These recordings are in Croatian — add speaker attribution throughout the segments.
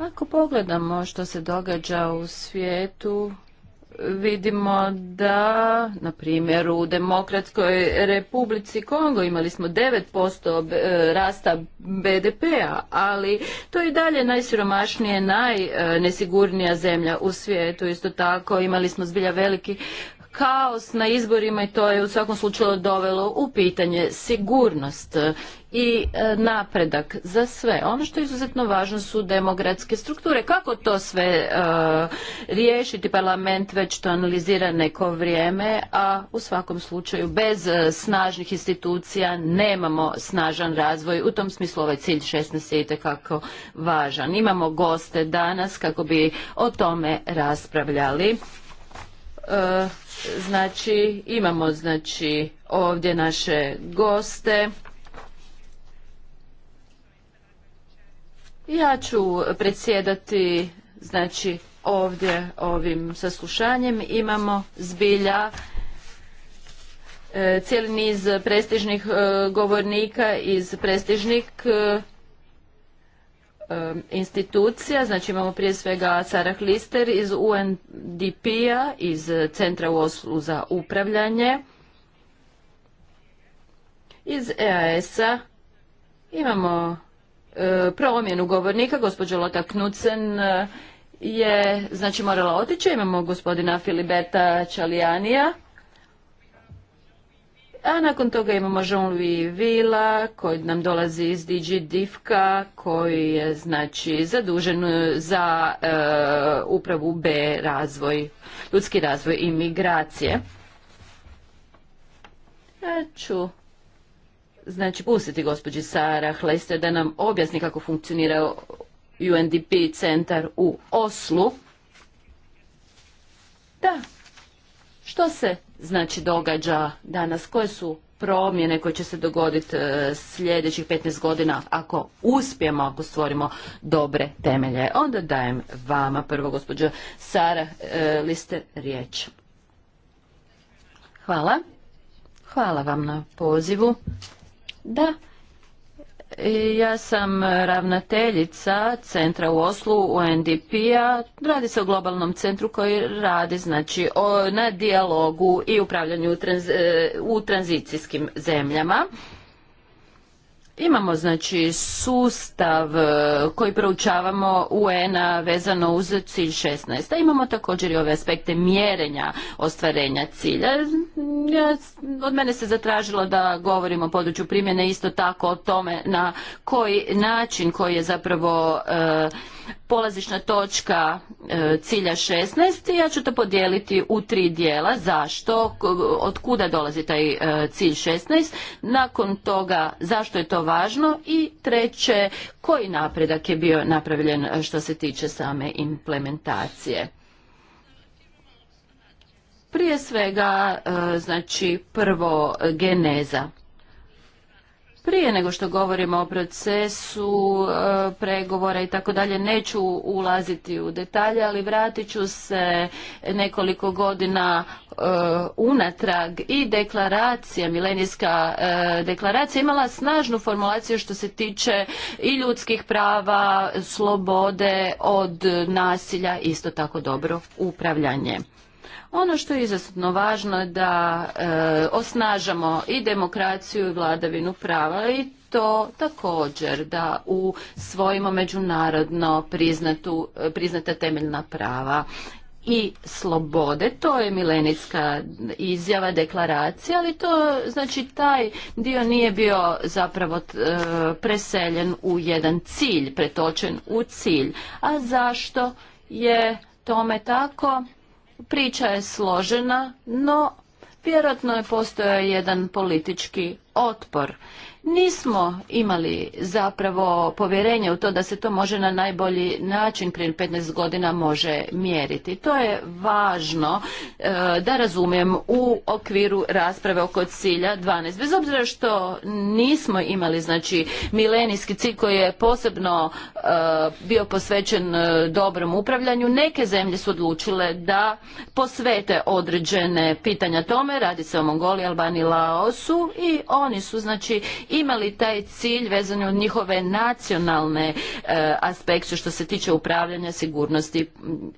Speaker 1: Ako pogledamo što se događa u svijetu, vidimo da, na primjer, u Demokratskoj republici Kongo imali smo 9% e, rasta BDP-a, ali to je i dalje najsiromašnije, najnesigurnija zemlja u svijetu. Isto tako imali smo zbilja veliki kaos na izborima i to je u svakom slučaju dovelo u pitanje sigurnost i e, napredak za sve. Ono što je izuzetno važno su demokratske strukture. Kako to sve e, riješiti? Parlament već to analizira neko vrijeme, a u svakom slučaju bez e, snažnih institucija nemamo snažan razvoj. U tom smislu ovaj cilj 16 je itekako važan. Imamo goste danas kako bi o tome raspravljali. E, znači imamo znači ovdje naše goste. Ja ću predsjedati znači ovdje ovim saslušanjem. Imamo zbilja e, cijeli niz prestižnih e, govornika iz prestižnih institucija, znači imamo prije svega Sarah Lister iz UNDP-a, iz Centra u Oslu za upravljanje, iz EAS-a imamo e, promjenu govornika, gospođa Lota Knudsen e, je, znači morala otići, imamo gospodina Filiberta Čalijanija, a nakon toga imamo Jean-Louis Villa koji nam dolazi iz DG Divka koji je znači zadužen e, za e, upravu B razvoj, ljudski razvoj i migracije. Ja ću znači pustiti gospođi Sara Hleste da nam objasni kako funkcionira UNDP centar u Oslu. Da, što se znači događa danas, koje su promjene koje će se dogoditi e, sljedećih 15 godina ako uspijemo, ako stvorimo dobre temelje. Onda dajem vama prvo gospođo Sara e, Liste riječ. Hvala. Hvala vam na pozivu. Da, ja sam ravnateljica centra u Oslu, UNDP-a. Radi se o globalnom centru koji radi znači, o, na dijalogu i upravljanju u, e, u tranzicijskim zemljama. Imamo znači sustav e, koji proučavamo UN-a vezano uz cilj 16. A imamo također i ove aspekte mjerenja ostvarenja cilja. od mene se zatražilo da govorimo o području primjene isto tako o tome na koji način koji je zapravo e, polazišna točka e, cilja 16 ja ću to podijeliti u tri dijela. Zašto? Od kuda dolazi taj e, cilj 16? Nakon toga zašto je to važno? I treće, koji napredak je bio napravljen e, što se tiče same implementacije? Prije svega, znači prvo geneza prije nego što govorimo o procesu e, pregovora i tako dalje, neću ulaziti u detalje, ali vratit ću se nekoliko godina e, unatrag i deklaracija, milenijska e, deklaracija imala snažnu formulaciju što se tiče i ljudskih prava, slobode od nasilja, isto tako dobro upravljanje. Ono što je izuzetno važno je da e, osnažamo i demokraciju i vladavinu prava i to također da u svojimo međunarodno e, priznata temeljna prava i slobode, to je milenijska izjava, deklaracija, ali to, znači, taj dio nije bio zapravo e, preseljen u jedan cilj, pretočen u cilj. A zašto je tome tako? Priča je složena, no vjerojatno je postojao jedan politički otpor. Nismo imali zapravo povjerenje u to da se to može na najbolji način prije 15 godina može mjeriti. To je važno e, da razumijem u okviru rasprave oko cilja 12. Bez obzira što nismo imali znači milenijski cilj koji je posebno e, bio posvećen e, dobrom upravljanju, neke zemlje su odlučile da posvete određene pitanja tome tome, radi se o Mongoliji, Albaniji, Laosu i oni su znači imali taj cilj vezan od njihove nacionalne e, aspekte što se tiče upravljanja sigurnosti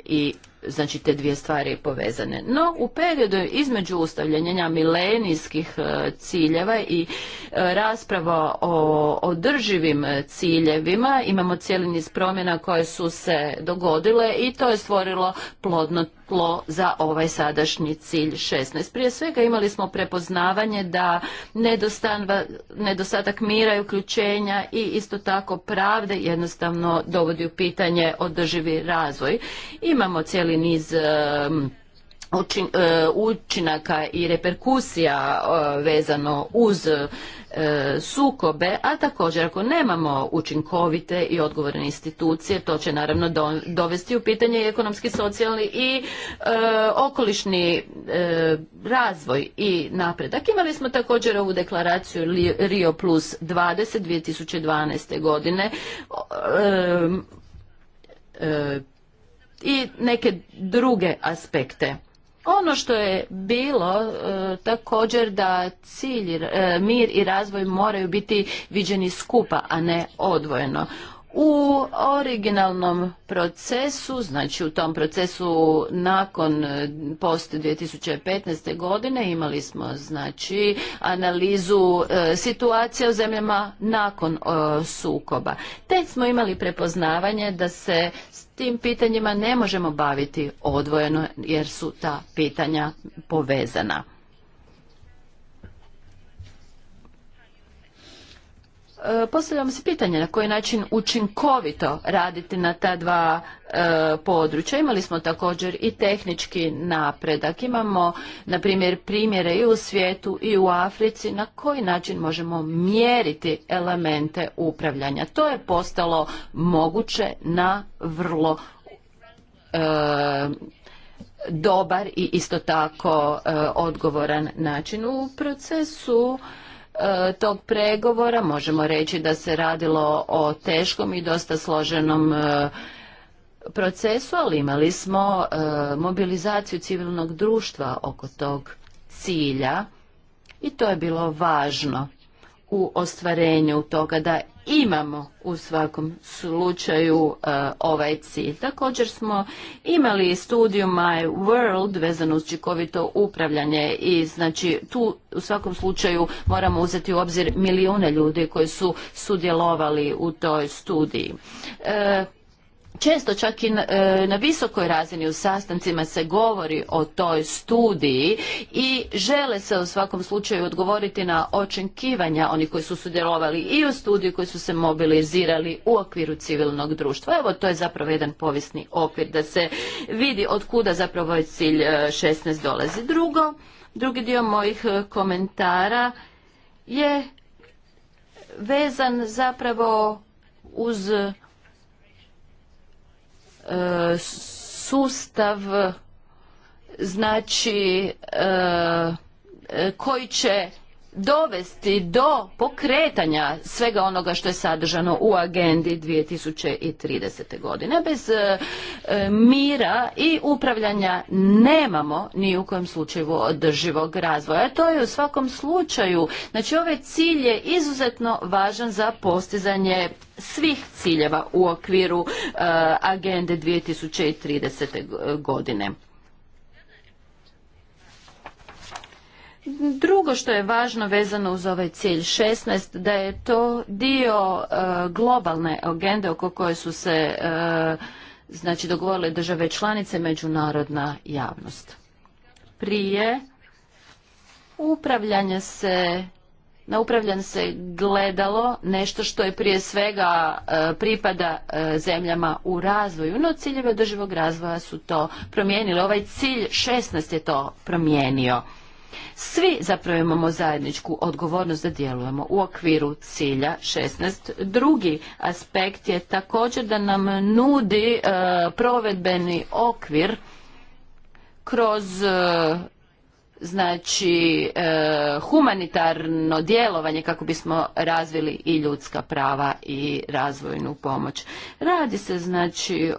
Speaker 1: i znači te dvije stvari povezane. No u periodu između ustavljenja milenijskih e, ciljeva i e, rasprava o održivim ciljevima imamo cijeli niz promjena koje su se dogodile i to je stvorilo plodno tlo za ovaj sadašnji cilj 16. Prije svega imali smo prepoznavanje da nedostatak mira i uključenja i isto tako pravde jednostavno dovodi u pitanje održivi razvoj. Imamo cijeli cijeli niz e, učinaka i reperkusija e, vezano uz e, sukobe, a također ako nemamo učinkovite i odgovorne institucije, to će naravno dovesti u pitanje i ekonomski, socijalni i okolišni razvoj i napredak. Imali smo također ovu deklaraciju Rio plus 20 2012. godine i neke druge aspekte. Ono što je bilo e, također da cilj, e, mir i razvoj moraju biti viđeni skupa, a ne odvojeno. U originalnom procesu, znači u tom procesu nakon e, post 2015. godine imali smo znači analizu e, situacije u zemljama nakon sukoba. Te smo imali prepoznavanje da se tim pitanjima ne možemo baviti odvojeno jer su ta pitanja povezana. E, Postavljam se pitanje na koji način učinkovito raditi na ta dva e, područja. Imali smo također i tehnički napredak. Imamo, na primjer, primjere i u svijetu i u Africi na koji način možemo mjeriti elemente upravljanja. To je postalo moguće na vrlo e, dobar i isto tako odgovoran način. U procesu E, tog pregovora. Možemo reći da se radilo o teškom i dosta složenom e, procesu, ali imali smo e, mobilizaciju civilnog društva oko tog cilja i to je bilo važno u ostvarenju toga da imamo u svakom slučaju eh, ovaj cilj. Također smo imali studiju My World vezano uz čikovito upravljanje i znači tu u svakom slučaju moramo uzeti u obzir milijune ljudi koji su sudjelovali u toj studiji. Eh, često čak i e, na, visokoj razini u sastancima se govori o toj studiji i žele se u svakom slučaju odgovoriti na očekivanja onih koji su sudjelovali i u studiju koji su se mobilizirali u okviru civilnog društva. Evo to je zapravo jedan povijesni okvir da se vidi od kuda zapravo je ovaj cilj 16 e, dolazi. Drugo, drugi dio mojih e, komentara je vezan zapravo uz E, sustav znači e, e, koji će dovesti do pokretanja svega onoga što je sadržano u agendi 2030. godine. Bez e, e, mira i upravljanja nemamo ni u kojem slučaju održivog razvoja. To je u svakom slučaju. Znači ovaj cilj je izuzetno važan za postizanje svih ciljeva u okviru e, agende 2030. godine. Drugo što je važno vezano uz ovaj cilj 16, da je to dio e, globalne agende oko koje su se e, znači dogovorile države članice međunarodna javnost. Prije upravljanje se na upravljanje se gledalo nešto što je prije svega e, pripada zemljama u razvoju, no ciljeve održivog razvoja su to promijenili. Ovaj cilj 16 je to promijenio. Svi zapravo imamo zajedničku odgovornost da djelujemo u okviru cilja 16. Drugi aspekt je također da nam nudi e, provedbeni okvir kroz e, znači e, humanitarno djelovanje kako bismo razvili i ljudska prava i razvojnu pomoć. Radi se znači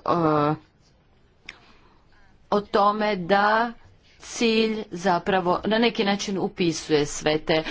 Speaker 1: o tome da cilj zapravo na neki način upisuje sve te e,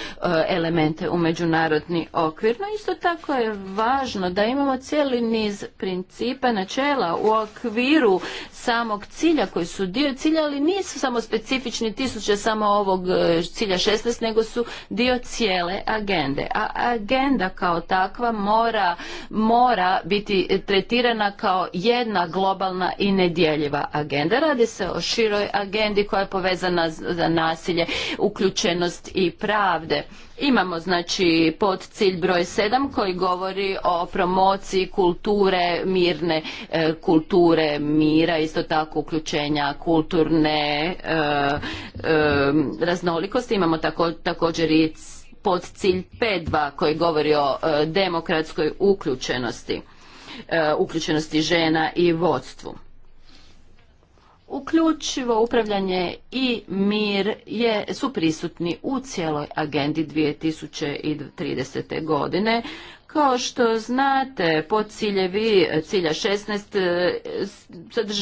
Speaker 1: elemente u međunarodni okvir. No isto tako je važno da imamo cijeli niz principa, načela u okviru samog cilja koji su dio cilja, ali nisu samo specifični tisuće samo ovog e, cilja 16, nego su dio cijele agende. A agenda kao takva mora, mora biti tretirana kao jedna globalna i nedjeljiva agenda. Radi se o široj agendi koja je vezana za nasilje, uključenost i pravde. Imamo znači pod cilj broj 7 koji govori o promociji kulture, mirne e, kulture mira, isto tako uključenja kulturne e, e, raznolikosti. Imamo tako, također i pod cilj 5.2 koji govori o demokratskoj uključenosti, uključenosti žena i vodstvu. Uključivo upravljanje i mir je, su prisutni u cijeloj agendi 2030. godine. Kao što znate, ciljevi cilja 16 e,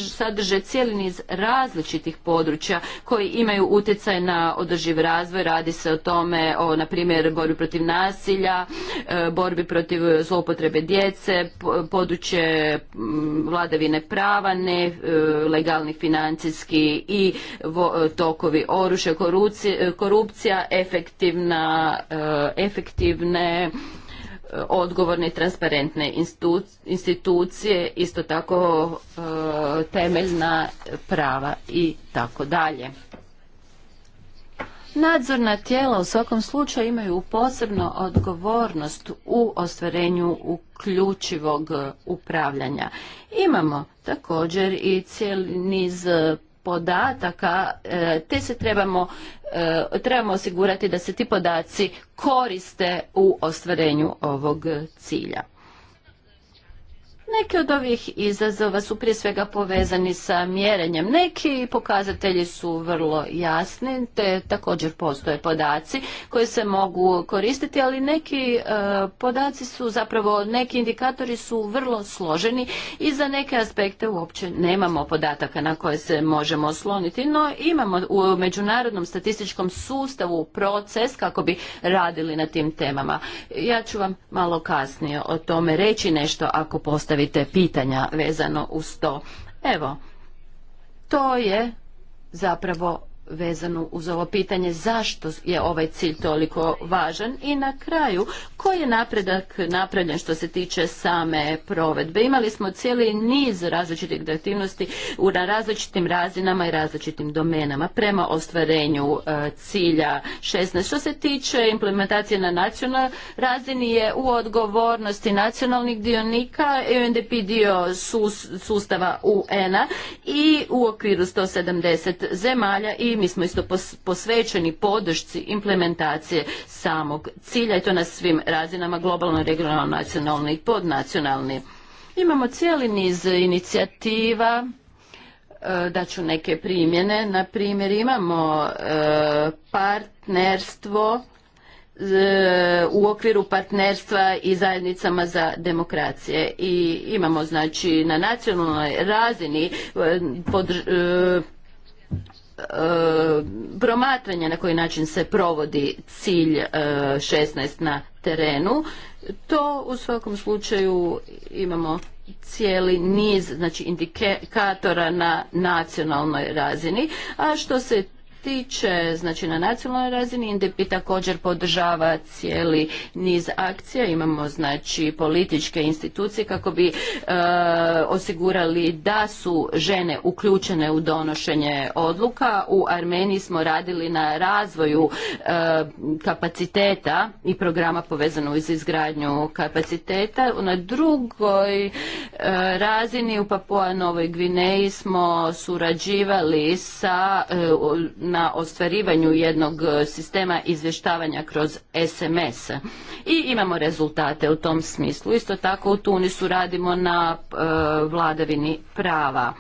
Speaker 1: sadrže cijeli niz različitih područja koji imaju utjecaj na održiv razvoj. Radi se o tome, o, na primjer, borbi protiv nasilja, e, borbi protiv zloupotrebe djece, područje vladavine prava, ne e, legalni financijski i tokovi oružja, korupcija, efektivna, efektivne odgovorne i transparentne institucije, isto tako e, temeljna prava i tako dalje. Nadzorna tijela u svakom slučaju imaju posebno odgovornost u ostvarenju uključivog upravljanja. Imamo također i cijeli niz podataka e, te se trebamo, e, trebamo osigurati da se ti podaci koriste u ostvarenju ovog cilja. Neki od ovih izazova su prije svega povezani sa mjerenjem. Neki pokazatelji su vrlo jasni, te također postoje podaci koji se mogu koristiti, ali neki e, podaci su zapravo, neki indikatori su vrlo složeni i za neke aspekte uopće nemamo podataka na koje se možemo osloniti, no imamo u međunarodnom statističkom sustavu proces kako bi radili na tim temama. Ja ću vam malo kasnije o tome reći nešto ako postavite postavite pitanja vezano uz to. Evo, to je zapravo vezano uz ovo pitanje zašto je ovaj cilj toliko važan i na kraju koji je napredak napravljen što se tiče same provedbe. Imali smo cijeli niz različitih aktivnosti na različitim razinama i različitim domenama prema ostvarenju e, cilja 16. Što se tiče implementacije na nacionalnoj razini je u odgovornosti nacionalnih dionika e UNDP dio sustava UN-a i u okviru 170 zemalja i mi smo isto posvećeni podršci implementacije samog cilja i to na svim razinama globalno, regionalno, nacionalno i podnacionalni. Imamo cijeli niz inicijativa, e, da ću neke primjene. Na primjer imamo e, partnerstvo e, u okviru partnerstva i zajednicama za demokracije i imamo znači na nacionalnoj razini E, promatranja na koji način se provodi cilj 16 e, na terenu. To u svakom slučaju imamo cijeli niz znači indikatora na nacionalnoj razini, a što se tiče, znači na nacionalnoj razini, Indepi također podržava cijeli niz akcija, imamo znači političke institucije kako bi e, osigurali da su žene uključene u donošenje odluka. U Armeniji smo radili na razvoju e, kapaciteta i programa povezano iz izgradnju kapaciteta. Na drugoj e, razini u Papua Novoj Gvineji smo surađivali sa na ostvarivanju jednog e, sistema izvještavanja kroz SMS. I imamo rezultate u tom smislu. Isto tako u Tunisu radimo na e, vladavini prava.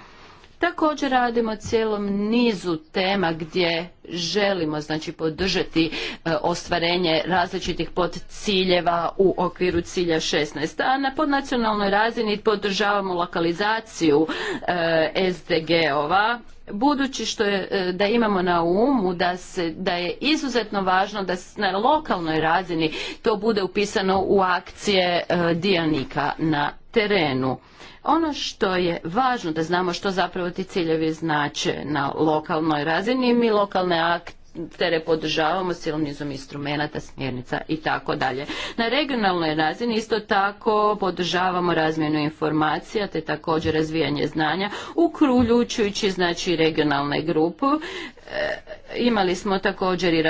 Speaker 1: Također radimo cijelom nizu tema gdje želimo znači podržati e, ostvarenje različitih podciljeva u okviru cilja 16. A na podnacionalnoj razini podržavamo lokalizaciju e, SDG-ova budući što je, e, da imamo na umu da, se, da je izuzetno važno da na lokalnoj razini to bude upisano u akcije e, dionika na terenu. Ono što je važno da znamo što zapravo ti ciljevi znače na lokalnoj razini, mi lokalne akte tere podržavamo silom nizom instrumenata, smjernica i tako dalje. Na regionalnoj razini isto tako podržavamo razmjenu informacija te također razvijanje znanja uključujući znači regionalne grupu E, imali smo također i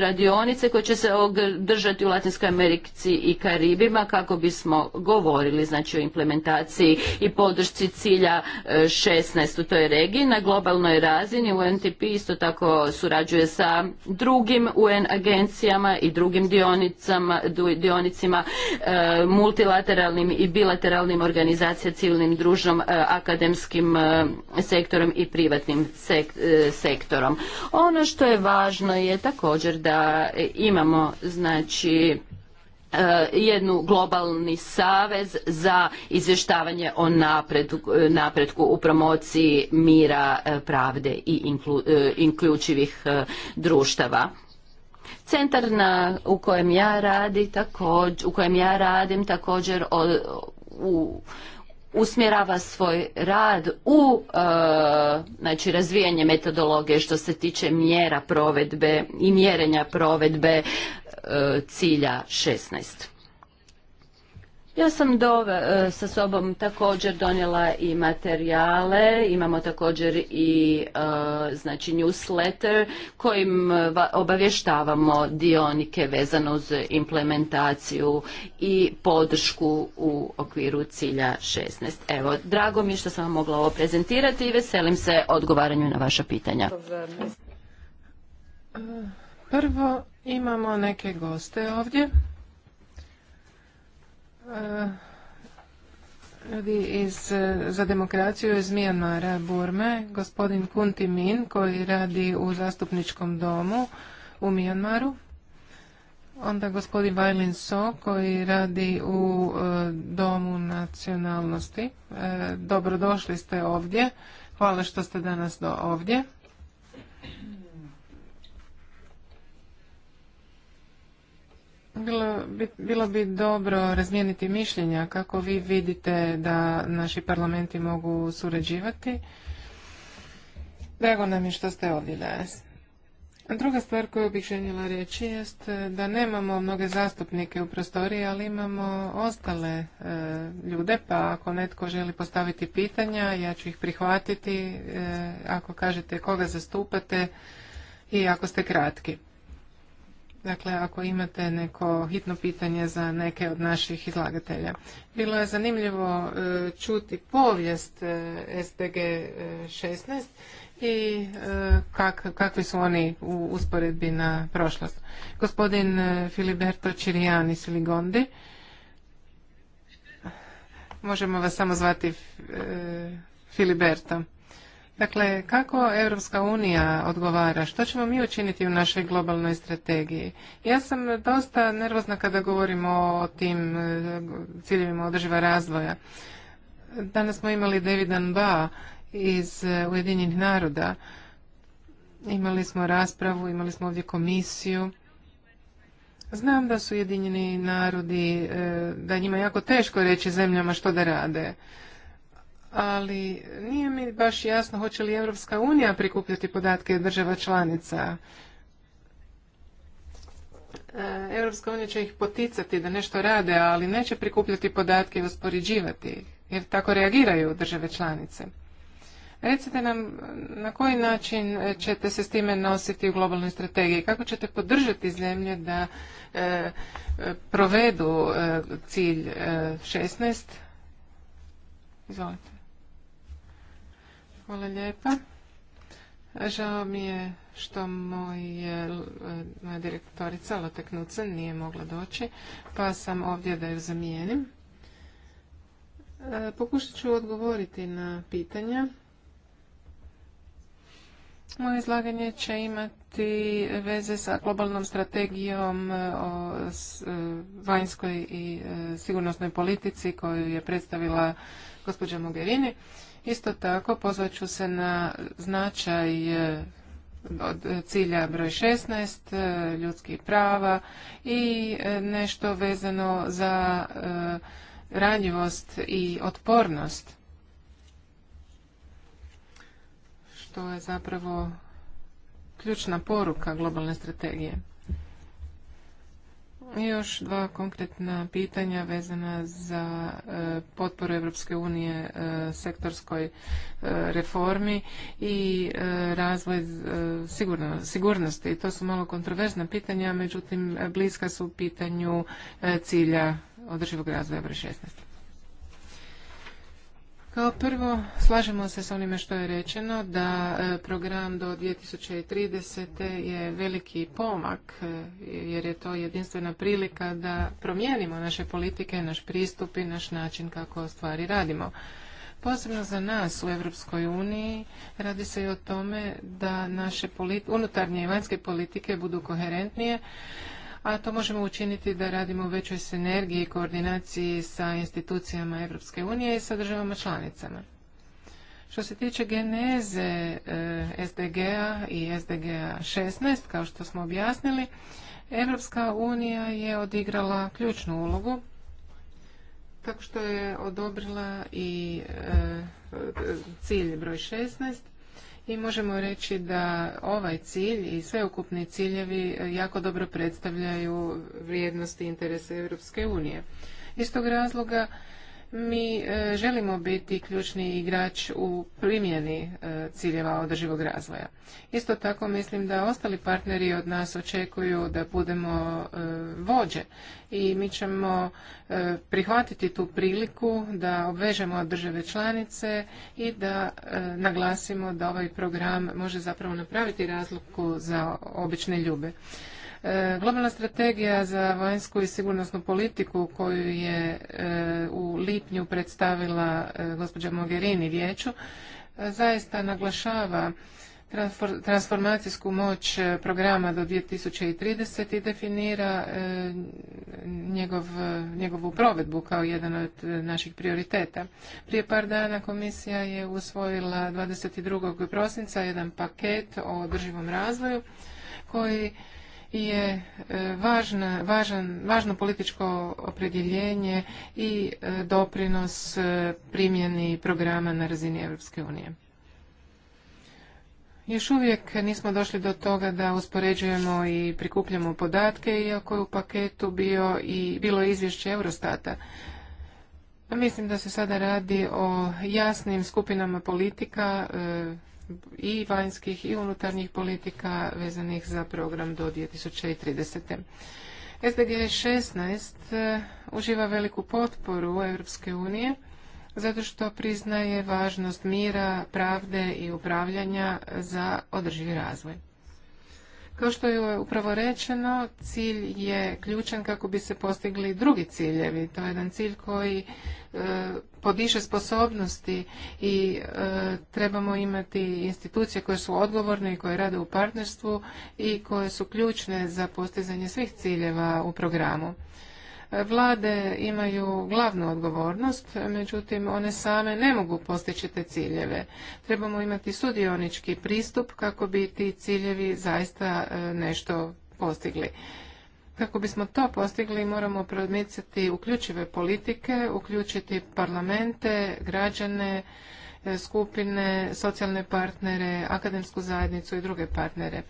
Speaker 1: radionice koje će se održati u Latinskoj Americi i Karibima kako bismo govorili znači o implementaciji i podršci cilja 16 e, u toj regiji na globalnoj razini UNTP isto tako surađuje sa drugim UN agencijama i drugim dionicama, dionicima e, multilateralnim i bilateralnim organizacijama civilnim družnom akademskim sektorom i privatnim sektorom ono što je važno je također da imamo znači e, jednu globalni savez za izvještavanje o napretku, u promociji mira, e, pravde i e, inključivih društava. Centar na, u kojem ja radi također, u kojem ja radim također u usmjerava svoj rad u e, znači razvijanje metodologije što se tiče mjera provedbe i mjerenja provedbe e, cilja 16. Ja sam e, sa sobom također donijela i materijale, imamo također i e, znači newsletter kojim e, obavještavamo dionike vezano uz implementaciju i podršku u okviru cilja 16. Evo, drago mi što sam vam mogla ovo prezentirati i veselim se odgovaranju na vaša pitanja.
Speaker 2: Prvo imamo neke goste ovdje. Ljudi eh, iz, eh, za demokraciju iz Mijanmara Burme, gospodin Kunti Min, koji radi u zastupničkom domu u Mijanmaru. Onda gospodin Vajlin So, koji radi u eh, domu nacionalnosti. dobrodošli ste ovdje. Hvala što ste danas do ovdje. Bilo bi, bilo bi dobro razmijeniti mišljenja kako vi vidite da naši parlamenti mogu surađivati. Drago nam je što ste ovdje danas. Druga stvar koju bih željela reći jest da nemamo mnoge zastupnike u prostoriji, ali imamo ostale e, ljude, pa ako netko želi postaviti pitanja, ja ću ih prihvatiti e, ako kažete koga zastupate i ako ste kratki. Dakle, ako imate neko hitno pitanje za neke od naših izlagatelja. Bilo je zanimljivo e, čuti povijest e, SDG 16 e, i kakvi su oni u usporedbi na prošlost. Gospodin Filiberto Čirijani Siligondi, Možemo vas samo zvati Filiberto. Dakle, kako Europska unija odgovara? Što ćemo mi učiniti u našoj globalnoj strategiji? Ja sam dosta nervozna kada govorimo o tim e, ciljevima održiva razvoja. Danas smo imali Davidan Ba iz e, Ujedinjenih naroda. Imali smo raspravu, imali smo ovdje komisiju. Znam da su Ujedinjeni narodi, e, da njima jako teško reći zemljama što da rade ali nije mi baš jasno hoće li Europska unija prikupljati podatke od država članica. E, Europska unija će ih poticati da nešto rade, ali neće prikupljati podatke i uspoređivati ih, jer tako reagiraju države članice. Recite nam na koji način ćete se s time nositi u globalnoj strategiji, kako ćete podržati zemlje da e, provedu e, cilj 16? Izvolite. Hvala lijepa. Žao mi je što e, moja direktorica Lote Knudsen nije mogla doći, pa sam ovdje da ju zamijenim. E, pokušat ću odgovoriti na pitanja. Moje izlaganje će imati veze sa globalnom strategijom e, o vanjskoj i sigurnosnoj politici koju je predstavila gospođa Mogherini. Isto tako pozvat ću se na značaj e, od cilja broj 16, e, ljudskih prava i e, nešto vezano za ranjivost i otpornost. Što je zapravo ključna poruka globalne strategije. Još dva konkretna pitanja vezana za e, potporu Europske unije e, sektorskoj e, reformi i razvoj sigurnosti. To su malo kontroverzna pitanja, međutim bliska su pitanju cilja održivog razvoja broj 16. Kao prvo, slažemo se s onime što je rečeno da e, program do 2030. je veliki pomak e, jer je to jedinstvena prilika da promijenimo naše politike, naš pristup i naš način kako stvari radimo. Posebno za nas u Europskoj uniji radi se i o tome da naše unutarnje i vanjske politike budu koherentnije a to možemo učiniti da radimo u većoj sinergiji i koordinaciji sa institucijama Europske unije i sa državama članicama. Što se tiče geneze eh, SDG-a i SDG-a 16, kao što smo objasnili, Europska unija je odigrala ključnu ulogu tako što je odobrila i eh, cilj broj 16 i možemo reći da ovaj cilj i sveukupni ciljevi e, jako dobro predstavljaju vrijednosti interese Europske unije. Iz tog razloga mi e, želimo biti ključni igrač u primjeni e, ciljeva održivog razvoja. Isto tako mislim da ostali partneri od nas očekuju da budemo e, vođe i mi ćemo prihvatiti tu priliku da obvežemo države članice i da naglasimo da ovaj program može zapravo napraviti razliku za obične ljube. Globalna strategija za vanjsku i sigurnosnu politiku koju je u lipnju predstavila e, gospođa Mogherini vijeću, e, zaista naglašava transformacijsku moć e, programa do 2030 i definira njegovu provedbu kao jedan od naših prioriteta. Prije par dana komisija je usvojila 22. prosinca jedan paket o održivom razvoju koji je e, važna, važan, važno političko opredjeljenje i e, doprinos e, primjeni programa na razini Europske unije. Još uvijek nismo došli do toga da uspoređujemo i prikupljamo podatke, iako je u paketu bio i bilo izvješće Eurostata. Mislim da se sada radi o jasnim skupinama politika, i vanjskih i unutarnjih politika vezanih za program do 2030. SDG 16 uživa veliku potporu Europske unije zato što priznaje važnost mira, pravde i upravljanja za održivi razvoj. Kao što je upravo rečeno, cilj je ključan kako bi se postigli drugi ciljevi. To je jedan cilj koji e, sposobnosti i e, trebamo imati institucije koje su odgovorne i koje rade u partnerstvu i koje su ključne za postizanje svih ciljeva u programu. Vlade imaju glavnu odgovornost, međutim one same ne mogu postići te ciljeve. Trebamo imati sudionički pristup kako bi ti ciljevi zaista e, nešto postigli. Kako bismo to postigli moramo promicati uključive politike, uključiti parlamente, građane, E, skupine, socijalne partnere, akademsku zajednicu i druge partnere.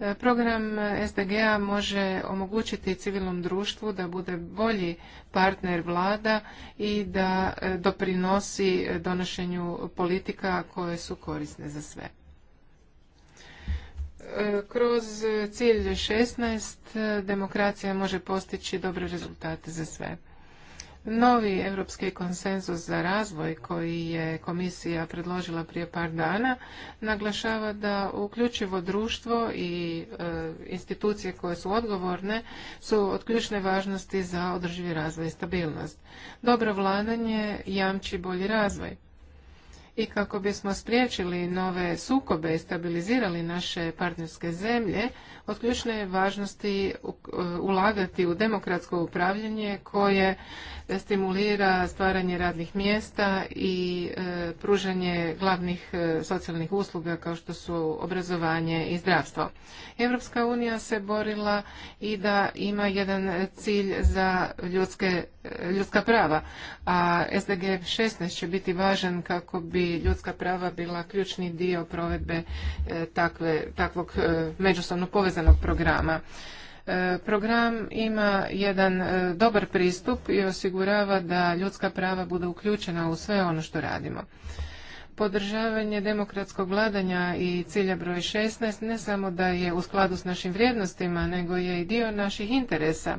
Speaker 2: E, program SDG-a može omogućiti civilnom društvu da bude bolji partner vlada i da e, doprinosi donošenju politika koje su korisne za sve. Kroz cilj 16 demokracija može postići dobre rezultate za sve. Novi europski konsenzus za razvoj koji je komisija predložila prije par dana naglašava da uključivo društvo i e, institucije koje su odgovorne su od ključne važnosti za održivi razvoj i stabilnost. Dobro vladanje jamči bolji razvoj. I kako bismo spriječili nove sukobe i stabilizirali naše partnerske zemlje, od ključne je važnosti e, ulagati u demokratsko upravljanje koje stimulira stvaranje radnih mjesta i e, pružanje glavnih e, socijalnih usluga kao što su obrazovanje i zdravstvo. Europska unija se borila i da ima jedan cilj za ljudske, ljudska prava, a SDG 16 će biti važan kako bi ljudska prava bila ključni dio provedbe takve, takvog međusobno povezanog programa. E, program ima jedan e, dobar pristup i osigurava da ljudska prava budu uključena u sve ono što radimo. Podržavanje demokratskog vladanja i cilja broj 16 ne samo da je u skladu s našim vrijednostima, nego je i dio naših interesa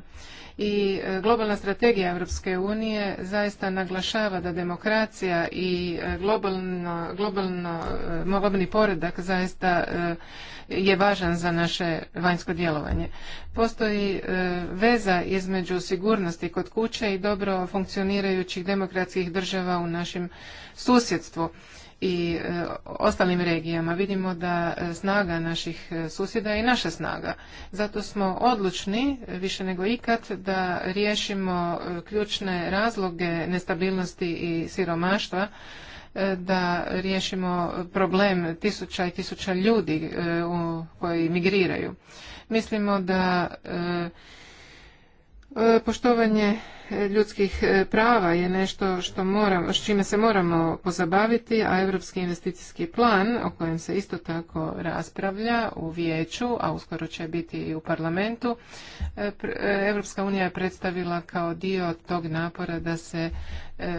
Speaker 2: i e, globalna strategija Europske unije zaista naglašava da demokracija i e, globalno, globalno, e, globalni poredak zaista je važan za naše vanjsko djelovanje. Postoji veza između sigurnosti kod kuće i dobro funkcionirajućih demokratskih država u našem susjedstvu i e, ostalim regijama. Vidimo da e, snaga naših e, susjeda je i naša snaga. Zato smo odlučni, više nego ikad, da riješimo ključne razloge nestabilnosti i siromaštva da riješimo problem tisuća i tisuća ljudi koji migriraju. Mislimo da E, poštovanje e, ljudskih e, prava je nešto što s čime se moramo pozabaviti, a Europski investicijski plan, o kojem se isto tako raspravlja u vijeću, a uskoro će biti i u parlamentu, Europska unija je predstavila kao dio tog napora da se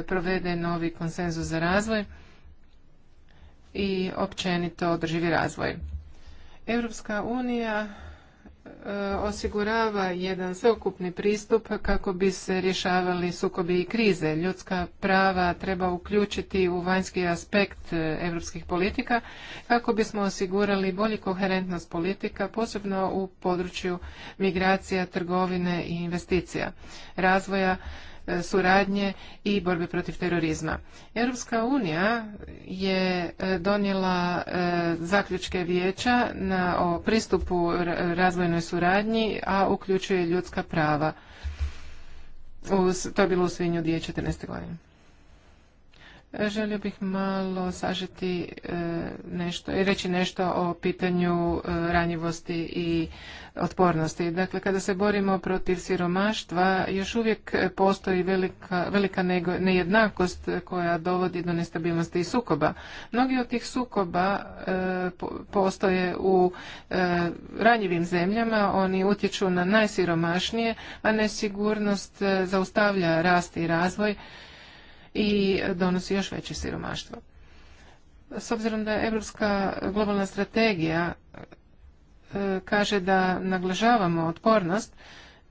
Speaker 2: provede novi konsenzus za razvoj i općenito održivi razvoj. Europska unija E, osigurava jedan sveukupni pristup kako bi se rješavali sukobi i krize. Ljudska prava treba uključiti u vanjski aspekt europskih politika kako bismo osigurali bolji koherentnost politika, posebno u području migracija, trgovine i investicija, razvoja E, suradnje i borbe protiv terorizma. Europska unija je e, donijela e, zaključke vijeća na o pristupu razvojnoj suradnji, a uključuje ljudska prava. u to je bilo u svinju 2014. godine. Želio bih malo sažeti e, nešto i reći nešto o pitanju e, ranjivosti i otpornosti. Dakle, kada se borimo protiv siromaštva, još uvijek postoji velika, velika nejednakost koja dovodi do nestabilnosti i sukoba. Mnogi od tih sukoba e, postoje u ranjivim zemljama, oni utječu na najsiromašnije, a nesigurnost zaustavlja rast i razvoj i donosi još veće siromaštvo. S obzirom da Europska globalna strategija e, kaže da naglažavamo otpornost,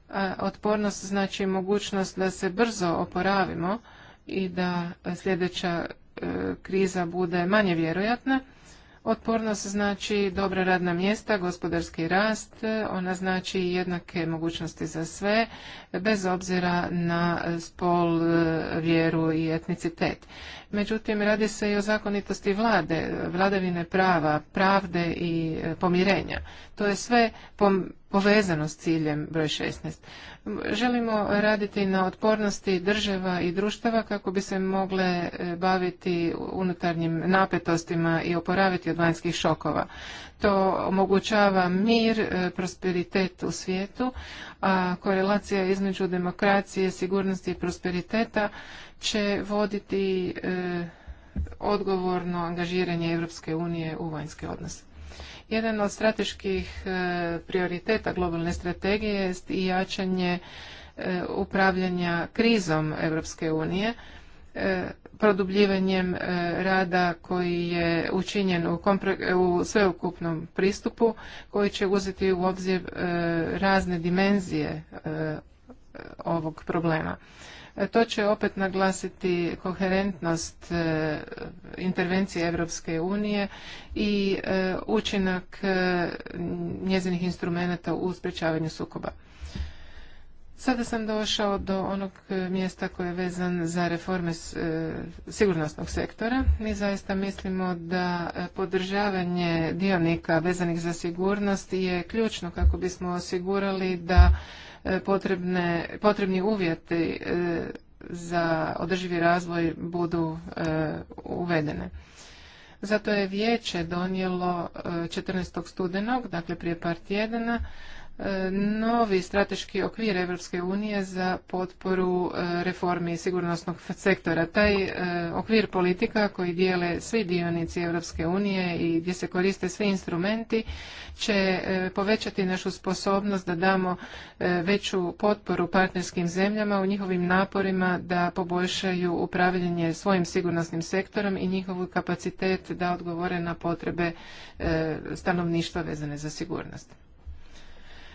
Speaker 2: a otpornost znači mogućnost da se brzo oporavimo i da sljedeća e, kriza bude manje vjerojatna, Otpornost znači dobra radna mjesta, gospodarski rast, ona znači jednake mogućnosti za sve, bez obzira na spol, vjeru i etnicitet. Međutim, radi se i o zakonitosti vlade, vladavine prava, pravde i e, pomirenja. To je sve pom povezano s ciljem broj 16. Želimo raditi na otpornosti država i društava kako bi se mogle e, baviti unutarnjim napetostima i oporaviti od vanjskih šokova. To omogućava mir, e, prosperitet u svijetu, a korelacija između demokracije, sigurnosti i prosperiteta će voditi e, odgovorno angažiranje Europske unije u vanjske odnose. Jedan od strateških e, prioriteta globalne strategije jest i jačanje e, upravljanja krizom Europske unije e, produbljivanjem rada koji je učinjen u, u sveukupnom pristupu koji će uzeti u obzir razne dimenzije ovog problema. E, to će opet naglasiti koherentnost e, intervencije Europske unije i e, učinak njezinih instrumenata u sprečavanju sukoba. Sada sam došao do onog mjesta koje je vezan za reforme sigurnosnog sektora. Mi zaista mislimo da podržavanje dionika vezanih za sigurnost je ključno kako bismo osigurali da E, potrebni uvjeti e, za održivi razvoj budu e, uvedene. Zato je vijeće donijelo 14. studenog, dakle prije par tjedana, E, novi strateški okvir Europske unije za potporu e, reformi sigurnosnog sektora. Taj e, okvir politika koji dijele svi dionici Europske unije i gdje se koriste svi instrumenti će povećati našu sposobnost da damo veću potporu partnerskim zemljama u njihovim naporima da poboljšaju upravljanje svojim sigurnosnim sektorom i njihovu kapacitet da odgovore na potrebe stanovništva vezane za sigurnost.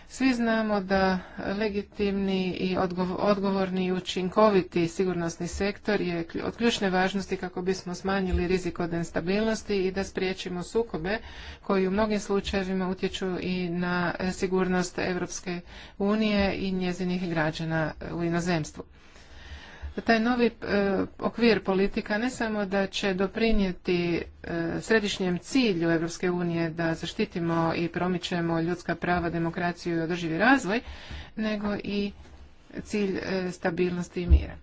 Speaker 2: Svi znamo da legitimni i odgovorni i učinkoviti sigurnosni sektor je od ključne važnosti kako bismo smanjili rizik od nestabilnosti i da spriječimo sukobe koji u mnogim slučajevima utječu i na sigurnost Europske unije i njezinih građana u inozemstvu taj novi e, okvir politika ne samo da će doprinijeti e, središnjem cilju Europske unije da zaštitimo i promičemo ljudska prava, demokraciju i održivi razvoj, nego i cilj e, stabilnosti i mira.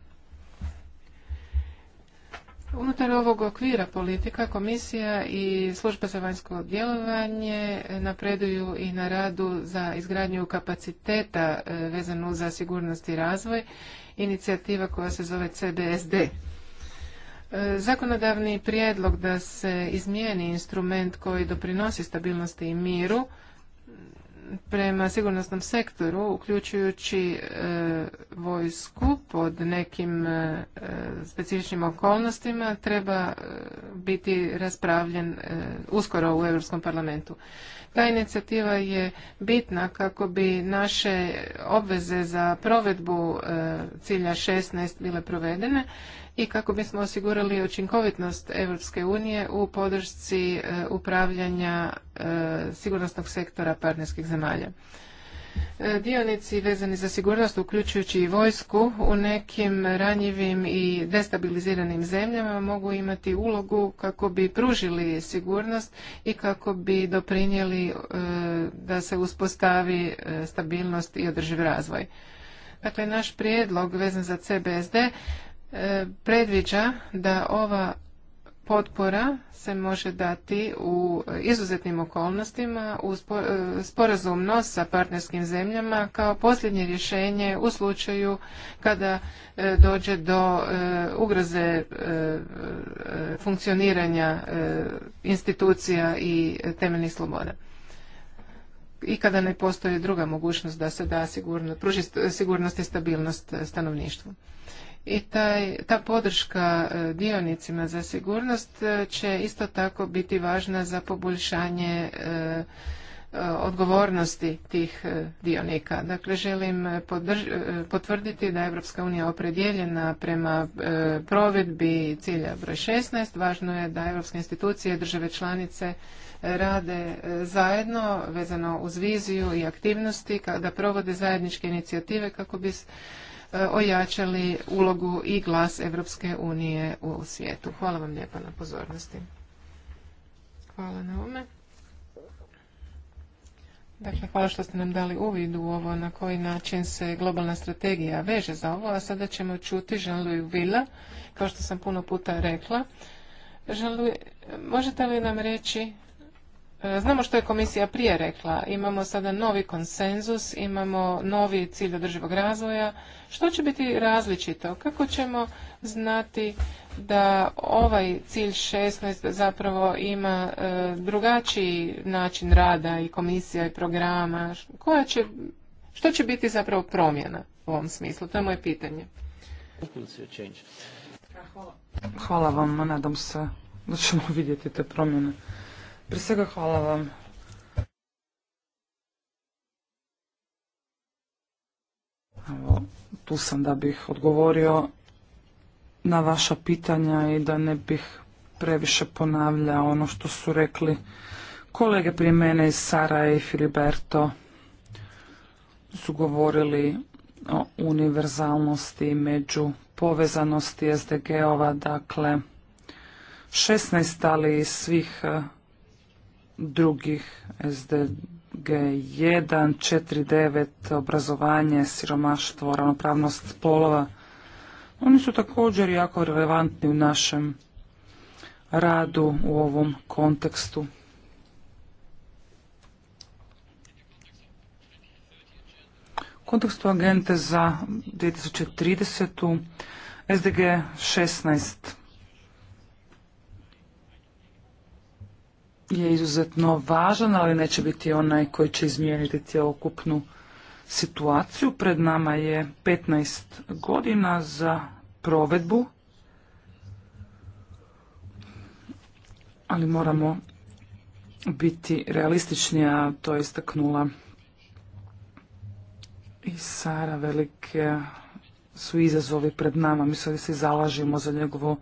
Speaker 2: Unutar ovog okvira politika komisija i služba za vanjsko djelovanje napreduju i na radu za izgradnju kapaciteta e, vezanu za sigurnost i razvoj, inicijativa koja se zove CBSD. E, zakonodavni prijedlog da se izmijeni instrument koji doprinosi stabilnosti i miru prema sigurnosnom sektoru, uključujući e, vojsku pod nekim e, specifičnim okolnostima, treba e, biti raspravljen uskoro u Europskom parlamentu. Ta inicijativa je bitna kako bi naše obveze za provedbu cilja 16 bile provedene i kako bismo osigurali učinkovitnost Europske unije u podršci e, upravljanja e, sigurnosnog sektora partnerskih zemalja. E, dionici vezani za sigurnost, uključujući i vojsku, u nekim ranjivim i destabiliziranim zemljama mogu imati ulogu kako bi pružili sigurnost i kako bi doprinijeli da se uspostavi stabilnost i održiv razvoj. Dakle, naš prijedlog vezan za CBSD E, predviđa da ova potpora se može dati u izuzetnim okolnostima u e, sporazumno sa partnerskim zemljama kao posljednje rješenje u slučaju kada e, dođe do ugroze funkcioniranja institucija i temeljnih sloboda i kada ne postoji druga mogućnost da se da pruži sigurnost i stabilnost stanovništvu i ta podrška e, dionicima za sigurnost e, će isto tako biti važna za poboljšanje e, odgovornosti tih dionika. Dakle, želim potvrditi da je Europska unija opredjeljena prema provedbi cilja broj 16. Važno je da europske institucije, države članice rade zajedno vezano uz viziju i aktivnosti, da provode zajedničke inicijative kako bi ojačali ulogu i glas Europske unije u svijetu. Hvala vam lijepa na pozornosti. Hvala na ovome. Dakle, hvala što ste nam dali uvid u ovo na koji način se globalna strategija veže za ovo, a sada ćemo čuti Jean-Louis Villa, kao što sam puno puta rekla. jean možete li nam reći E, znamo što je komisija prije rekla. Imamo sada novi konsenzus, imamo novi cilj održivog razvoja. Što će biti različito? Kako ćemo znati da ovaj cilj 16 zapravo ima e, drugačiji način rada i komisija i programa? Koja će, što će biti zapravo promjena u ovom smislu? To je moje pitanje.
Speaker 3: Hvala vam, nadam se da ćemo vidjeti te promjene. Prije svega hvala vam tu sam da bih odgovorio na vaša pitanja i da ne bih previše ponavljao ono što su rekli kolege prije mene iz Sara i Filiberto su govorili o univerzalnosti među povezanosti SDG-ova, dakle 16 ali iz svih eh, drugih SDG1, 4.9, obrazovanje, siromaštvo, ravnopravnost spolova. Oni su također jako relevantni u našem radu u ovom kontekstu. U kontekstu agente za 2030. SDG 16 je izuzetno važan, ali neće biti onaj koji će izmijeniti cjelokupnu situaciju. Pred nama je 15 godina za provedbu, ali moramo biti realistični, a to je istaknula i Sara velike su izazovi pred nama. Mi se zalažimo za njegovo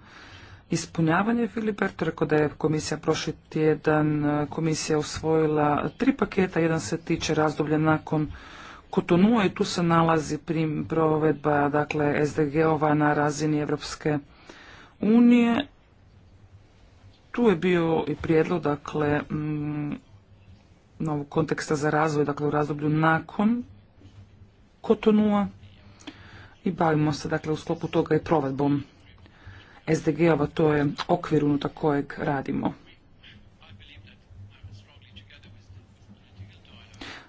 Speaker 3: ispunjavanje. Filiper, da je komisija prošli tjedan, e, komisija usvojila tri paketa, jedan se tiče razdoblja nakon Kotonua i tu se nalazi prim, provedba dakle, SDG-ova na razini Evropske unije. Tu je bio i prijedlog dakle, novog konteksta za razvoj dakle, u razdoblju nakon Kotonua i bavimo se dakle, u sklopu toga i provedbom SDG-ova, to je okvir unutar kojeg radimo.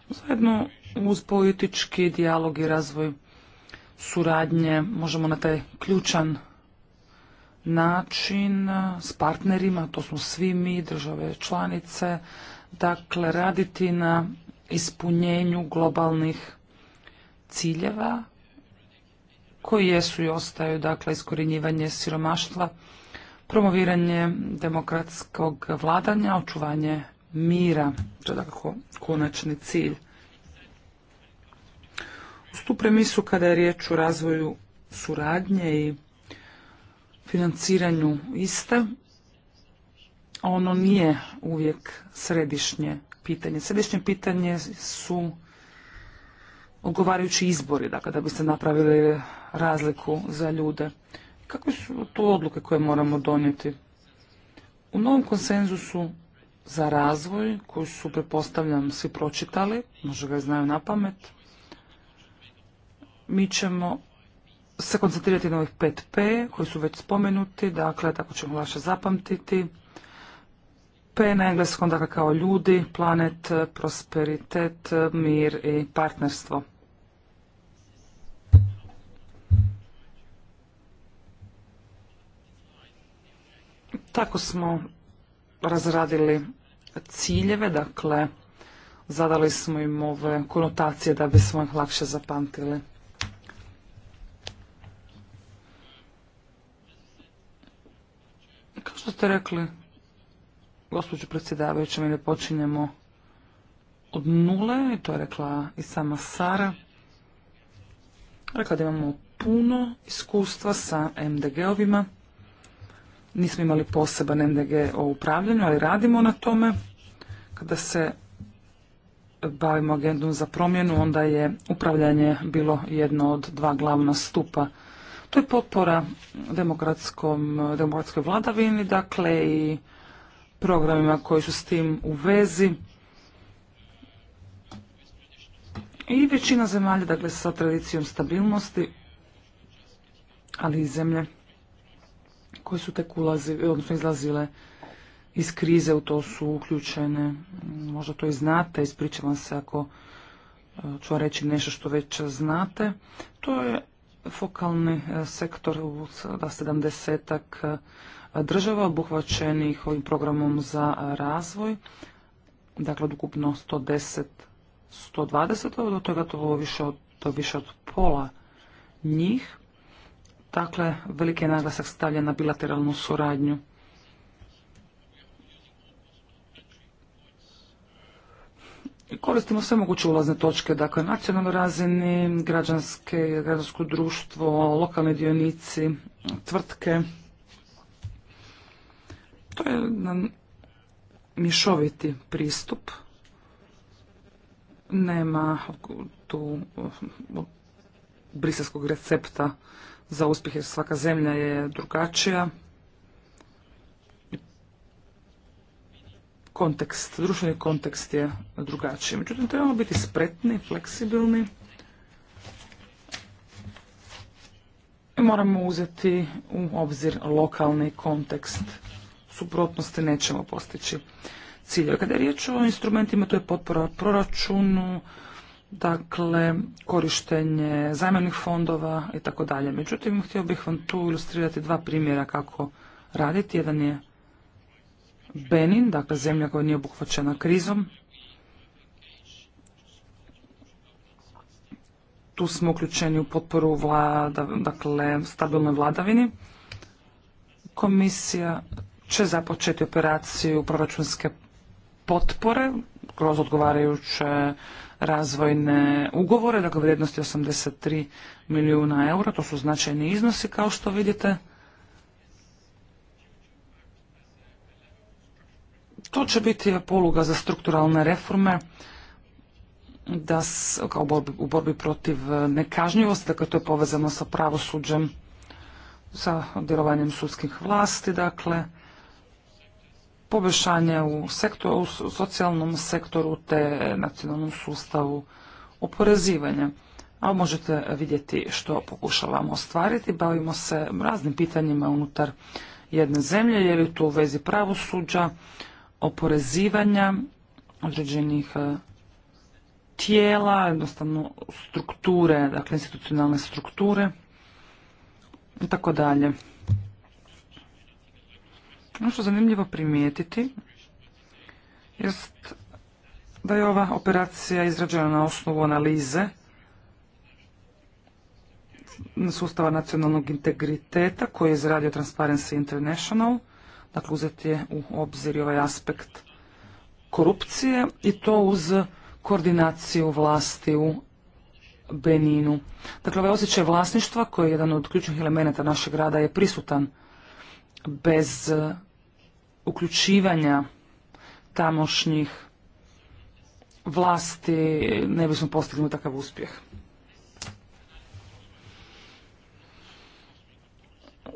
Speaker 3: Zajedno uz politički dijalog i razvoj suradnje možemo na taj ključan način s partnerima, to smo svi mi, države članice, dakle raditi na ispunjenju globalnih ciljeva koji jesu i ostaju, dakle iskorjenjivanje siromaštva, promoviranje demokratskog vladanja, očuvanje mira, to je dakako konačni cilj. Uz tu premisu kada je riječ o razvoju suradnje i financiranju iste, ono nije uvijek središnje pitanje. Središnje pitanje su odgovarajući izbori, dakle da biste napravili razliku za ljude. Kakve su to odluke koje moramo donijeti? U novom konsenzusu za razvoj, koji su, prepostavljam, svi pročitali, možda ga znaju na pamet, mi ćemo se koncentrirati na ovih 5P koji su već spomenuti, dakle, tako ćemo vaše zapamtiti. P na engleskom, dakle, kao ljudi, planet, prosperitet, mir i partnerstvo. Tako smo razradili ciljeve, dakle zadali smo im ove konotacije da bismo ih lakše zapamtili. Kao što ste rekli, gospođo predsjedavajuća, mi ne počinjemo od nule, to je rekla i sama Sara. Rekla da imamo puno iskustva sa MDG-ovima. Nismo imali poseban MDG o upravljanju, ali radimo na tome. Kada se bavimo agendom za promjenu, onda je upravljanje bilo jedno od dva glavna stupa. To je potpora demokratskoj vladavini, dakle i programima koji su s tim u vezi. I većina zemalja, dakle, sa tradicijom stabilnosti, ali i zemlje koje su tek ulazile, odnosno izlazile iz krize, u to su uključene. Možda to i znate, ispričavam se ako e, ću vam reći nešto što već znate. To je fokalni e, sektor u sedamdesetak e, država obuhvaćenih ovim programom za razvoj. Dakle, ukupno 110, 120, do toga to više više od pola njih. Dakle, veliki je naglasak stavljen na bilateralnu suradnju. Koristimo sve moguće ulazne točke, dakle nacionalno razini, građanske, građansko društvo, lokalne dionici, tvrtke. To je jedan mišoviti pristup. Nema tu briselskog recepta za uspjeh jer svaka zemlja je drugačija. Kontekst, društveni kontekst je drugačiji. Međutim, trebamo biti spretni, fleksibilni. Moramo uzeti u obzir lokalni kontekst. Suprotnosti nećemo postići cilje. Kada je riječ o instrumentima, to je potpora proračunu, dakle, korištenje zajmenih fondova i tako dalje. Međutim, htio bih vam tu ilustrirati dva primjera kako raditi. Jedan je Benin, dakle zemlja koja nije obuhvaćena krizom. Tu smo uključeni u potporu vlada, dakle, stabilnoj vladavini. Komisija će započeti operaciju proračunske potpore kroz odgovarajuće razvojne ugovore, dakle vrijednosti 83 milijuna eura, to su značajni iznosi kao što vidite. To će biti poluga za strukturalne reforme da u borbi protiv nekažnjivosti, dakle to je povezano sa pravosuđem, sa djelovanjem sudskih vlasti, dakle poboljšanje u, socijalnom sektoru te nacionalnom sustavu oporezivanja. A možete vidjeti što pokušavamo ostvariti. Bavimo se raznim pitanjima unutar jedne zemlje, je li to u vezi pravosuđa, oporezivanja određenih e, tijela, jednostavno strukture, dakle institucionalne strukture i tako dalje. Ono što je zanimljivo primijetiti jest da je ova operacija izrađena na osnovu analize sustava nacionalnog integriteta koji je izradio Transparency International, dakle uzet je u obzir i ovaj aspekt korupcije i to uz koordinaciju vlasti u Beninu. Dakle, ovaj osjećaj vlasništva koji je jedan od ključnih elemenata našeg rada je prisutan bez e, uključivanja tamošnjih vlasti ne bismo postigli takav uspjeh.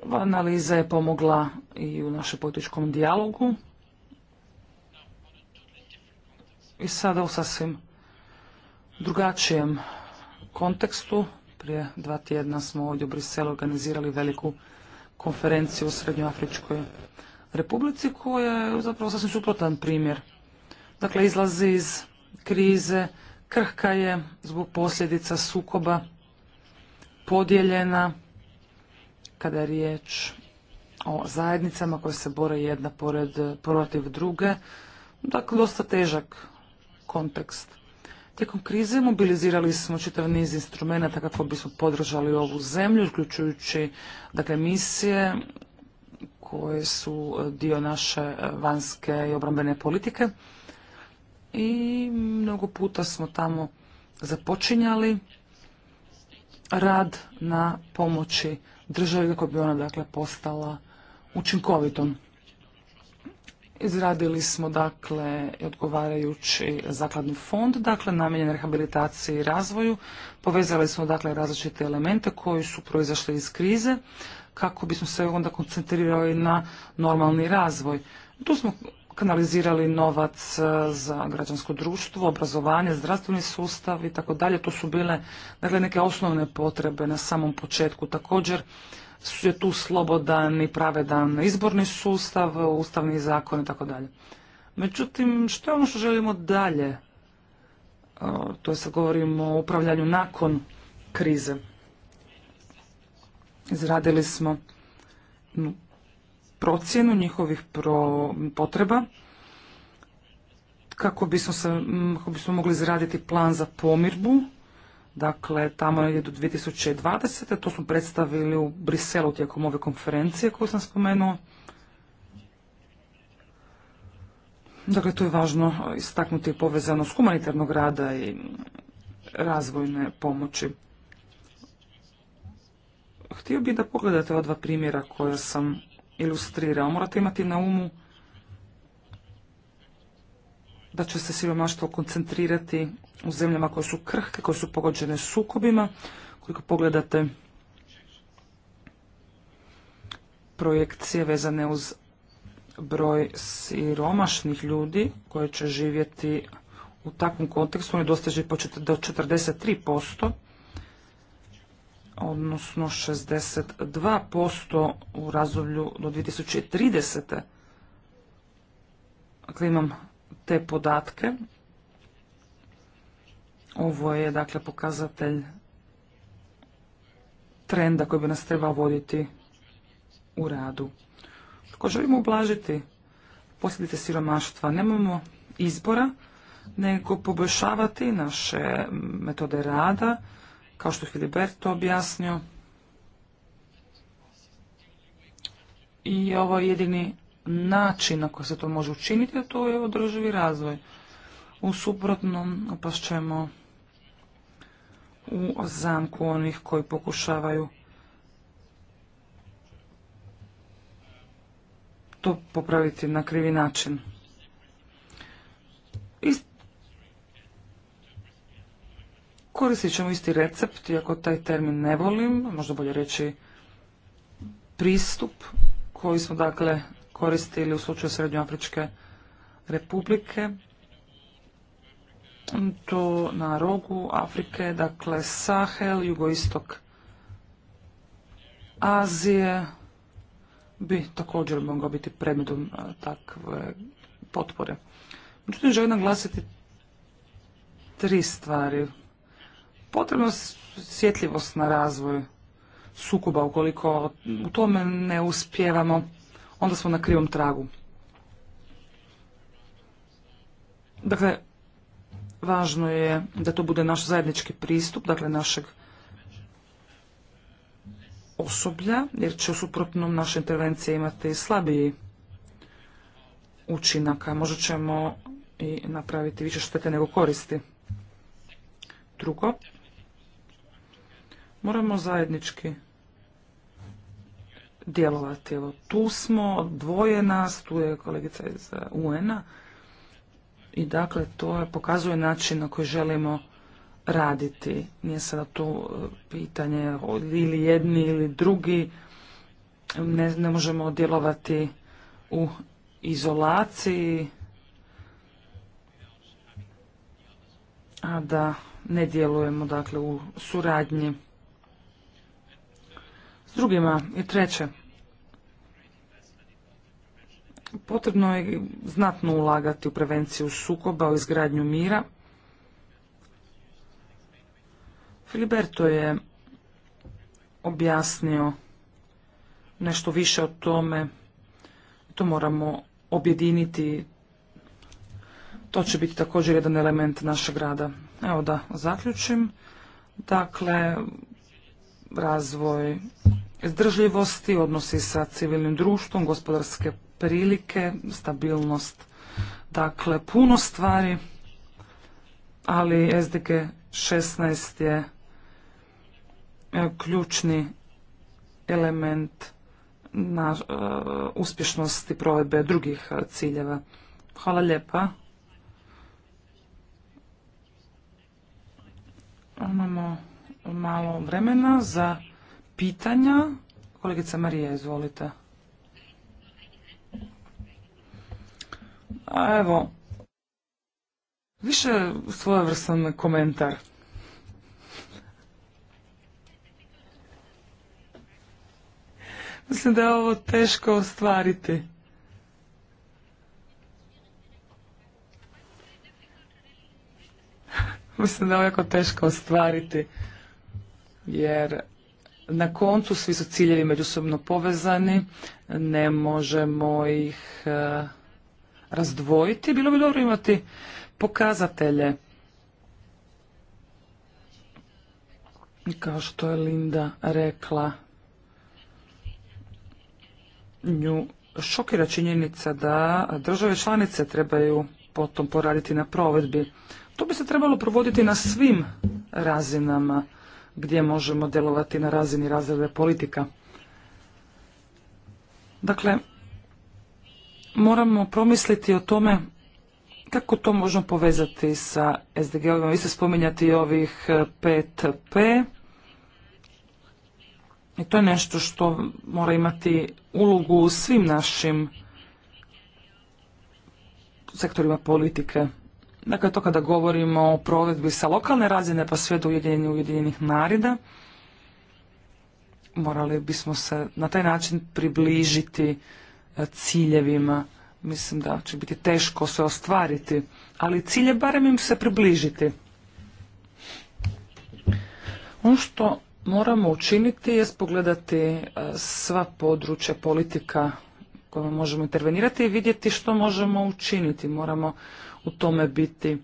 Speaker 3: Ova analiza je pomogla i u našem političkom dijalogu. I sada u sasvim drugačijem kontekstu. Prije dva tjedna smo ovdje u Briselu organizirali veliku konferencije u Srednjoafričkoj republici koja je zapravo sasvim suprotan primjer. Dakle, izlazi iz krize, krhka je zbog posljedica sukoba, podijeljena kada je riječ o zajednicama koje se bore jedna pored, protiv druge. Dakle, dosta težak kontekst. Tijekom krize mobilizirali smo čitav niz instrumenta kako bismo podržali ovu zemlju, uključujući dakle, misije koje su e, dio naše e, vanjske i obrambene politike. I mnogo puta smo tamo započinjali rad na pomoći državi kako bi ona dakle postala učinkovitom. Izradili smo dakle odgovarajući zakladni fond, dakle namijenjen rehabilitaciji i razvoju. Povezali smo dakle različite elemente koji su proizašli iz krize kako bismo se onda koncentrirali na normalni razvoj. Tu smo kanalizirali novac e, za građansko društvo, obrazovanje, zdravstveni sustav i tako dalje. To su bile dakle, neke osnovne potrebe na samom početku. Također je tu slobodan i pravedan izborni sustav, ustavni zakon i tako dalje. Međutim, što je ono što želimo dalje? E, to je sad govorimo o upravljanju nakon krize. Izradili smo procjenu njihovih potreba kako bismo, se, kako bismo mogli izraditi plan za pomirbu Dakle, tamo je do 2020. To smo predstavili u Briselu tijekom ove konferencije koju sam spomenuo. Dakle, to je važno istaknuti povezanost humanitarnog rada i razvojne pomoći. Htio bih da pogledate ova dva primjera koja sam ilustrirao. Morate imati na umu da će se siromaštvo koncentrirati u zemljama koje su krhke, koje su pogođene sukobima. Koliko pogledate projekcije vezane uz broj siromašnih ljudi koji će živjeti u takvom kontekstu, Oni je dostiže do 43%, odnosno 62% u razdoblju do 2030. Dakle, imam te podatke. Ovo je dakle pokazatelj trenda koji bi nas trebao voditi u radu. Ako želimo ublažiti posljedice siromaštva, nemamo izbora nego poboljšavati naše metode rada, kao što je Filiberto objasnio. I ovo je jedini način na koji se to može učiniti, a to je održivi razvoj. U suprotnom ćemo u zamku onih koji pokušavaju to popraviti na krivi način. Koristit ćemo isti recept, iako taj termin ne volim, možda bolje reći pristup koji smo dakle koristili u slučaju Srednjoafričke republike. To na rogu Afrike, dakle Sahel, jugoistok Azije bi također mogao biti predmetom e, takve potpore. Međutim, želim naglasiti tri stvari. Potrebno sjetljivost na razvoj sukoba ukoliko u tome ne uspjevamo onda smo na krivom tragu. Dakle, važno je da to bude naš zajednički pristup, dakle našeg osoblja, jer će u suprotnom naše intervencije imati slabiji učinaka. Možda ćemo i napraviti više štete nego koristi. Drugo, moramo zajednički djelovati. Evo, tu smo, dvoje nas, tu je kolegica iz UN-a i dakle to je, pokazuje način na koji želimo raditi. Nije sada tu e, pitanje ili jedni ili drugi, ne, možemo djelovati u izolaciji, a da ne djelujemo dakle u suradnji s drugima. I treće, potrebno je znatno ulagati u prevenciju sukoba, u izgradnju mira. Filiberto je objasnio nešto više o tome. To moramo objediniti. To će biti također jedan element našeg rada. Evo da zaključim. Dakle, razvoj zdržljivosti, odnosi sa civilnim društvom, gospodarske prilike, stabilnost, dakle puno stvari, ali SDG 16 je e, ključni element na e, uspješnosti provedbe drugih e, ciljeva. Hvala lijepa. Imamo malo vremena za pitanja. Kolegica Marija, izvolite. A evo, više svojevrstan komentar. Mislim da je ovo teško ostvariti. Mislim da je ovo jako teško ostvariti jer na koncu svi su ciljevi međusobno povezani, ne možemo ih e, razdvojiti. Bilo bi dobro imati pokazatelje. Kao što je Linda rekla, nju šokira činjenica da države članice trebaju potom poraditi na provedbi. To bi se trebalo provoditi na svim razinama gdje možemo djelovati na razini razrede politika. Dakle, moramo promisliti o tome kako to možemo povezati sa SDG-ovima. Vi ste spominjati ovih 5P. E, I to je nešto što mora imati ulogu u svim našim sektorima politike. Dakle, to kada govorimo o provedbi sa lokalne razine pa sve do ujedinjenja ujedinjenih narida, morali bismo se na taj način približiti e, ciljevima. Mislim da će biti teško se ostvariti, ali cilje barem im se približiti. Ono što moramo učiniti je spogledati e, sva područja politika kojima možemo intervenirati i vidjeti što možemo učiniti. Moramo u tome biti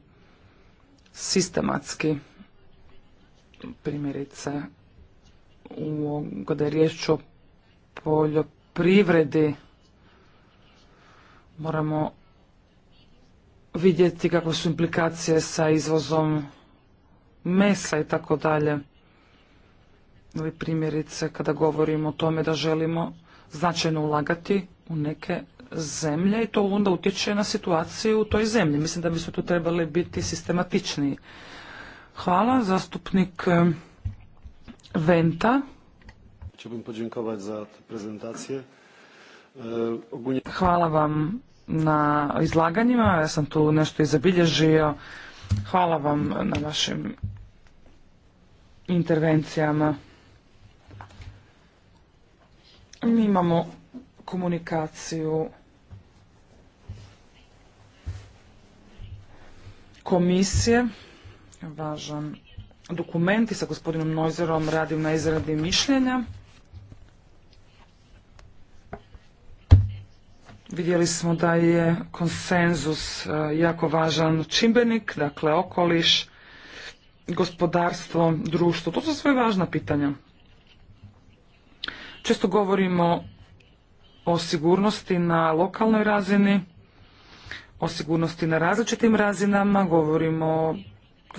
Speaker 3: sistematski. Primjerice, u, kada je riječ o poljoprivredi, moramo vidjeti kakve su implikacije sa izvozom mesa i tako dalje. Ili primjerice kada govorimo o tome da želimo značajno ulagati u neke zemlje i to onda utječe na situaciju u toj zemlji. Mislim da bismo tu trebali biti sistematičniji. Hvala, zastupnik Venta. za e, Hvala vam na izlaganjima, ja sam tu nešto i zabilježio. Hvala vam na vašim intervencijama. Mi imamo komunikaciju komisije, važan dokument i sa gospodinom Nojzerom radim na izradi mišljenja. Vidjeli smo da je konsenzus e, jako važan čimbenik, dakle okoliš, gospodarstvo, društvo. To su sve važna pitanja. Često govorimo o sigurnosti na lokalnoj razini, o sigurnosti na različitim razinama, govorimo o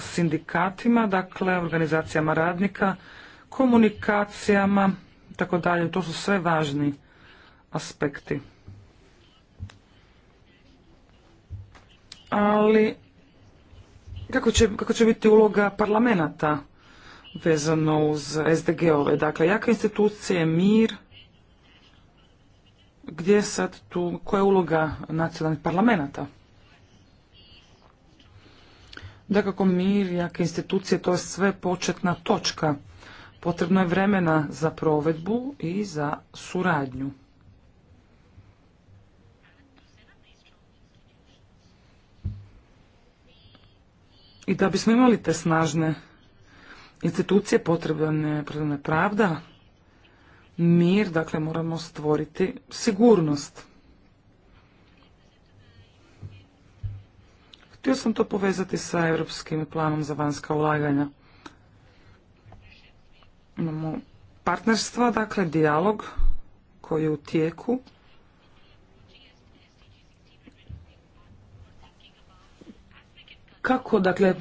Speaker 3: sindikatima, dakle organizacijama radnika, komunikacijama, tako dalje. To su sve važni aspekti. Ali kako će, kako će biti uloga parlamenta vezano uz SDG-ove? Dakle, jaka institucije, mir, gdje je sad tu, koja je uloga nacionalnih parlamenta? Dakako mir, jake institucije, to je sve početna točka. Potrebno je vremena za provedbu i za suradnju. I da bismo imali te snažne institucije, potrebna je pravda, mir, dakle moramo stvoriti sigurnost. Htio sam to povezati sa Europskim planom za vanjska ulaganja. Imamo partnerstva, dakle dijalog koji je u tijeku. Kako, dakle,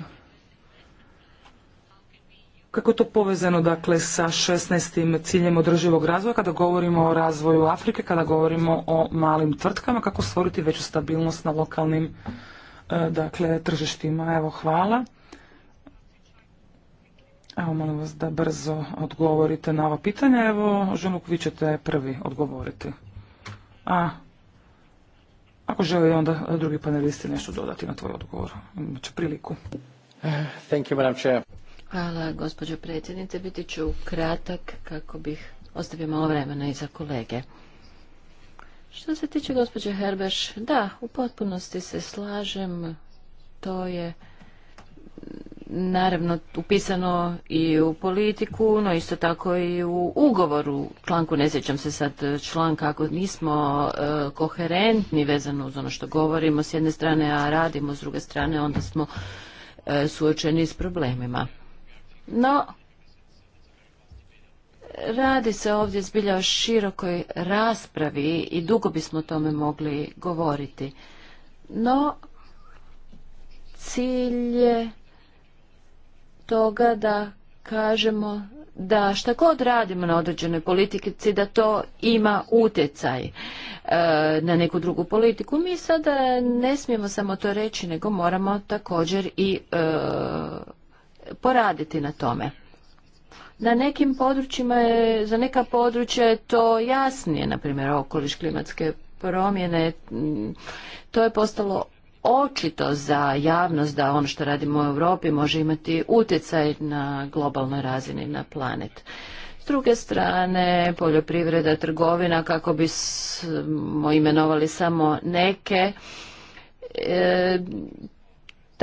Speaker 3: kako je to povezano dakle sa 16. ciljem održivog razvoja kada govorimo o razvoju Afrike, kada govorimo o malim tvrtkama, kako stvoriti veću stabilnost na lokalnim e, dakle tržištima. Evo hvala. Evo molim vas da brzo odgovorite na ova pitanja. Evo Ženuk, vi ćete prvi odgovoriti. A ako želi onda drugi panelisti nešto dodati na tvoj odgovor, imat će priliku. Thank you, Madam Chair.
Speaker 1: Hvala, gospođo predsjednice. Biti ću kratak kako bih ostavio malo vremena i za kolege. Što se tiče gospođe Herbeš, da, u potpunosti se slažem. To je naravno upisano i u politiku, no isto tako i u ugovoru članku, ne sjećam se sad e, članka, ako nismo e, koherentni vezano uz ono što govorimo s jedne strane, a radimo s druge strane, onda smo e, suočeni s problemima. No, radi se ovdje zbilja o širokoj raspravi i dugo bismo o tome mogli govoriti. No, cilj je toga da kažemo da šta god radimo na određenoj politici da to ima utjecaj e, na neku drugu politiku. Mi sada ne smijemo samo to reći nego moramo također i e, poraditi na tome. Na nekim područjima je, za neka područja je to jasnije, na primjer okoliš klimatske promjene, to je postalo očito za javnost da ono što radimo u Europi može imati utjecaj na globalnoj razini, na planet. S druge strane, poljoprivreda, trgovina, kako bismo imenovali samo neke, e,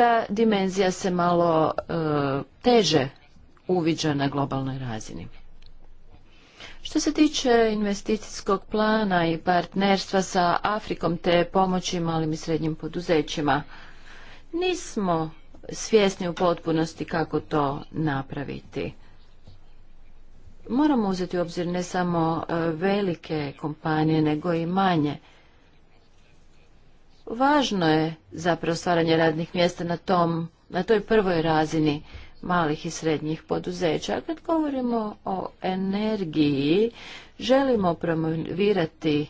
Speaker 1: ta dimenzija se malo e, teže uviđa na globalnoj razini. Što se tiče investicijskog plana i partnerstva sa Afrikom te pomoći malim i srednjim poduzećima, nismo svjesni u potpunosti kako to napraviti. Moramo uzeti u obzir ne samo e, velike kompanije, nego i manje važno je zapravo stvaranje radnih mjesta na, tom, na toj prvoj razini malih i srednjih poduzeća. kad govorimo o energiji, želimo promovirati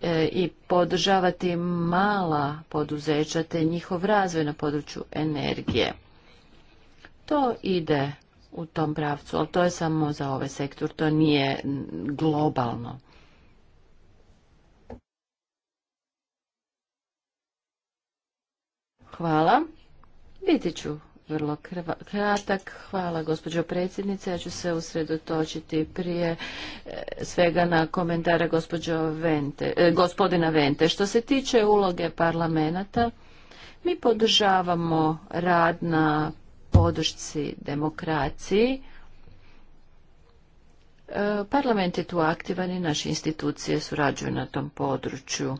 Speaker 1: e, i podržavati mala poduzeća te njihov razvoj na području energije. To ide u tom pravcu, ali to je samo za ovaj sektor, to nije globalno. Hvala. Biti ću vrlo kratak. Hvala gospođo predsjednice. Ja ću se usredotočiti prije e, svega na komentare Vente, e, gospodina Vente. Što se tiče uloge parlamenta, mi podržavamo rad na podršci demokraciji. E, parlament je tu aktivan i naše institucije surađuju na tom području.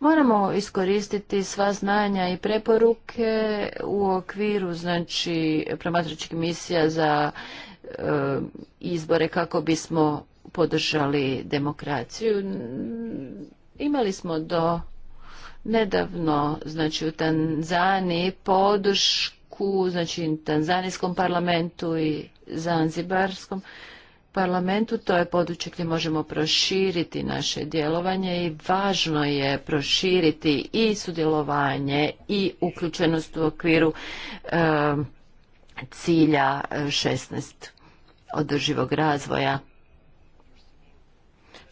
Speaker 1: Moramo iskoristiti sva znanja i preporuke u okviru znači promatračkih misija za eh, izbore kako bismo podržali demokraciju. Imali smo do nedavno znači u Tanzani podršku znači tanzanijskom parlamentu i zanzibarskom parlamentu, to je područje gdje možemo proširiti naše djelovanje i važno je proširiti i sudjelovanje i uključenost u okviru e, cilja 16 e, održivog razvoja.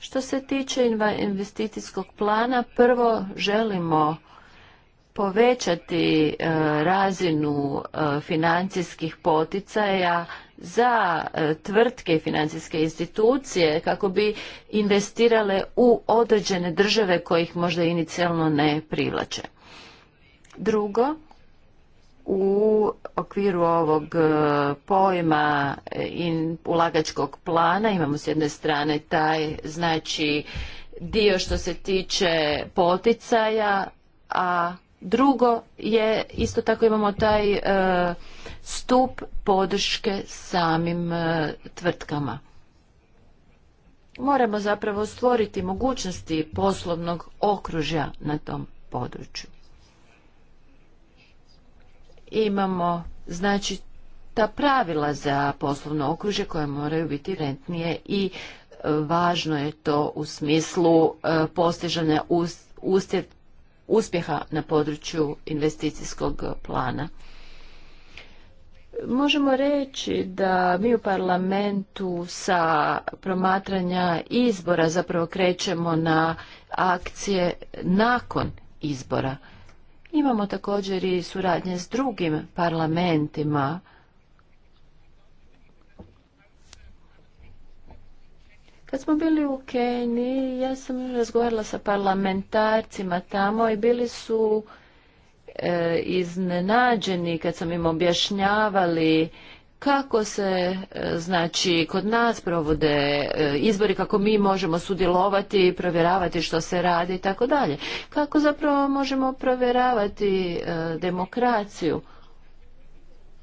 Speaker 1: Što se tiče investicijskog plana, prvo želimo povećati e, razinu e, financijskih poticaja za e, tvrtke i financijske institucije kako bi investirale u određene države kojih možda inicijalno ne privlače. Drugo, u okviru ovog pojma in, ulagačkog plana imamo s jedne strane taj znači dio što se tiče poticaja, a Drugo je, isto tako imamo taj e, stup podrške samim e, tvrtkama. Moramo zapravo stvoriti mogućnosti poslovnog okružja na tom području. Imamo, znači, ta pravila za poslovno okružje koje moraju biti rentnije i e, važno je to u smislu postižanja uslijed uspjeha na području investicijskog plana. Možemo reći da mi u parlamentu sa promatranja izbora zapravo krećemo na akcije nakon izbora. Imamo također i suradnje s drugim parlamentima Kad smo bili u Keniji, ja sam razgovarala sa parlamentarcima tamo i bili su e, iznenađeni kad sam im objašnjavali kako se e, znači kod nas provode e, izbori kako mi možemo sudjelovati provjeravati što se radi i tako dalje kako zapravo možemo provjeravati demokraciju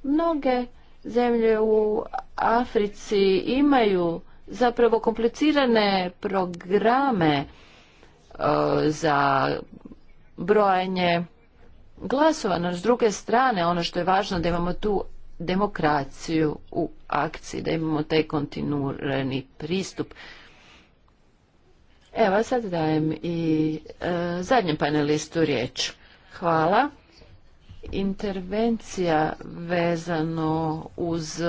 Speaker 1: mnoge zemlje u Africi imaju zapravo komplicirane programe e, za brojanje glasova. No, s druge strane, ono što je važno da imamo tu demokraciju u akciji, da imamo taj kontinuirani pristup. Evo, sad dajem i e, zadnjem panelistu riječ. Hvala. Intervencija vezano uz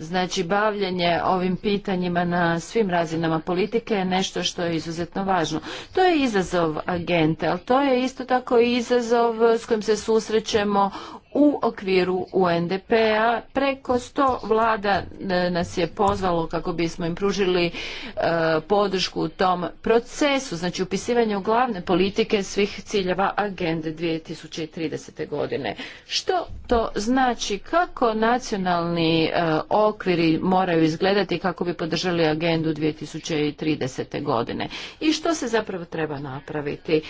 Speaker 1: Znači, bavljenje ovim pitanjima na svim razinama politike je nešto što je izuzetno važno. To je izazov agente, ali to je isto tako izazov s kojim se susrećemo u okviru UNDP-a. Preko sto vlada e, nas je pozvalo kako bismo im pružili e, podršku u tom procesu, znači upisivanje glavne politike svih ciljeva agende 2030. godine. Što to znači? Kako nacionalni e, okviri moraju izgledati kako bi podržali agendu 2030. godine? I što se zapravo treba napraviti?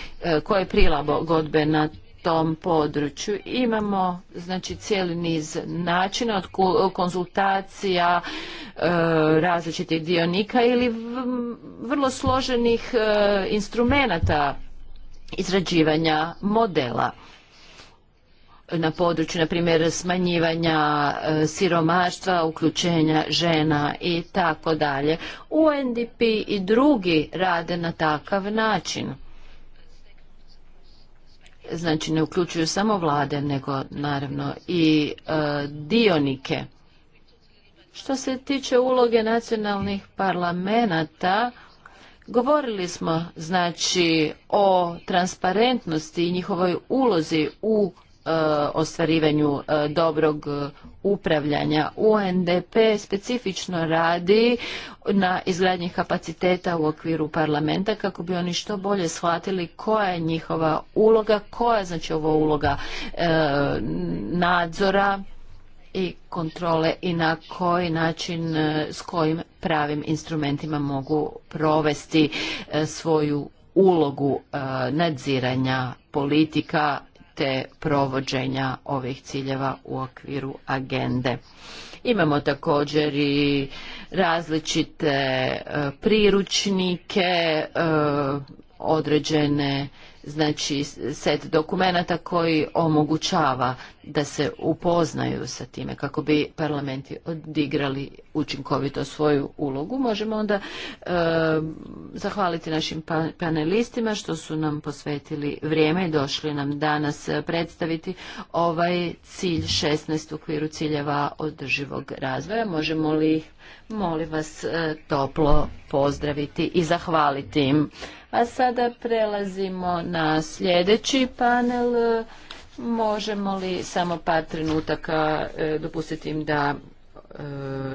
Speaker 1: Koje koje godbe na tom području. Imamo znači cijeli niz načina od konzultacija e, različitih dionika ili vrlo složenih e, instrumenata izrađivanja modela na području, na primjer, smanjivanja e, siromaštva, uključenja žena i tako dalje. UNDP i drugi rade na takav način znači ne uključuju samo vlade nego naravno i e, dionike. Što se tiče uloge nacionalnih parlamenata, govorili smo znači o transparentnosti i njihovoj ulozi u E, ostvarivanju e, dobrog upravljanja. UNDP specifično radi na izgradnji kapaciteta u okviru parlamenta kako bi oni što bolje shvatili koja je njihova uloga, koja je znači ova uloga e, nadzora i kontrole i na koji način, s kojim pravim instrumentima mogu provesti svoju ulogu nadziranja politika te provođenja ovih ciljeva u okviru agende. Imamo također i različite e, priručnike, e, određene znači set dokumenata koji omogućava da se upoznaju sa time kako bi parlamenti odigrali učinkovito svoju ulogu. Možemo onda e, zahvaliti našim pa-, panelistima što su nam posvetili vrijeme i došli nam danas predstaviti ovaj cilj 16 u okviru ciljeva održivog razvoja. Možemo li molim vas e, toplo pozdraviti i zahvaliti im. A sada prelazimo na sljedeći panel. Možemo li samo par trenutaka e, dopustiti im da e,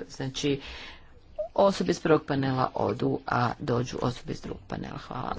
Speaker 1: znači osobe iz prvog panela odu, a dođu osobe iz drugog panela. Hvala.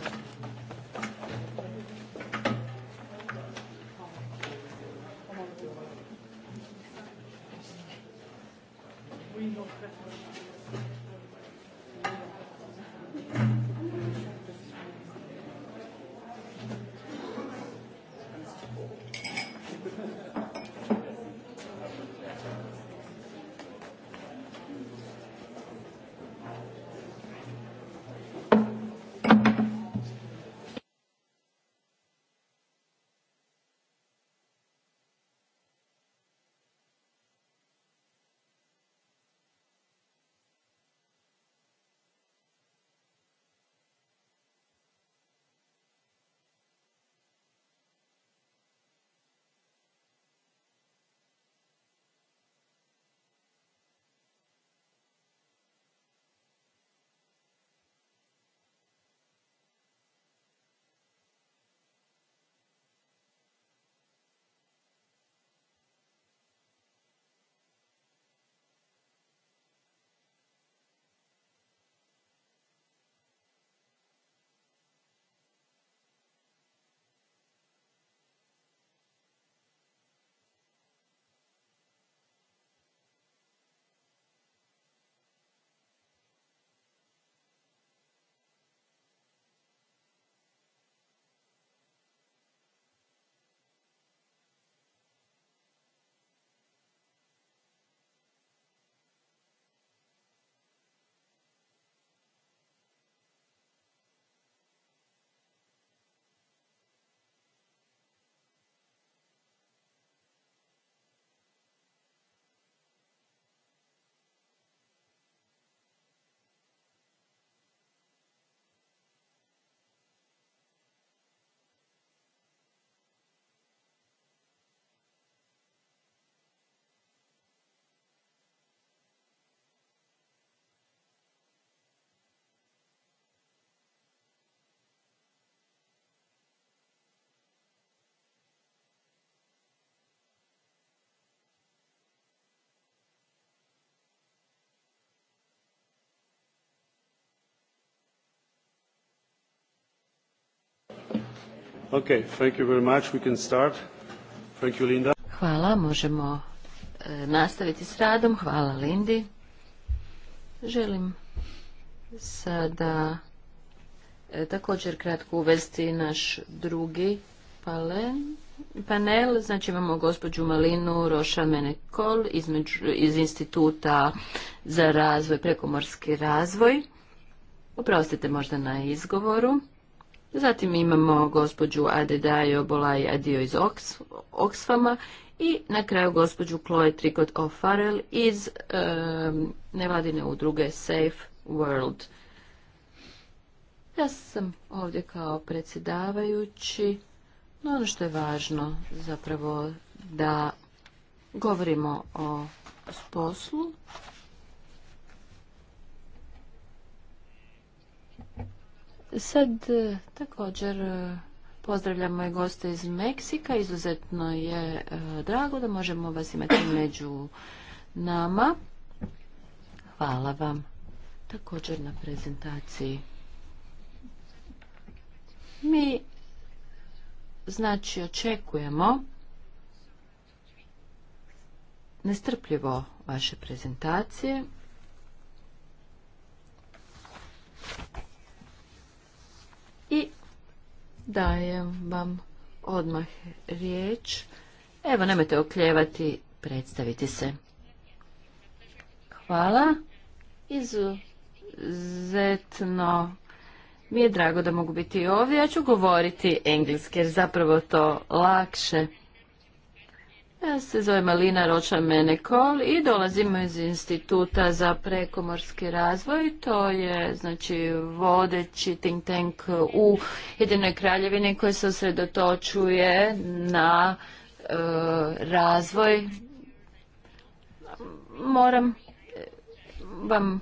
Speaker 1: Okay, Hvala, možemo e, nastaviti s radom. Hvala Lindi. Želim sada e, također kratko uvesti naš drugi panel, znači imamo gospođu Malinu Roša-Menekol iz Instituta za razvoj, prekomorski razvoj. Oprostite možda na izgovoru. Zatim imamo gospođu Adedajo Bolaj Adio iz Oxfama i na kraju gospođu Chloe Tricot O'Farrell iz nevladine udruge Safe World. Ja sam ovdje kao predsjedavajući, no ono što je važno zapravo da govorimo o poslu Sad e, također e, pozdravljamo i goste iz Meksika. Izuzetno je e, drago da možemo vas imati među nama. Hvala vam također na prezentaciji. Mi znači očekujemo nestrpljivo vaše prezentacije i dajem vam odmah riječ. Evo, nemojte okljevati, predstaviti se. Hvala. Izuzetno mi je drago da mogu biti ovdje. Ja ću govoriti engleski jer zapravo to lakše. Ja se zove Malina Roča Menekol i dolazimo iz Instituta za prekomorski razvoj. To je znači vodeći think tank u jedinoj kraljevini koji se usredotočuje na e, razvoj. Moram e, vam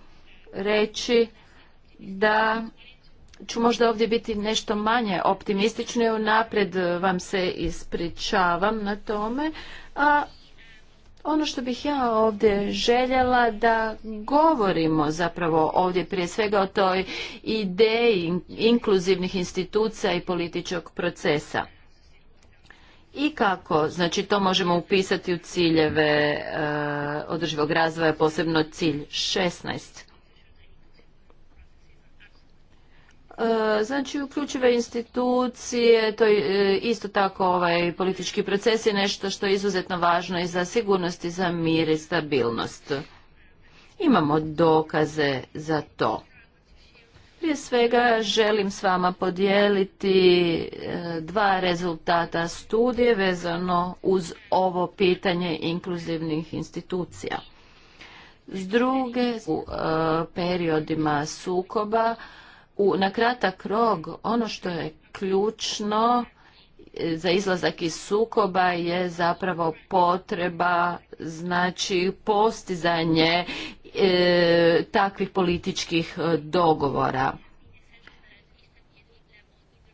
Speaker 1: reći da ću možda ovdje biti nešto manje optimistično i unaprijed vam se ispričavam na tome. A ono što bih ja ovdje željela da govorimo zapravo ovdje prije svega o toj ideji inkluzivnih institucija i političkog procesa. I kako, znači to možemo upisati u ciljeve e, održivog razvoja, posebno cilj 16. E, znači, uključive institucije, to je e, isto tako ovaj politički proces je nešto što je izuzetno važno i za sigurnost i za mir i stabilnost. Imamo dokaze za to. Prije svega želim s vama podijeliti e, dva rezultata studije vezano uz ovo pitanje inkluzivnih institucija. S druge, u periodima sukoba, u, na kratak rog ono što je ključno e, za izlazak iz sukoba je zapravo potreba znači postizanje e, takvih političkih e, dogovora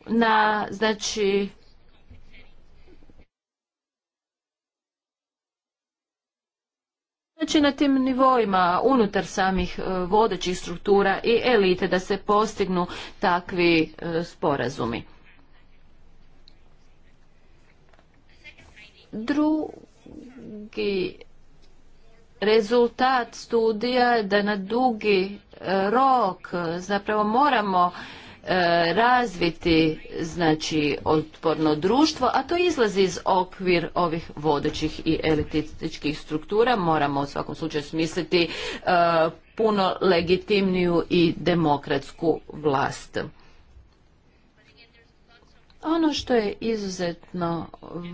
Speaker 1: na znači znači na tim nivoima unutar samih e, vodećih struktura i elite da se postignu takvi e, sporazumi. Drugi rezultat studija je da na dugi e, rok zapravo moramo E, razviti znači otporno društvo, a to izlazi iz okvir ovih vodećih i elitističkih struktura. Moramo u svakom slučaju smisliti e, puno legitimniju i demokratsku vlast. Ono što je izuzetno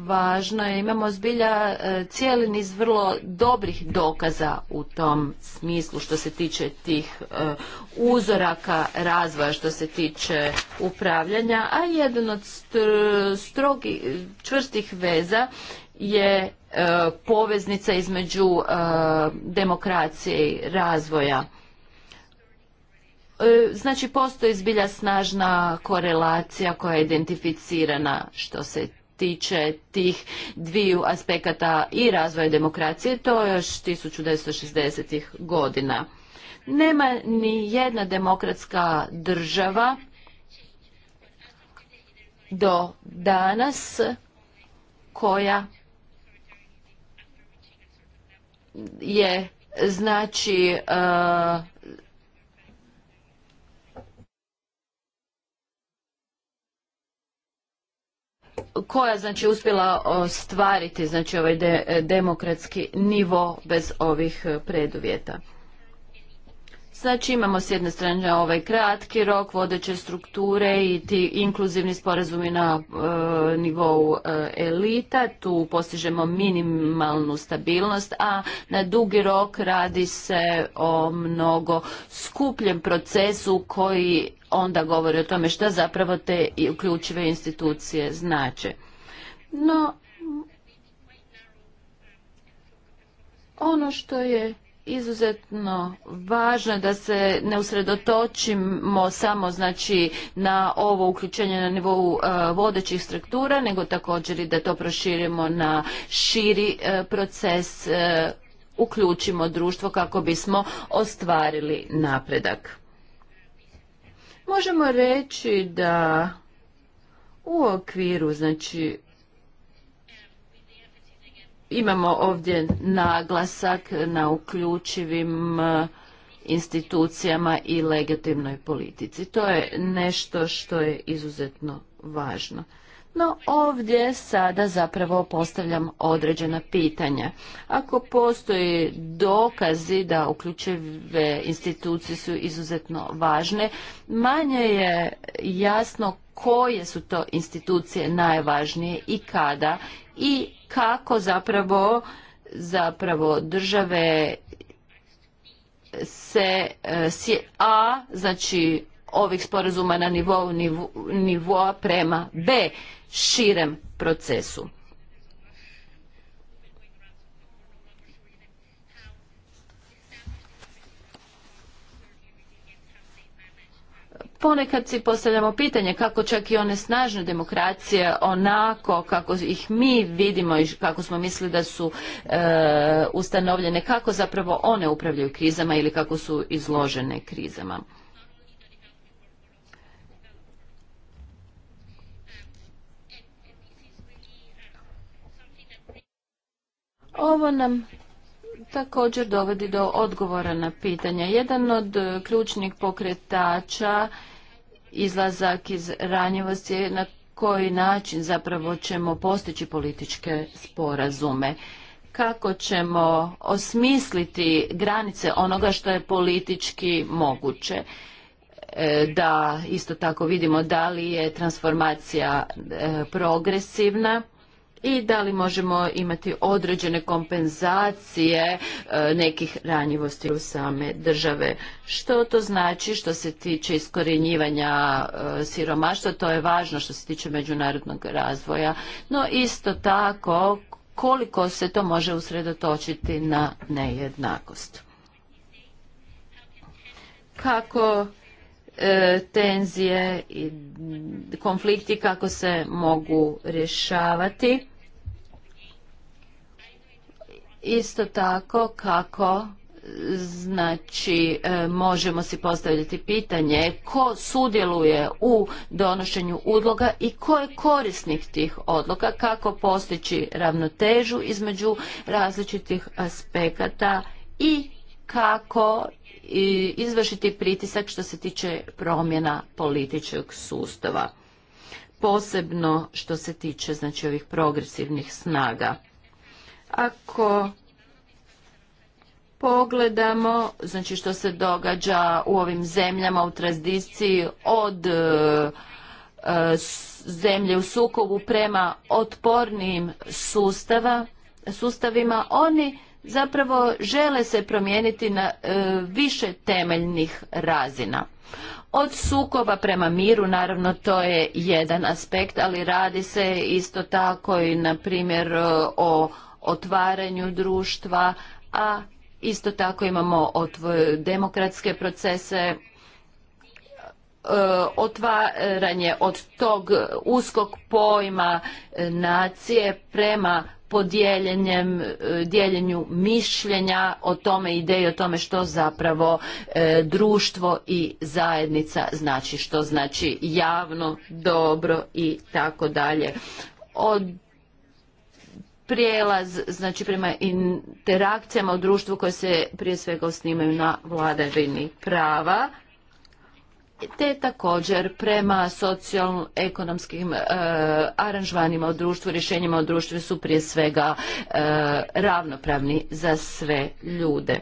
Speaker 1: važno je imamo zbilja e, cijeli niz vrlo dobrih dokaza u tom smislu što se tiče tih e, uzoraka razvoja što se tiče upravljanja, a jedan od strogi, čvrstih veza je e, poveznica između demokracije i razvoja. E, znači, postoji zbilja snažna korelacija koja je identificirana što se tiče tih dviju aspekata i razvoja demokracije, to je još 1960. godina. Nema ni jedna demokratska država do danas koja je znači e, koja znači uspjela ostvariti znači ovaj e, demokratski nivo bez ovih e, preduvjeta. Znači imamo s jedne strane ovaj kratki rok, vodeće strukture i ti inkluzivni sporazumi na e, nivou elita, tu postižemo minimalnu stabilnost, a na dugi rok radi se o mnogo skupljem procesu koji onda govori o tome što zapravo te uključive institucije znače. No, ono što je izuzetno važno je da se ne usredotočimo samo znači na ovo uključenje na nivou e, vodećih struktura nego također i da to proširimo na širi e, proces e, uključimo društvo kako bismo ostvarili napredak Možemo reći da u okviru, znači, imamo ovdje naglasak na uključivim eh, institucijama i legitimnoj politici. To je nešto što je izuzetno važno. No ovdje sada zapravo postavljam određena pitanja. Ako postoji dokazi da uključive institucije su izuzetno važne, manje je jasno koje su to institucije najvažnije i kada i kako zapravo zapravo države se e, a znači ovih sporazuma na nivou nivoa prema b širem procesu. Ponekad si postavljamo pitanje kako čak i one snažne demokracije onako kako ih mi vidimo i kako smo mislili da su e, ustanovljene, kako zapravo one upravljaju krizama ili kako su izložene krizama. Ovo nam također dovodi do odgovora na pitanja. Jedan od e, ključnih pokretača izlazak iz ranjivosti je na koji način zapravo ćemo postići političke sporazume kako ćemo osmisliti granice onoga što je politički moguće e, da isto tako vidimo da li je transformacija e, progresivna i da li možemo imati određene kompenzacije e, nekih ranjivosti u same države. Što to znači što se tiče iskorjenjivanja e, siromaštva, to je važno što se tiče međunarodnog razvoja, no isto tako koliko se to može usredotočiti na nejednakost. Kako E, tenzije i konflikti kako se mogu rješavati. Isto tako kako znači e, možemo si postavljati pitanje ko sudjeluje u donošenju udloga i ko je korisnik tih odloga, kako postići ravnotežu između različitih aspekata i kako izvršiti pritisak što se tiče promjena političkog sustava. Posebno što se tiče znači, ovih progresivnih snaga. Ako pogledamo znači što se događa u ovim zemljama u tradiciji, od e, e, zemlje u sukobu prema otpornijim sustava, sustavima, oni zapravo žele se promijeniti na e, više temeljnih razina. Od sukoba prema miru, naravno to je jedan aspekt, ali radi se isto tako i na primjer e, o otvaranju društva, a isto tako imamo demokratske procese, e, otvaranje od tog uskog pojma nacije prema po e, dijeljenju mišljenja o tome ideje o tome što zapravo e, društvo i zajednica znači što znači javno dobro i tako dalje od prijelaz znači prema interakcijama u društvu koje se prije svega osnimaju na vladavini prava te također prema socijalno-ekonomskim e, aranžmanima u društvu, rješenjima u društvu su prije svega e, ravnopravni za sve ljude.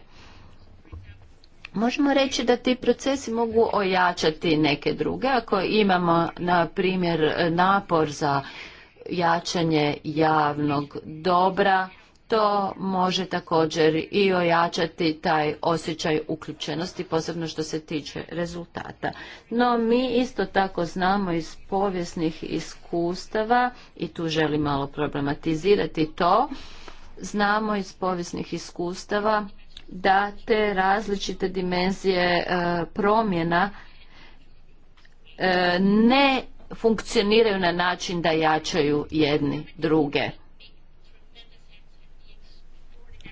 Speaker 1: Možemo reći da ti procesi mogu ojačati neke druge. Ako imamo, na primjer, napor za jačanje javnog dobra, to može također i ojačati taj osjećaj uključenosti, posebno što se tiče rezultata. No mi isto tako znamo iz povijesnih iskustava, i tu želim malo problematizirati to, znamo iz povijesnih iskustava da te različite dimenzije e, promjena e, ne funkcioniraju na način da jačaju jedni druge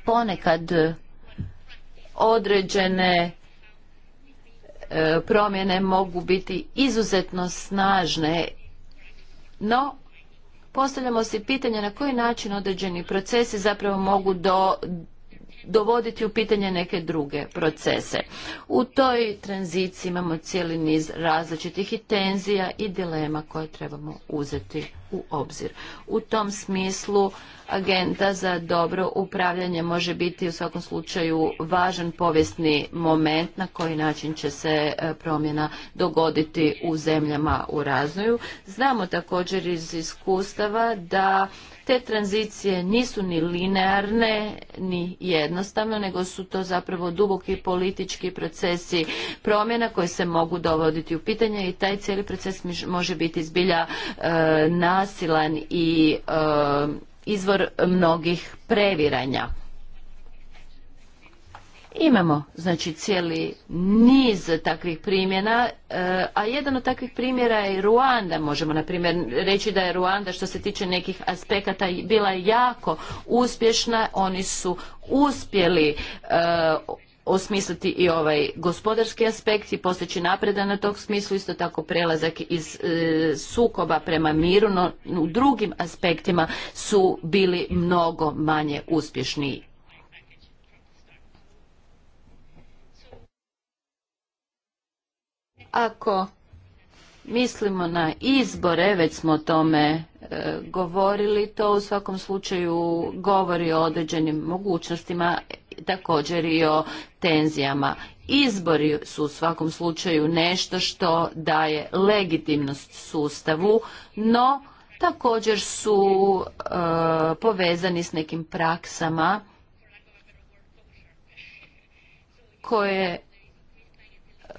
Speaker 1: ponekad određene e, promjene mogu biti izuzetno snažne, no postavljamo si pitanje na koji način određeni procesi zapravo mogu do, dovoditi u pitanje neke druge procese. U toj tranziciji imamo cijeli niz različitih i tenzija i dilema koje trebamo uzeti u obzir. U tom smislu agenda za dobro upravljanje može biti u svakom slučaju važan povijesni moment na koji način će se e, promjena dogoditi u zemljama u razvoju. Znamo također iz iskustava da te tranzicije nisu ni linearne, ni jednostavne, nego su to zapravo duboki politički procesi promjena koje se mogu dovoditi u pitanje i taj cijeli proces može biti zbilja e, nasilan i e, izvor mnogih previranja. Imamo znači cijeli niz takvih primjena, e, a jedan od takvih primjera je Ruanda. Možemo na primjer reći da je Ruanda što se tiče nekih aspekata bila jako uspješna. Oni su uspjeli e, osmisliti i ovaj gospodarski aspekt i postići napreda na tog smislu, isto tako prelazak iz e, sukoba prema miru, no u drugim aspektima su bili mnogo manje uspješni. Ako mislimo na izbore, već smo o tome e, govorili, to u svakom slučaju govori o određenim mogućnostima, također i o tenzijama. Izbori su u svakom slučaju nešto što daje legitimnost sustavu, no također su e, povezani s nekim praksama koje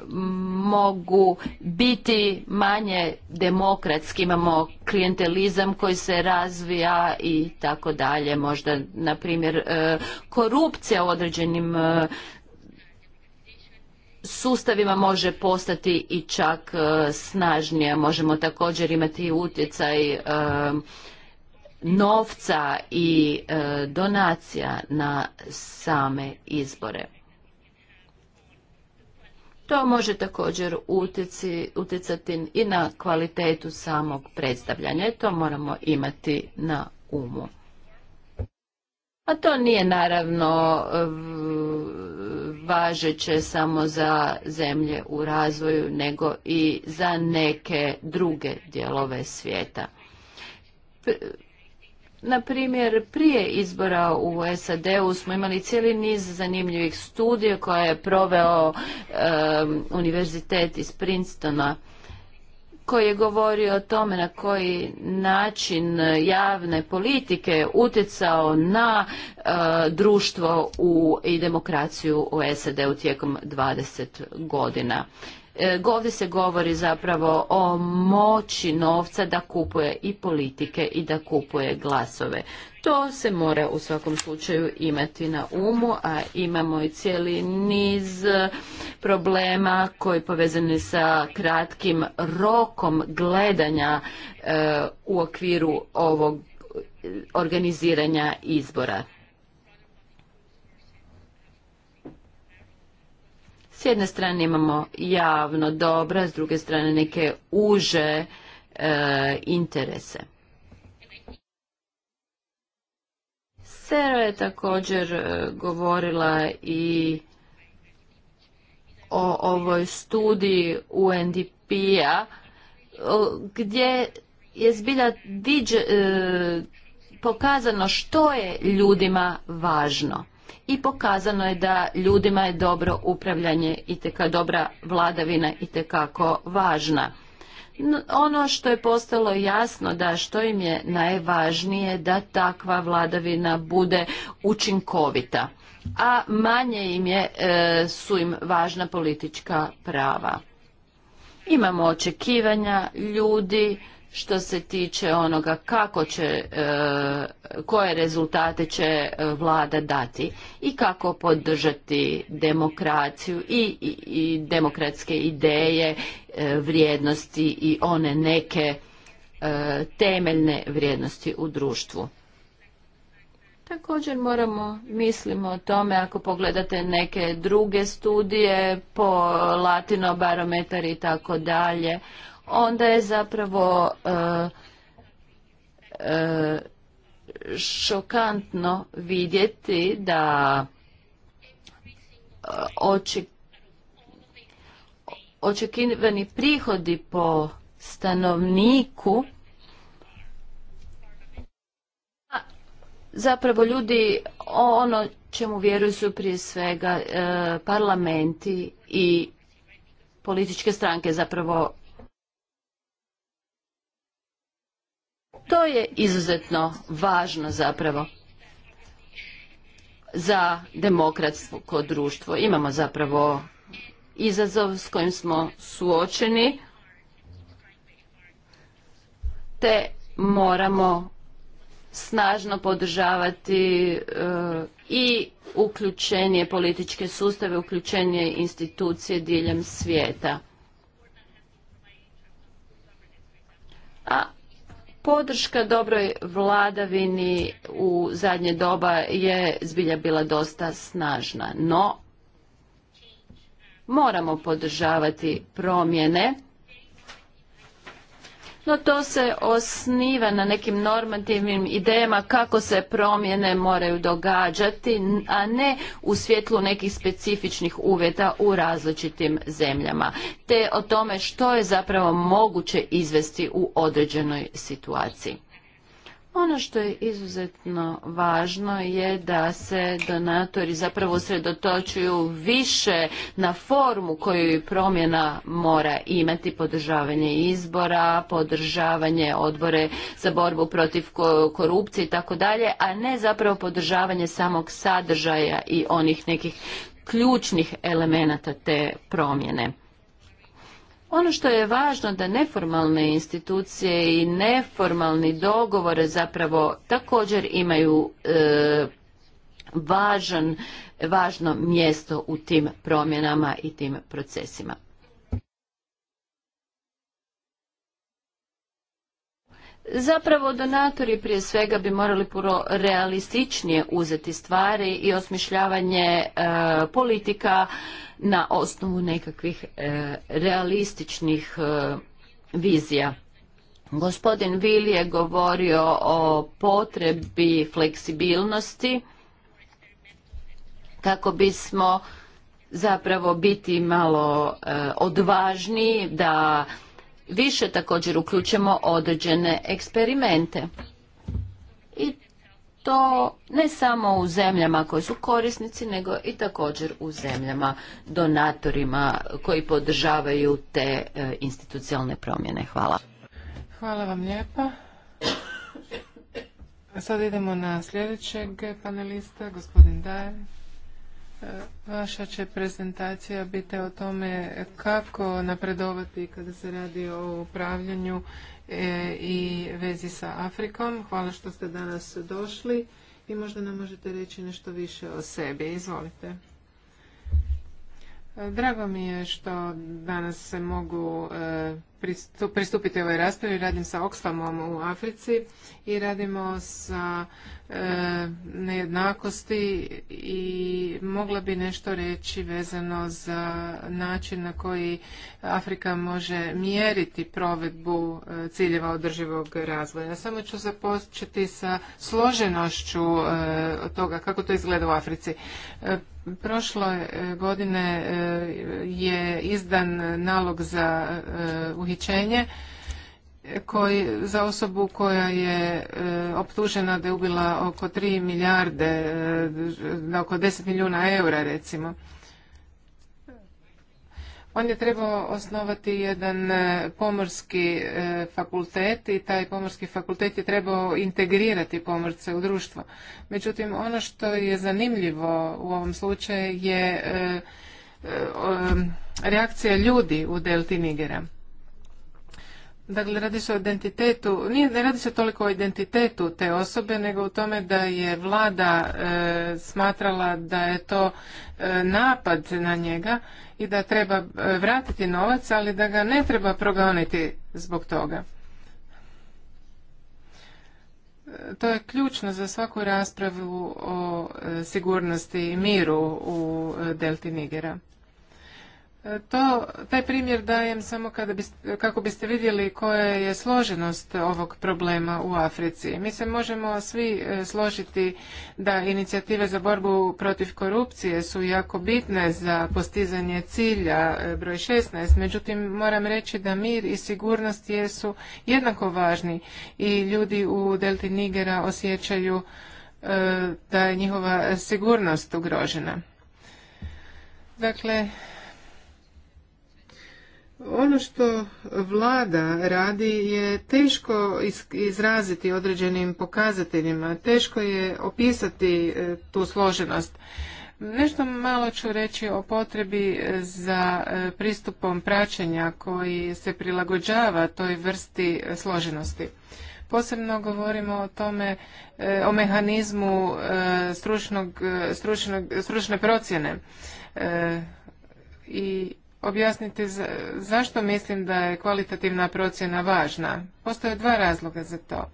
Speaker 1: mogu biti manje demokratski, imamo klijentelizam koji se razvija i tako dalje, možda na primjer e, korupcija u određenim e, sustavima može postati i čak e, snažnija, možemo također imati utjecaj novca i donacija na same izbore. To može također utjeci, utjecati i na kvalitetu samog predstavljanja to moramo imati na umu. A to nije naravno važeće samo za zemlje u razvoju, nego i za neke druge dijelove svijeta. Na primjer, prije izbora u SAD-u smo imali cijeli niz zanimljivih studija koje je proveo univerzitet iz Princetona koji je govorio o tome na koji način javne politike utjecao na e, društvo i demokraciju u SAD-u tijekom 20 godina. E, ovdje se govori zapravo o moći novca da kupuje i politike i da kupuje glasove. To se mora u svakom slučaju imati na umu, a imamo i cijeli niz problema koji povezani sa kratkim rokom gledanja e, u okviru ovog organiziranja izbora. S jedne strane imamo javno dobra, s druge strane neke uže e, interese. Sera je također e, govorila i o ovoj studiji UNDP-a gdje je zbilja e, pokazano što je ljudima važno i pokazano je da ljudima je dobro upravljanje i dobra vladavina i tekako važna. Ono što je postalo jasno da što im je najvažnije da takva vladavina bude učinkovita, a manje im je, e, su im važna politička prava. Imamo očekivanja ljudi, što se tiče onoga kako će, e, koje rezultate će e, vlada dati i kako podržati demokraciju i, i, demokratske ideje, e, vrijednosti i one neke temeljne vrijednosti u društvu. Također moramo mislimo o tome ako pogledate neke druge studije po latino i tako dalje onda je zapravo e, e, šokantno vidjeti da e, očekivani prihodi po stanovniku zapravo ljudi ono čemu vjeruju su prije svega parlamenti i političke stranke zapravo To je izuzetno važno zapravo za kod društvo. Imamo zapravo izazov s kojim smo suočeni te moramo snažno podržavati e, i uključenje političke sustave, uključenje institucije diljem svijeta. A Podrška dobroj vladavini u zadnje doba je zbilja bila dosta snažna, no moramo podržavati promjene no to se osniva na nekim normativnim idejama kako se promjene moraju događati, a ne u svjetlu nekih specifičnih uvjeta u različitim zemljama, te o tome što je zapravo moguće izvesti u određenoj situaciji. Ono što je izuzetno važno je da se donatori zapravo sredotočuju više na formu koju promjena mora imati, podržavanje izbora, podržavanje odbore za borbu protiv korupcije i tako dalje, a ne zapravo podržavanje samog sadržaja i onih nekih ključnih elemenata te promjene. Ono što je važno da neformalne institucije i neformalni dogovore zapravo također imaju e, važno mjesto u tim promjenama i tim procesima. Zapravo donatori prije svega bi morali puno realističnije uzeti stvari i osmišljavanje e, politika na osnovu nekakvih e, realističnih e, vizija. Gospodin Vili je govorio o potrebi fleksibilnosti kako bismo zapravo biti malo odvažniji da više također uključujemo određene eksperimente. I to ne samo u zemljama koje su korisnici, nego i također u zemljama donatorima koji podržavaju te e, institucionalne promjene. Hvala.
Speaker 2: Hvala vam lijepa. Sad idemo na sljedećeg panelista, gospodin da. Vaša će prezentacija biti o tome kako napredovati kada se radi o upravljanju e, i vezi sa Afrikom. Hvala što ste danas došli i možda nam možete reći nešto više o sebi. Izvolite. Drago mi je što danas se mogu e, pristupiti ovoj raspravi. Radim sa Oxfamom u Africi i radimo sa e, nejednakosti i mogla bi nešto reći vezano za način na koji Afrika može mjeriti provedbu e, ciljeva održivog razvoja. Samo ću započeti sa složenošću e, toga kako to izgleda u Africi. E, Prošle e, godine e, je izdan nalog za uhićenje koji, za osobu koja je e, optužena da je ubila oko 3 milijarde, e, na oko 10 milijuna eura recimo. On je trebao osnovati jedan e, pomorski fakultet i taj pomorski fakultet je trebao integrirati pomorce u društvo. Međutim, ono što je zanimljivo u ovom slučaju je reakcija ljudi u delti Nigera. Dakle, radi se o identitetu, nije, ne radi se toliko o identitetu te osobe, nego u tome da je vlada e, smatrala da je to e, napad na njega i da treba e, vratiti novac, ali da ga ne treba progoniti zbog toga. To je ključno za svaku raspravu o sigurnosti i miru u delti Nigera. To, taj primjer dajem samo kada kako biste vidjeli koja je složenost ovog problema u Africi. Mi se možemo svi e, složiti da inicijative za borbu protiv korupcije su jako bitne za postizanje cilja e, broj 16, međutim moram reći da mir i sigurnost jesu jednako važni i ljudi u delti Nigera osjećaju e, da je njihova sigurnost ugrožena. Dakle, ono što vlada radi je teško izraziti određenim pokazateljima, teško je opisati e, tu složenost. Nešto malo ću reći o potrebi e, za e, pristupom praćenja koji se prilagođava toj vrsti složenosti. Posebno govorimo o tome, o mehanizmu stručnog, stručne procjene i objasniti zašto mislim da je kvalitativna procjena važna. Postoje dva razloga za to.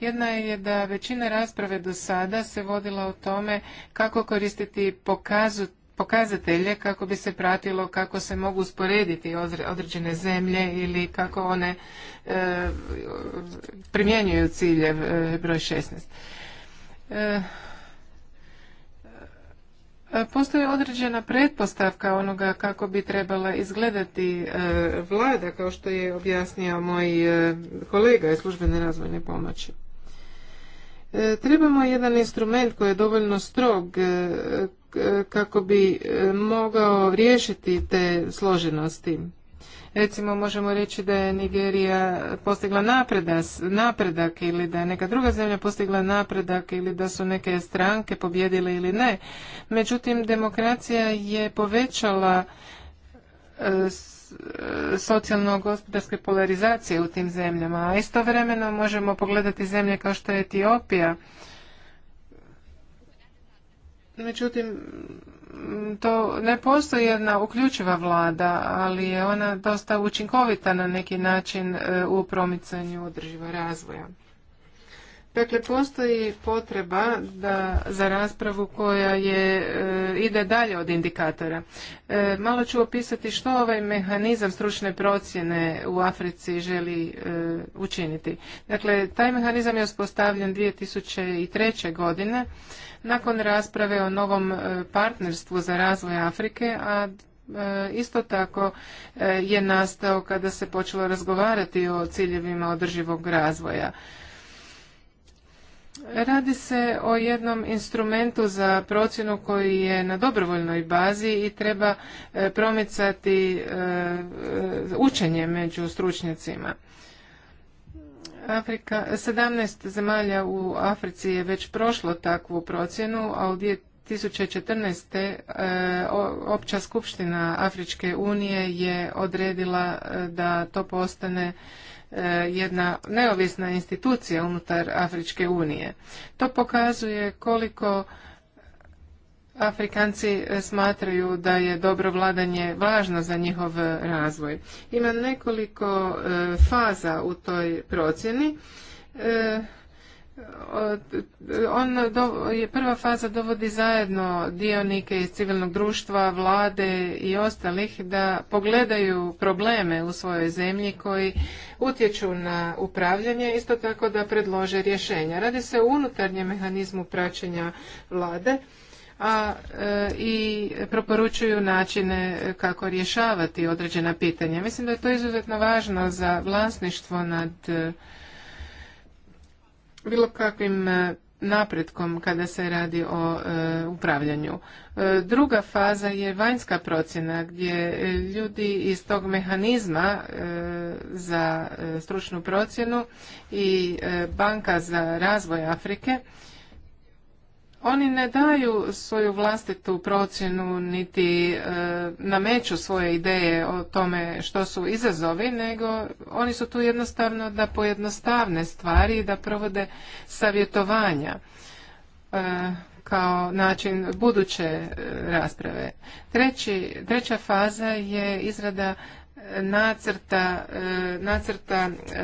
Speaker 2: Jedna je da većina rasprave do sada se vodila o tome kako koristiti pokazatelje kako bi se pratilo kako se mogu usporediti određene zemlje ili kako one e, primjenjuju ciljev e, broj 16. E, E, postoji određena pretpostavka onoga kako bi trebala izgledati e, vlada, kao što je objasnio moj e, kolega iz službene razvojne pomoći. Trebamo jedan instrument koji je dovoljno strog kako bi mogao riješiti te složenosti Recimo možemo reći da je Nigerija postigla napredas, napredak ili da je neka druga zemlja postigla napredak ili da su neke stranke pobjedile ili ne. Međutim, demokracija je povećala e, e, socijalno-gospodarske polarizacije u tim zemljama, a istovremeno možemo pogledati zemlje kao što je Etiopija Međutim, to ne postoji jedna uključiva vlada, ali je ona dosta učinkovita na neki način e, u promicanju održivog razvoja. Dakle, postoji potreba da, za raspravu koja je, e, ide dalje od indikatora. E, malo ću opisati što ovaj mehanizam stručne procjene u Africi želi e, učiniti. Dakle, taj mehanizam je uspostavljen 2003. godine nakon rasprave o novom partnerstvu za razvoj Afrike, a isto tako je nastao kada se počelo razgovarati o ciljevima održivog razvoja. Radi se o jednom instrumentu za procjenu koji je na dobrovoljnoj bazi i treba e, promicati e, e, učenje među stručnjacima. Afrika, 17 zemalja u Africi je već prošlo takvu procjenu, a u 2014. opća skupština Afričke unije je odredila da to postane E, jedna neovisna institucija unutar Afričke unije. To pokazuje koliko Afrikanci smatraju da je dobro vladanje važno za njihov razvoj. Ima nekoliko e, faza u toj procjeni. E, on je prva faza dovodi zajedno dionike iz civilnog društva, vlade i ostalih da pogledaju probleme u svojoj zemlji koji utječu na upravljanje, isto tako da predlože rješenja. Radi se o unutarnjem mehanizmu praćenja vlade a e, i preporučuju načine kako rješavati određena pitanja. Mislim da je to izuzetno važno za vlasništvo nad bilo kakvim e, napretkom kada se radi o e, upravljanju. E, druga faza je vanjska procjena gdje ljudi iz tog mehanizma za stručnu procjenu i banka za razvoj Afrike oni ne daju svoju vlastitu procjenu niti e, nameću svoje ideje o tome što su izazovi, nego oni su tu jednostavno da pojednostavne stvari i da provode savjetovanja e, kao način buduće e, rasprave. Treći, treća faza je izrada nacrta, e, nacrta e,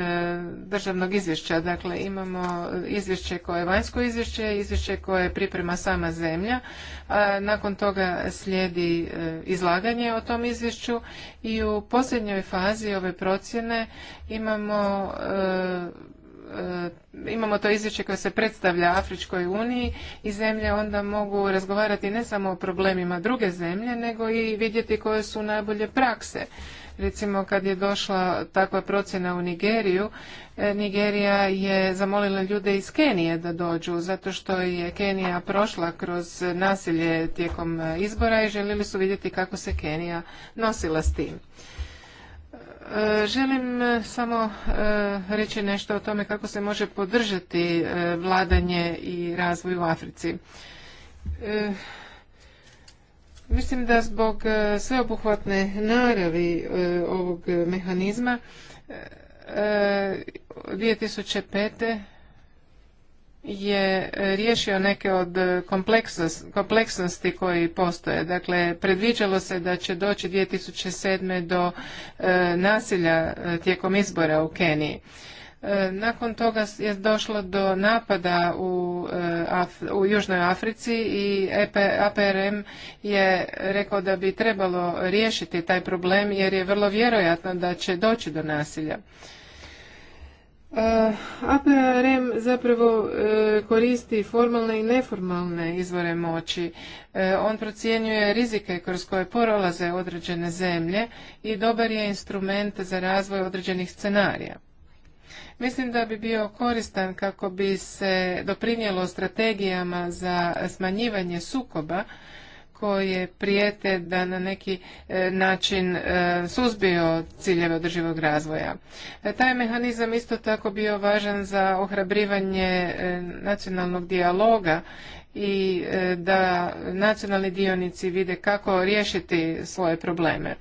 Speaker 2: državnog izvješća. Dakle, imamo izvješće koje je vanjsko izvješće, izvješće koje priprema sama zemlja. nakon toga slijedi e, izlaganje o tom izvješću i u posljednjoj fazi ove procjene imamo imamo to izvješće koje se predstavlja Afričkoj uniji i zemlje onda mogu razgovarati ne samo o problemima druge zemlje, nego i vidjeti koje su najbolje prakse Recimo kad je došla takva procjena u Nigeriju, e, Nigerija je zamolila ljude iz Kenije da dođu zato što je Kenija prošla kroz nasilje tijekom e, izbora i željeli su vidjeti kako se Kenija nosila s tim. E, želim samo reći nešto o tome kako se može podržati vladanje i razvoj u Africi. Mislim da zbog e, sveobuhvatne naravi e, ovog mehanizma 2005. E, je riješio neke od kompleksnosti koji postoje. Dakle, predviđalo se da će doći 2007. do nasilja tijekom izbora u Keniji. E, nakon toga je došlo do napada u, e, u Južnoj Africi i e APRM je rekao da bi trebalo riješiti taj problem jer je vrlo vjerojatno da će doći do nasilja. APRM zapravo koristi formalne i neformalne izvore moći. On procjenjuje rizike kroz koje prolaze određene zemlje i dobar je instrument za razvoj određenih scenarija. Mislim da bi bio koristan kako bi se doprinijelo strategijama za smanjivanje sukoba koje prijete da na neki e, način e, suzbio ciljeve održivog razvoja. E, taj mehanizam isto tako bio važan za ohrabrivanje nacionalnog dijaloga i da nacionalni dionici vide kako riješiti svoje probleme.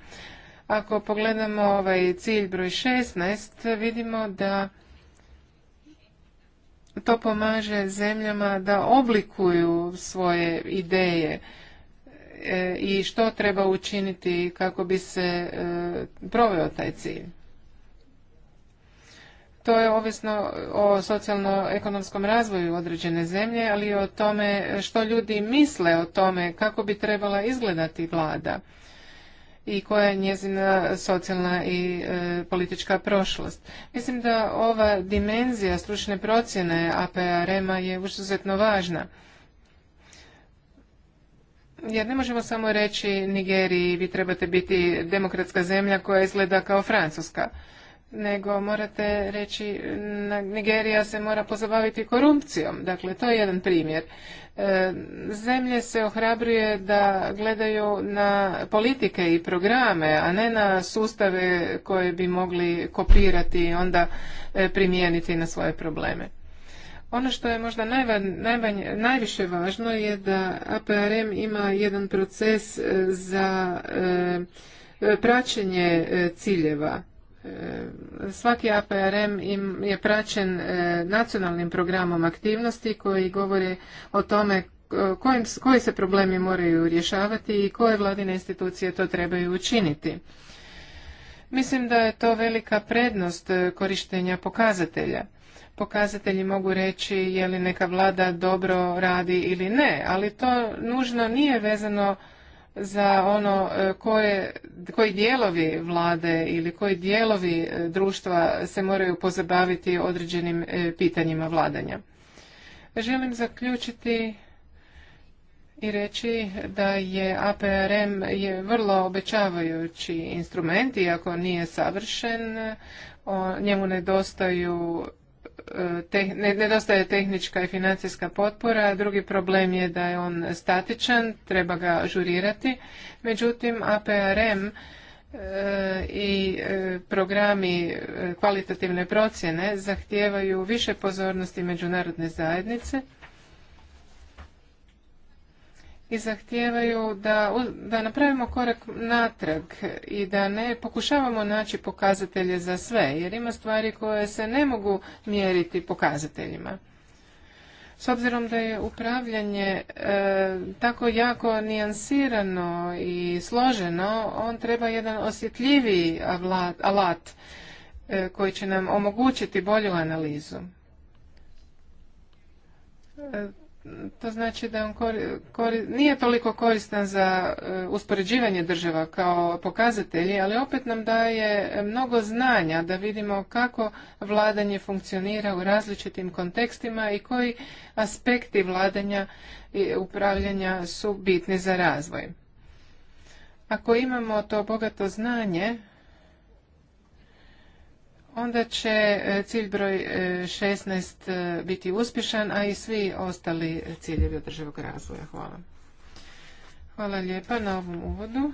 Speaker 2: Ako pogledamo ovaj cilj broj 16, vidimo da to pomaže zemljama da oblikuju svoje ideje e, i što treba učiniti kako bi se e, proveo taj cilj. To je ovisno o socijalno-ekonomskom razvoju određene zemlje, ali i o tome što ljudi misle o tome kako bi trebala izgledati vlada i koja je njezina socijalna i e, politička prošlost. Mislim da ova dimenzija stručne procjene APRM-a e je izuzetno važna. Jer ne možemo samo reći Nigeriji vi trebate biti demokratska zemlja koja izgleda kao Francuska nego morate reći Nigerija se mora pozabaviti korupcijom. Dakle, to je jedan primjer. E, zemlje se ohrabruje da gledaju na politike i programe, a ne na sustave koje bi mogli kopirati i onda e, primijeniti na svoje probleme. Ono što je možda najviše važno je da APRM ima jedan proces e, za praćenje ciljeva Svaki APRM je praćen e, nacionalnim programom aktivnosti koji govori o tome e, koji se problemi moraju rješavati i koje vladine institucije to trebaju učiniti. Mislim da je to velika prednost e, korištenja pokazatelja. Pokazatelji mogu reći je li neka vlada dobro radi ili ne, ali to nužno nije vezano za ono e, koje, koji dijelovi vlade ili koji dijelovi e, društva se moraju pozabaviti određenim e, pitanjima vladanja. Želim zaključiti i reći da je APRM je vrlo obećavajući instrument, iako nije savršen, o, njemu nedostaju Eh, te, nedostaje tehnička i financijska potpora. Drugi problem je da je on statičan, treba ga žurirati. Međutim, APRM eh, i eh, programi kvalitativne procjene zahtijevaju više pozornosti međunarodne zajednice i zahtijevaju da, da napravimo korak natrag i da ne pokušavamo naći pokazatelje za sve, jer ima stvari koje se ne mogu mjeriti pokazateljima. S obzirom da je upravljanje e, tako jako nijansirano i složeno, on treba jedan osjetljiviji alat, e, koji će nam omogućiti bolju analizu. E, to znači da on nije toliko koristan za e, uspoređivanje država kao pokazatelji, ali opet nam daje mnogo znanja da vidimo kako vladanje funkcionira u različitim kontekstima i koji aspekti vladanja i upravljanja su bitni za razvoj. Ako imamo to bogato znanje, onda će e, cilj broj 16 e, e, biti uspješan, a i svi ostali ciljevi održivog razvoja. Hvala. Hvala lijepa na ovom uvodu.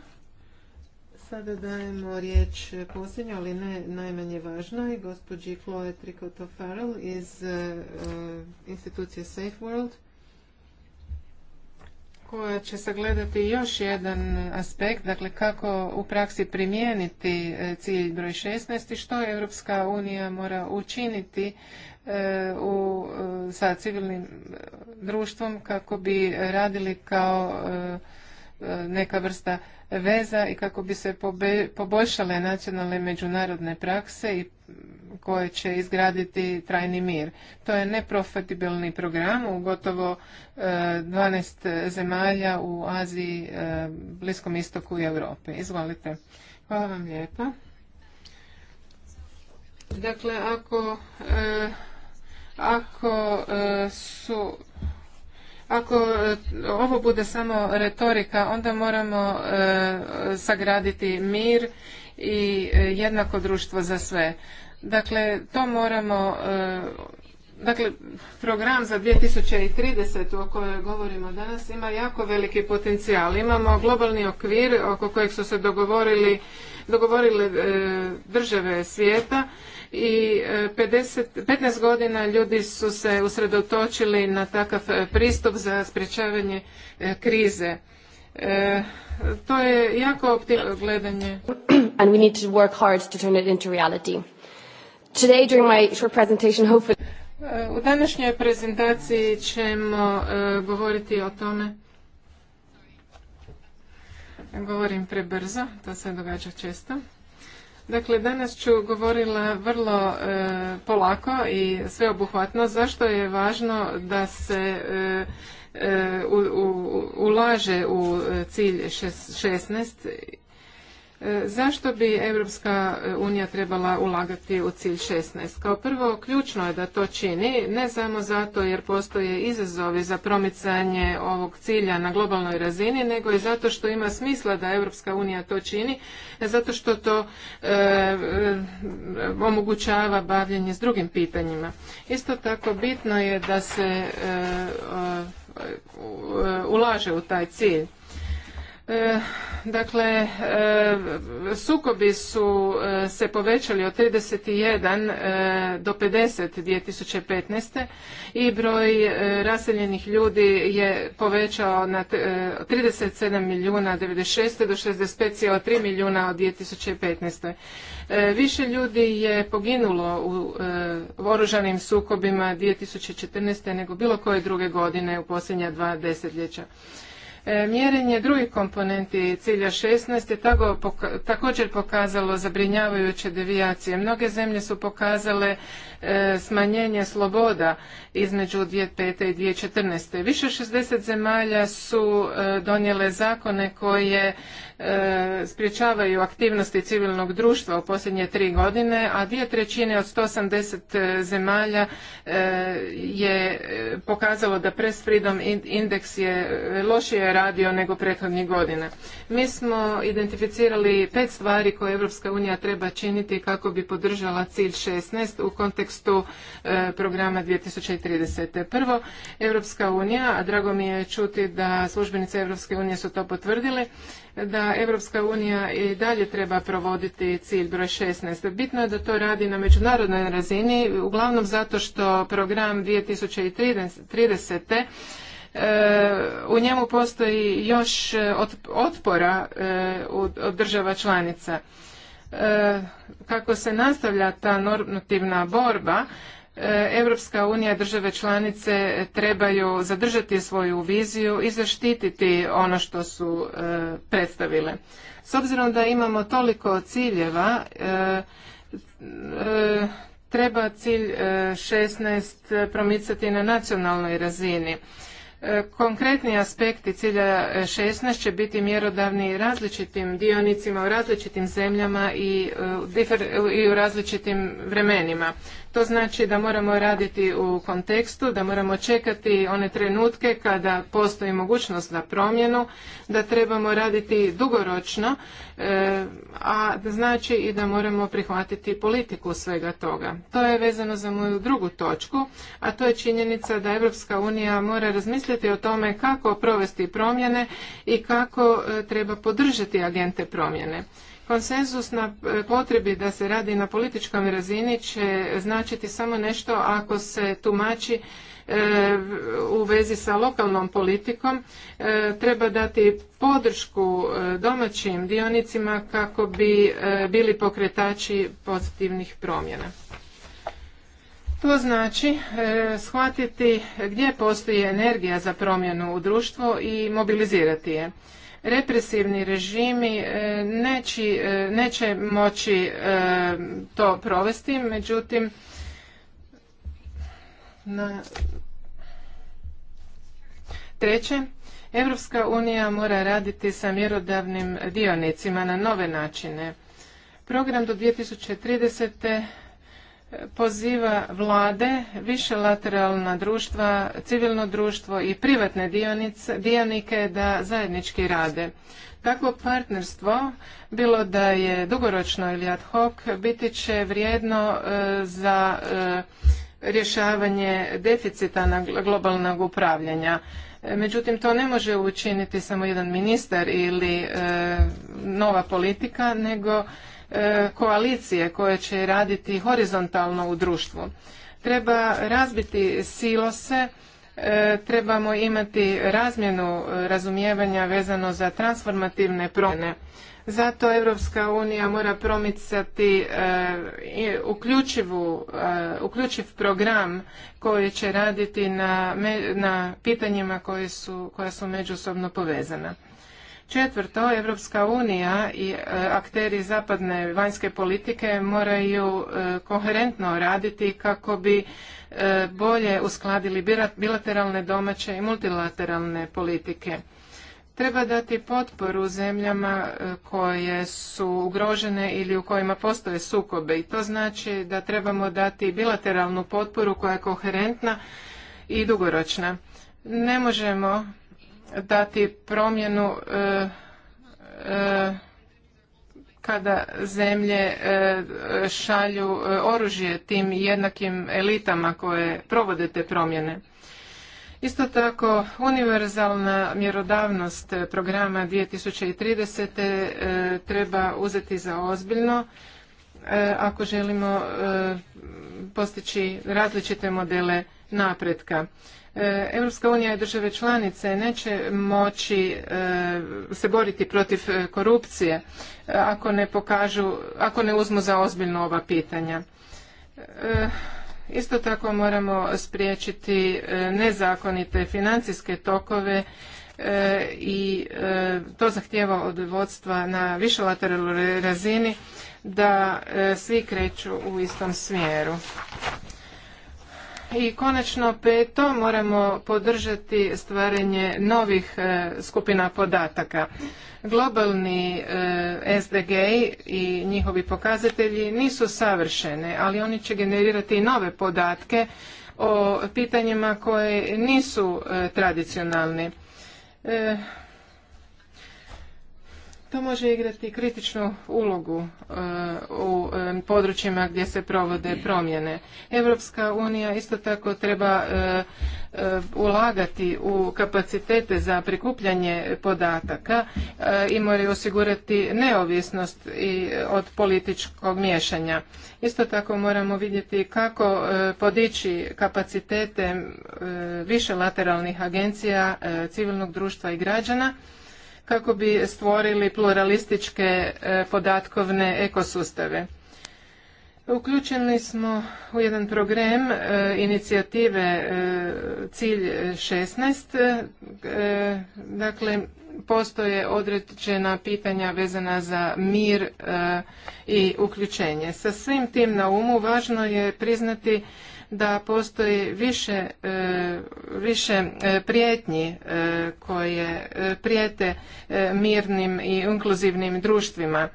Speaker 2: Sada dajemo riječ posljednju, ali ne najmanje važnoj, gospođi Chloe Tricotto-Farrell iz institucije Safe World koja će sagledati još jedan aspekt, dakle kako u praksi primijeniti e, cilj broj 16 i što Europska unija mora učiniti e, u, e, sa civilnim društvom kako bi radili kao neka vrsta veza i kako bi se poboljšale nacionalne međunarodne prakse koje će izgraditi trajni mir. To je neprofitabilni program u gotovo 12 e, zemalja u Aziji, e, Bliskom istoku i Europi. Izvolite. Hvala vam lijepa. Dakle, ako, e, ako su ako e, ovo bude samo retorika, onda moramo e, sagraditi mir i e, jednako društvo za sve. Dakle, to moramo Dakle, program za 2030. o kojoj govorimo danas ima jako veliki potencijal. Imamo globalni okvir oko kojeg su se dogovorili, dogovorile države svijeta i 50, e, 15 godina ljudi su se usredotočili na takav e, pristup za sprječavanje e, krize. to je jako optimno
Speaker 1: gledanje. And we need to work hard to turn it into reality. Today during my short presentation hopefully u današnjoj
Speaker 2: prezentaciji ćemo govoriti o tome. Govorim prebrzo, to se događa često. Dakle, danas ću govorila vrlo e, polako i sveobuhvatno zašto je važno da se e, e, u, ulaže u cilj 16 E, zašto bi Europska e, unija trebala ulagati u cilj 16? Kao prvo, ključno je da to čini, ne samo zato jer postoje izazovi za promicanje ovog cilja na globalnoj razini, nego i zato što ima smisla da Europska unija to čini, zato što to e, omogućava bavljenje s drugim pitanjima. Isto tako bitno je da se ulaže u taj cilj. E, dakle, e, sukobi su e, se povećali od 31 do 50 2015. i broj raseljenih ljudi je povećao na 37 milijuna 96. do 65,3 milijuna od 2015. Više ljudi je poginulo u oružanim sukobima 2014. nego bilo koje druge godine u posljednja dva desetljeća. E, mjerenje drugih komponenti cilja 16 je također pokazalo zabrinjavajuće devijacije. Mnoge zemlje su pokazale e, smanjenje sloboda između 2005. i 2014. Više 60 zemalja su e, donijele zakone koje e, aktivnosti civilnog društva u posljednje tri godine, a dvije trećine od 180 zemalja je pokazalo da Press Freedom Index je lošije radio nego prethodnih godina. Mi smo identificirali pet stvari koje Europska unija treba činiti kako bi podržala cilj 16 u kontekstu e, programa 2030. Prvo, Europska unija, a drago mi je čuti da službenice Europske unije su to potvrdili, da Europska unija i dalje treba provoditi cilj broj 16. Bitno je da to radi na međunarodnoj razini, uglavnom zato što program 2030. E, u njemu postoji još e, otpora e, od država članica. Kako se nastavlja ta normativna borba, Europska unija države članice trebaju zadržati svoju viziju i zaštititi ono što su predstavile. S obzirom da imamo toliko ciljeva, treba cilj 16 promicati na nacionalnoj razini. E, konkretni aspekti cilja 16 će biti mjerodavni različitim dionicima u različitim zemljama e, i u različitim vremenima. To znači da moramo raditi u kontekstu, da moramo čekati one trenutke kada postoji mogućnost na promjenu, da trebamo raditi dugoročno, e, a znači i da moramo prihvatiti politiku svega toga. To je vezano za moju drugu točku, a to je činjenica da Europska unija mora razmisliti razmišljati o tome kako provesti promjene i kako e, treba podržati agente promjene. Konsenzus na e, potrebi da se radi na političkom razini će značiti samo nešto ako se tumači e, u vezi sa lokalnom politikom treba dati podršku domaćim dionicima kako bi bili pokretači pozitivnih promjena. To znači e, shvatiti gdje postoji energija za promjenu u društvu i mobilizirati je. Represivni režimi e, neći, e, neće moći to provesti, međutim na treće Evropska unija mora raditi sa mjerodavnim dionicima na nove načine. Program do 2030 poziva vlade, lateralna društva, civilno društvo i privatne dionice, dionike da zajednički rade. Takvo partnerstvo, bilo da je dugoročno ili ad hoc, biti će vrijedno e, za e, rješavanje deficita na globalnog upravljanja. E, međutim, to ne može učiniti samo jedan ministar ili nova politika, nego E, koalicije koje će raditi horizontalno u društvu. Treba razbiti silose, e, trebamo imati razmjenu razumijevanja vezano za transformativne promjene. Zato Europska unija mora promicati e, uključiv program koji će raditi na, pitanjima koja su međusobno povezana. Četvrto, Evropska unija i e, akteri zapadne vanjske politike moraju e, koherentno raditi kako bi e, bolje uskladili bilateralne domaće i multilateralne politike. Treba dati potporu zemljama koje su ugrožene ili u kojima postoje sukobe i to znači da trebamo dati bilateralnu potporu koja je koherentna i dugoročna. Ne možemo dati promjenu e, e, kada zemlje e, šalju oružje tim jednakim elitama koje provode te promjene. Isto tako, univerzalna mjerodavnost programa 2030. treba uzeti za ozbiljno ako želimo postići različite modele napretka. E, Europska unija i države članice neće moći e, se boriti protiv e, korupcije ako ne pokažu, ako ne uzmu za ozbiljno ova pitanja. Isto tako moramo spriječiti nezakonite financijske tokove i to zahtjeva od vodstva na višelateralnoj razini da svi kreću u istom smjeru. I konačno peto, moramo podržati stvaranje novih e, skupina podataka. Globalni e, SDG i njihovi pokazatelji nisu savršene, ali oni će generirati i nove podatke o pitanjima koje nisu e, tradicionalni. To može igrati kritičnu ulogu e, u e, područjima gdje se provode promjene. Europska unija isto tako treba e, ulagati u kapacitete za prikupljanje podataka i mora osigurati neovisnost i od političkog miješanja. Isto tako moramo vidjeti kako podići kapacitete više lateralnih agencija civilnog društva i građana kako bi stvorili pluralističke e, podatkovne ekosustave. Uključeni smo u jedan program e, inicijative e, Cilj 16. Dakle, postoje određena pitanja vezana za mir i uključenje. Sa svim tim na umu važno je priznati da postoji više, e, više e, prijetnji e, koje prijete mirnim i inkluzivnim društvima.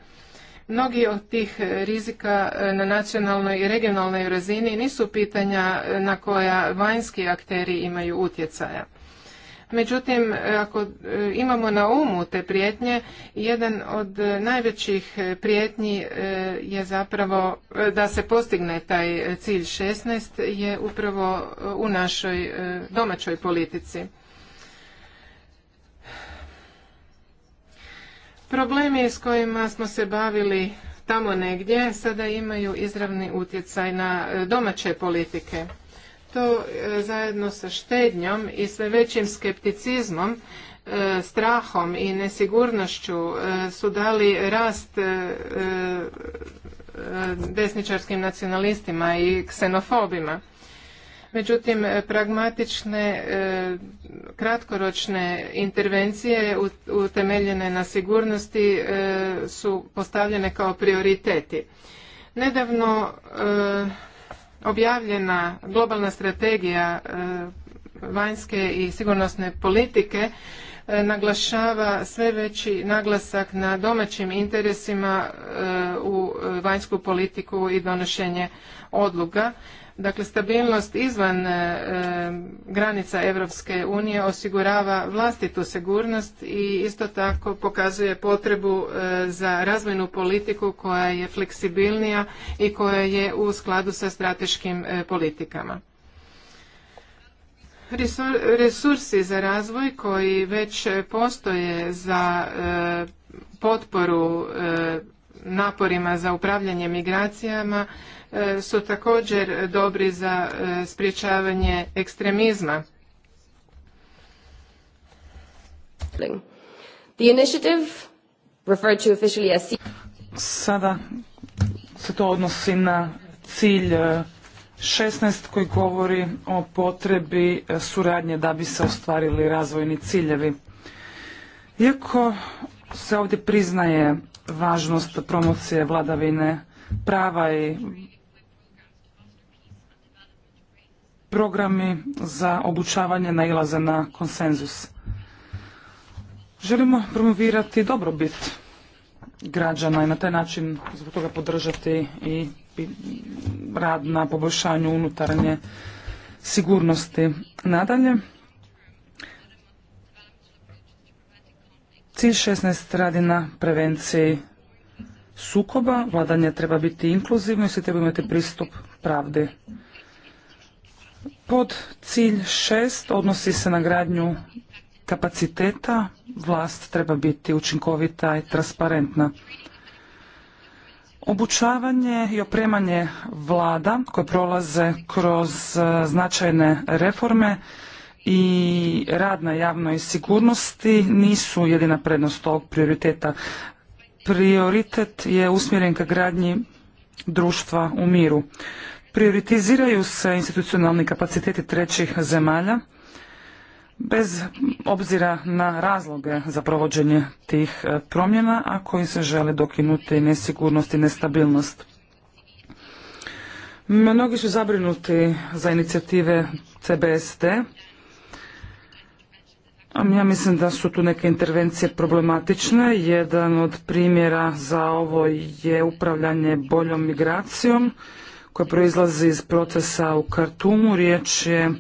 Speaker 2: Mnogi od tih rizika na nacionalnoj i regionalnoj razini nisu pitanja na koja vanjski akteri imaju utjecaja. Međutim, e, ako e, imamo na umu te prijetnje, jedan od e, najvećih prijetnji je zapravo da se postigne taj cilj 16 je upravo u našoj domaćoj politici. Problemi s kojima smo se bavili tamo negdje sada imaju izravni utjecaj na domaće politike to e, zajedno sa štednjom i sve većim skepticizmom e, strahom i nesigurnošću e, su dali rast desničarskim nacionalistima i ksenofobima. Međutim, pragmatične, kratkoročne intervencije utemeljene na sigurnosti su postavljene kao prioriteti. Nedavno objavljena globalna strategija e, vanjske i sigurnosne politike e, naglašava sve veći naglasak na domaćim interesima e, u vanjsku politiku i donošenje odluka Dakle, stabilnost izvan e, granica Europske unije osigurava vlastitu sigurnost i isto tako pokazuje potrebu e, za razvojnu politiku koja je fleksibilnija i koja je u skladu sa strateškim e, politikama. resursi za razvoj koji već postoje za potporu naporima za upravljanje migracijama E, su također dobri za e, sprječavanje ekstremizma.
Speaker 3: Sada se to odnosi na cilj 16 e, koji govori o potrebi suradnje da bi se ostvarili razvojni ciljevi. Iako se ovdje priznaje važnost promocije vladavine prava i programi za obučavanje nailaze na konsenzus. Želimo promovirati dobrobit građana i na taj način zbog toga podržati i rad na poboljšanju unutarnje sigurnosti. Nadalje, cilj 16 radi na prevenciji sukoba, vladanje treba biti inkluzivno i svi treba imati pristup pravdi. Pod cilj šest odnosi se na gradnju kapaciteta. Vlast treba biti učinkovita i transparentna. Obučavanje i opremanje vlada koje prolaze kroz e, značajne reforme i rad na javnoj sigurnosti nisu jedina prednost tog prioriteta. Prioritet je usmjeren ka gradnji društva u miru prioritiziraju se institucionalni kapaciteti trećih zemalja bez obzira na razloge za provođenje tih e, promjena, a koji se žele dokinuti nesigurnost i nestabilnost. Mnogi su zabrinuti za inicijative CBST. Ja mislim da su tu neke intervencije problematične. Jedan od primjera za ovo je upravljanje boljom migracijom koja proizlazi iz procesa u Kartumu. Riječ je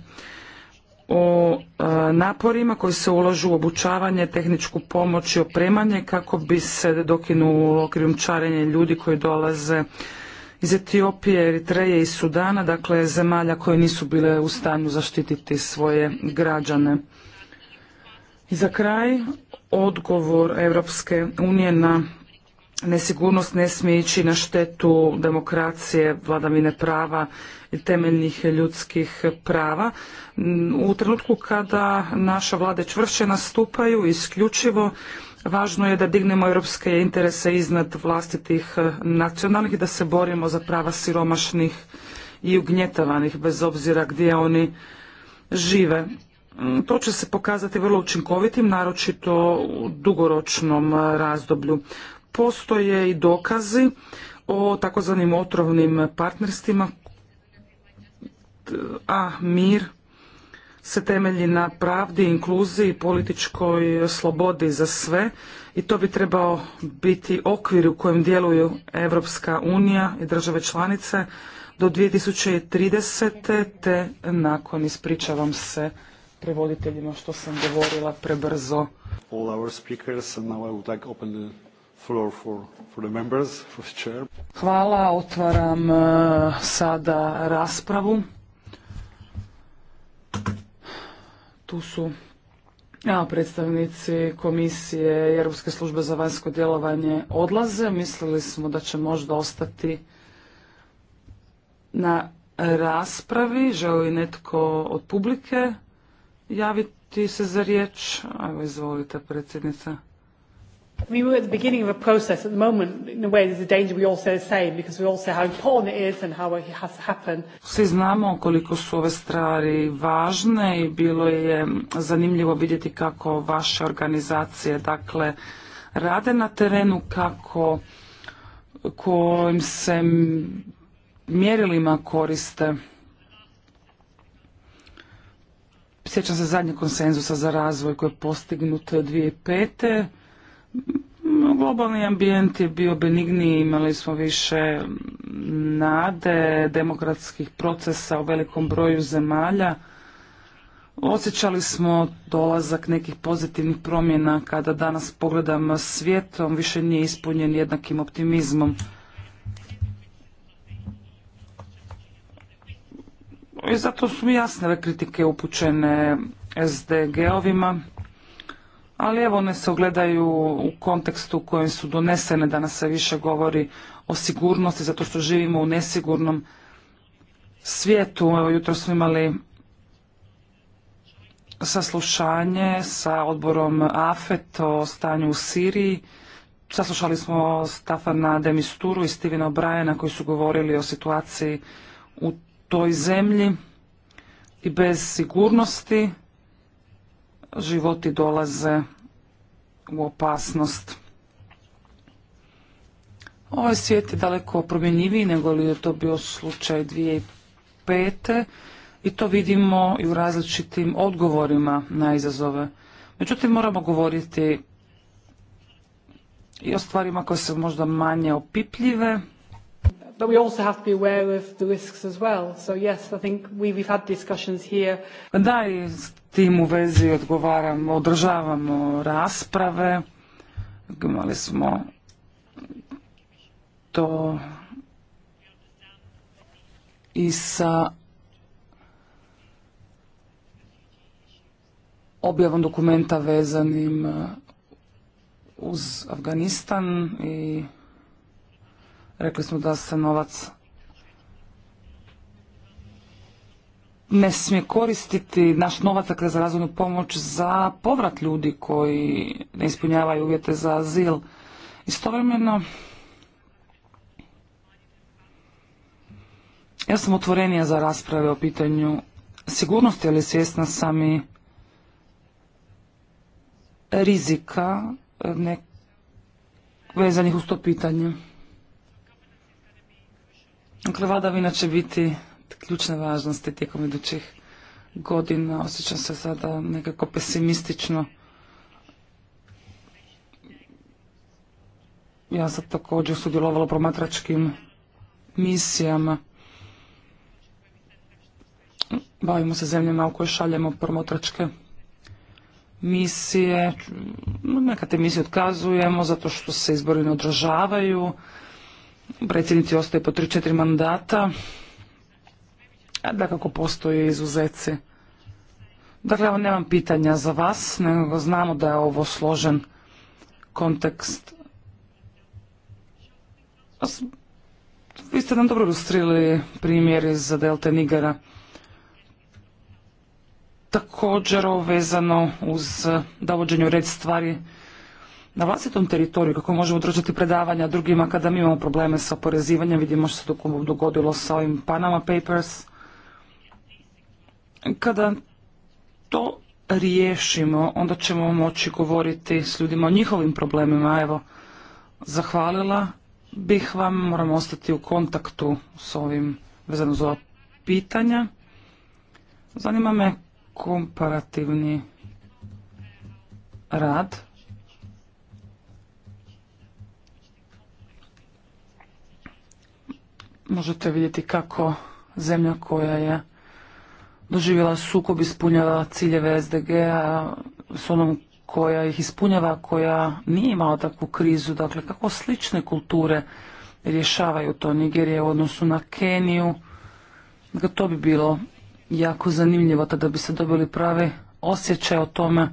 Speaker 3: o e, naporima koji se ulažu u obučavanje, tehničku pomoć i opremanje kako bi se dokinulo krijumčarenje ljudi koji dolaze iz Etiopije, Eritreje i Sudana, dakle zemalja koje nisu bile u stanju zaštititi svoje građane. I za kraj odgovor Europske unije na nesigurnost ne smije ići na štetu demokracije, vladavine prava i temeljnih ljudskih prava. U trenutku kada naša vlade čvršće nastupaju, isključivo Važno je da dignemo europske interese iznad vlastitih eh, nacionalnih i da se borimo za prava siromašnih i ugnjetavanih, bez obzira gdje oni žive. Mm, to će se pokazati vrlo učinkovitim, naročito u dugoročnom eh, razdoblju postoje i dokazi o takozvanim otrovnim partnerstvima, a mir se temelji na pravdi, inkluziji, političkoj slobodi za sve i to bi trebao biti okvir u kojem djeluju Europska unija i države članice do 2030. te nakon ispričavam se prevoditeljima što sam govorila prebrzo. Hvala, otvaram e, sada raspravu. Tu su ja, predstavnici komisije i Europske službe za vanjsko djelovanje odlaze. Mislili smo da će možda ostati na raspravi. Želi netko od publike javiti se za riječ? Evo, izvolite, predsjednica. I mean, we're at the beginning of a process at the moment. In a way, there's a danger we all say the same because we all say how important it is and how it has to happen. Svi znamo koliko su ove stvari važne i bilo je zanimljivo vidjeti kako vaše organizacije, dakle, rade na terenu, kako kojim se mjerilima koriste. Sjećam se zadnjeg konsenzusa za razvoj koji je postignut 2005 globalni ambijent je bio benigniji, imali smo više nade, demokratskih procesa u velikom broju zemalja. Osjećali smo dolazak nekih pozitivnih promjena kada danas pogledam svijetom, više nije ispunjen jednakim optimizmom. I zato su jasne kritike upućene SDG-ovima ali evo one se ogledaju u kontekstu u kojem su donesene, danas se više govori o sigurnosti, zato što živimo u nesigurnom svijetu. Evo, jutro smo imali saslušanje sa odborom AFET o stanju u Siriji. Saslušali smo Stafana Demisturu i Stevena O'Briena koji su govorili o situaciji u toj zemlji i bez sigurnosti životi dolaze u opasnost. Ovaj svijet je daleko promjenjiviji nego li je to bio slučaj 2005. i to vidimo i u različitim odgovorima na izazove. Međutim, moramo govoriti i o stvarima koje su možda manje opipljive. But we also have to be aware of the risks as well. So yes, I think we've had discussions here. Da, i tim u vezi odgovaramo, održavamo rasprave. Imali smo to i sa objavom dokumenta vezanim uz Afganistan i rekli smo da se novac ne smije koristiti naš novac dakle, za razvojnu pomoć za povrat ljudi koji ne ispunjavaju uvjete za azil. Istovremeno, ja sam otvorenija za rasprave o pitanju sigurnosti, ali svjesna sam i rizika e, ne, vezanih uz to pitanje. Dakle, vladavina će biti ključne važnosti tijekom idućih godina. Osjećam se sada nekako pesimistično. Ja sam također sudjelovala u promatračkim misijama. Bavimo se zemljama u koje šaljemo promotračke misije. Neka te misije otkazujemo zato što se izbori ne održavaju. Predsjednici ostaje po 3-4 mandata a da kako postoje izuzeci. Dakle, evo nemam pitanja za vas, nego znamo da je ovo složen kontekst. Vi ste nam dobro ilustrili primjer iz Delta Nigera. Također ovo vezano uz davođenju red stvari na vlastitom teritoriju, kako možemo održati predavanja drugima kada mi imamo probleme sa oporezivanjem, vidimo što se dogodilo sa ovim Panama Papers. Kada to riješimo, onda ćemo moći govoriti s ljudima o njihovim problemima. Evo, zahvalila bih vam, moram ostati u kontaktu s ovim vezano za ova pitanja. Zanima me komparativni rad. Možete vidjeti kako zemlja koja je doživjela sukob, ispunjava ciljeve SDG-a s onom koja ih ispunjava, koja nije imala takvu krizu. Dakle, kako slične kulture rješavaju to Nigerije u odnosu na Keniju. Dakle, to bi bilo jako zanimljivo da bi se dobili pravi osjećaj o tome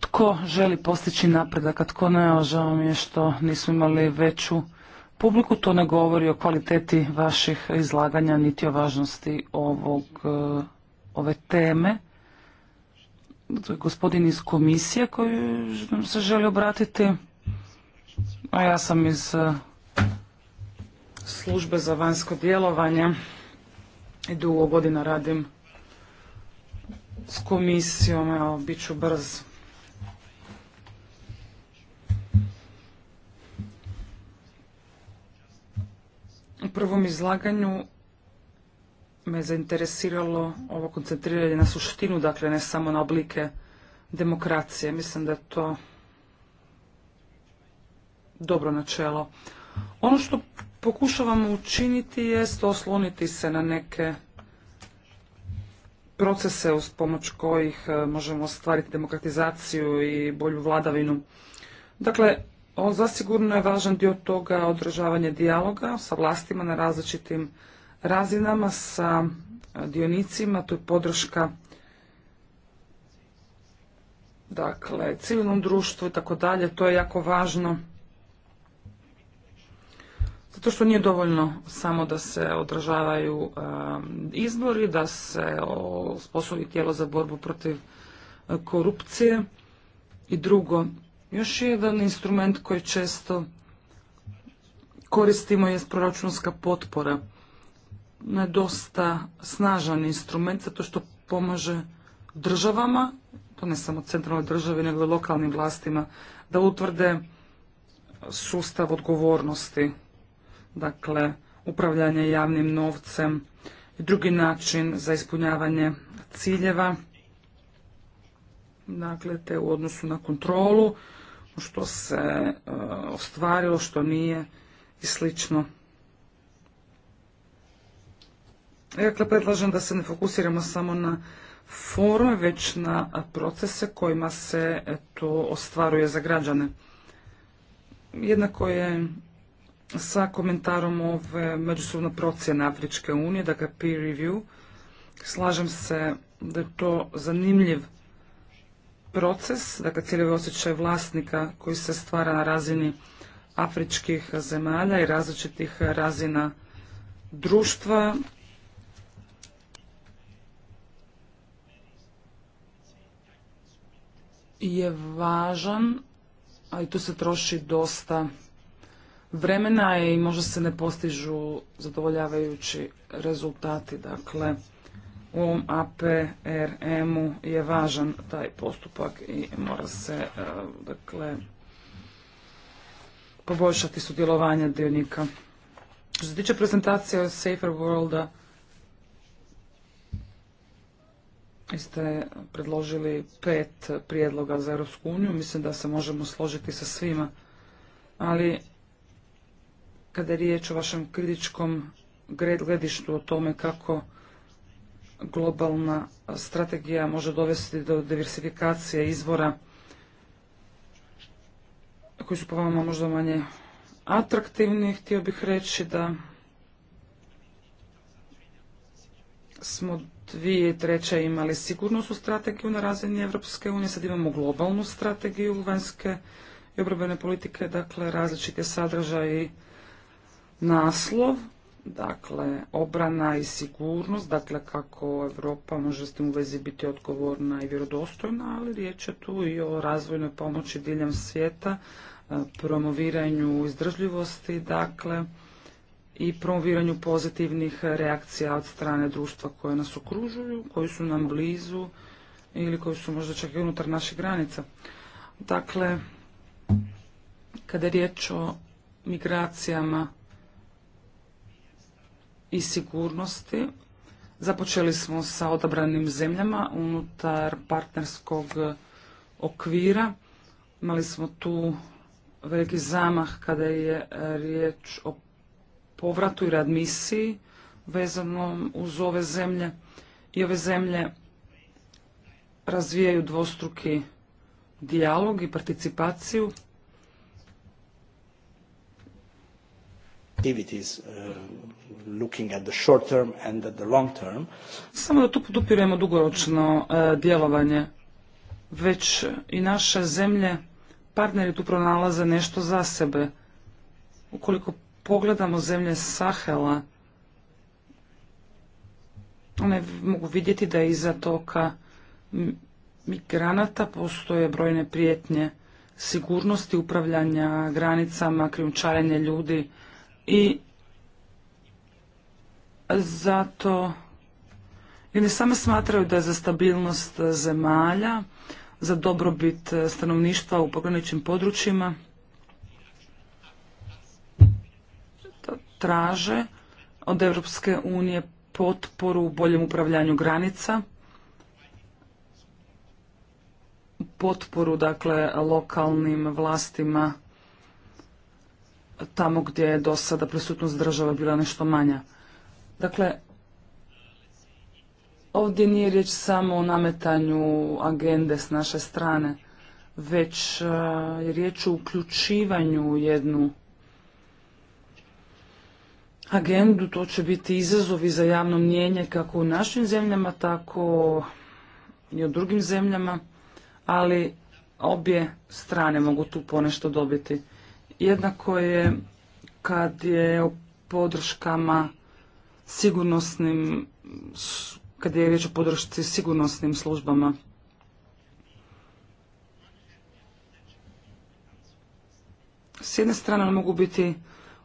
Speaker 3: tko želi postići napredak, a tko ne, žao mi je što nismo imali veću publiku, to ne govori o kvaliteti vaših izlaganja niti o važnosti ovog eh, ove teme. To je gospodin iz komisije koji nam se želi obratiti, a ja sam iz e, službe za vanjsko djelovanje i dugo godina radim s komisijom, evo, bit ću brz. U prvom izlaganju me zainteresiralo ovo koncentriranje na suštinu, dakle ne samo na oblike demokracije. Mislim da je to dobro načelo. Ono što pokušavamo učiniti jest osloniti se na neke procese uz pomoć kojih e, možemo ostvariti demokratizaciju i bolju vladavinu. Dakle, on zasigurno je važan dio toga održavanje dijaloga sa vlastima na različitim razinama sa dionicima, to je podrška dakle, civilnom društvu i tako dalje, to je jako važno. Zato što nije dovoljno samo da se održavaju um, izbori, da se osposobi tijelo za borbu protiv uh, korupcije. I drugo, još jedan instrument koji često koristimo je proračunska potpora dosta snažan instrument zato što pomaže državama, to ne samo centralnoj državi nego i lokalnim vlastima, da utvrde sustav odgovornosti, dakle upravljanje javnim novcem i drugi način za ispunjavanje ciljeva, dakle te u odnosu na kontrolu, što se e, ostvarilo, što nije i slično. Dakle, predlažem da se ne fokusiramo samo na forme, već na procese kojima se e, to ostvaruje za građane. Jednako je sa komentarom ove međusobne procjene Afričke unije, dakle peer review. Slažem se da je to zanimljiv proces, dakle cijeli ovaj osjećaj vlasnika koji se stvara na razini afričkih zemalja i različitih razina društva je važan, ali i tu se troši dosta vremena i možda se ne postižu zadovoljavajući rezultati. Dakle, u ovom APRM-u je važan taj postupak i mora se e, dakle, poboljšati sudjelovanje dionika. Što se tiče prezentacije Safer Worlda, Vi ste predložili pet prijedloga za Europsku uniju, mislim da se možemo složiti sa svima, ali kada je riječ o vašem kritičkom gledištu o tome kako globalna strategija može dovesti do diversifikacije izvora koji su po vama možda manje atraktivni, htio bih reći da smo treće imali sigurnosnu strategiju na razini Evropske unije, sad imamo globalnu strategiju vanjske i obrambene politike, dakle različite sadržaje i naslov, dakle obrana i sigurnost, dakle kako Europa može s tim u vezi biti odgovorna i vjerodostojna, ali riječ je tu i o razvojnoj pomoći diljem svijeta, e, promoviranju izdržljivosti, dakle i promoviranju pozitivnih reakcija od strane društva koje nas okružuju, koji su nam blizu ili koji su možda čak i unutar naših granica. Dakle, kada je riječ o migracijama i sigurnosti, započeli smo sa odabranim zemljama unutar partnerskog okvira. Imali smo tu veliki zamah kada je riječ o povratu i readmisiji vezano uz ove zemlje i ove zemlje razvijaju dvostruki dijalog i participaciju. Samo da tu podupiremo dugoročno uh, djelovanje, već i naše zemlje partneri tu pronalaze nešto za sebe. Ukoliko pogledamo zemlje Sahela, one mogu vidjeti da iza toka migranata postoje brojne prijetnje sigurnosti, upravljanja granicama, krijumčarenje ljudi i zato jedni same smatraju da je za stabilnost zemalja, za dobrobit stanovništva u pograničnim područjima traže od Europske unije potporu u boljem upravljanju granica, potporu dakle lokalnim vlastima tamo gdje je do sada prisutnost država bila nešto manja. Dakle, ovdje nije riječ samo o nametanju agende s naše strane, već e, je riječ o uključivanju jednu agendu, to će biti izazovi za javno mnjenje kako u našim zemljama, tako i u drugim zemljama, ali obje strane mogu tu ponešto dobiti. Jednako je kad je o podrškama sigurnosnim, kad je riječ o podršci sigurnosnim službama. S jedne strane mogu biti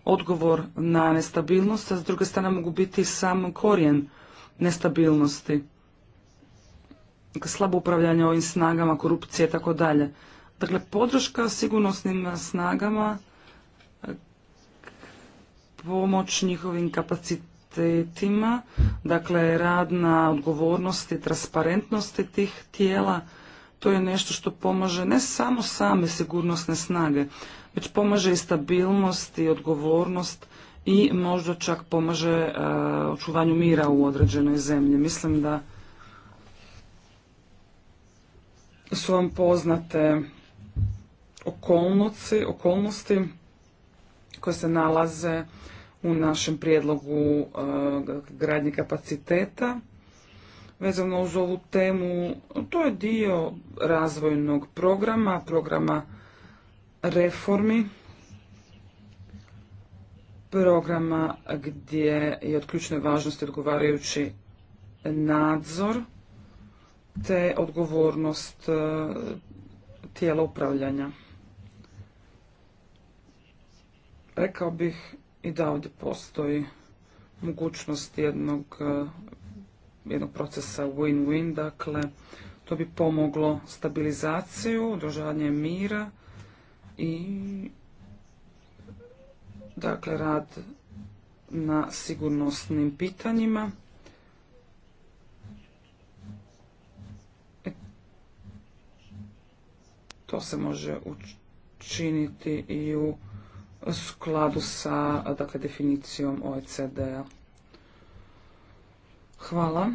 Speaker 3: odgovor na nestabilnost, a s druge strane mogu biti sam korijen nestabilnosti, slabo upravljanje ovim snagama, korupcije i tako dalje. Dakle, podrška sigurnosnim snagama, pomoć njihovim kapacitetima, dakle rad na odgovornosti, transparentnosti tih tijela, to je nešto što pomaže ne samo same sigurnosne snage, već pomaže i stabilnost i odgovornost i možda čak pomaže e, očuvanju mira u određenoj zemlji. Mislim da su vam poznate okolnosti, okolnosti koje se nalaze u našem prijedlogu e, gradnje kapaciteta. Vezano uz ovu temu, to je dio razvojnog programa, programa reformi programa gdje je od ključne važnosti odgovarajući nadzor te odgovornost e, tijela upravljanja. Rekao bih i da ovdje postoji mogućnost jednog, e, jednog procesa win-win, dakle to bi pomoglo stabilizaciju, održavanje mira, i dakle rad na sigurnosnim pitanjima. E, to se može učiniti i u skladu sa dakle, definicijom OECD-a. Hvala.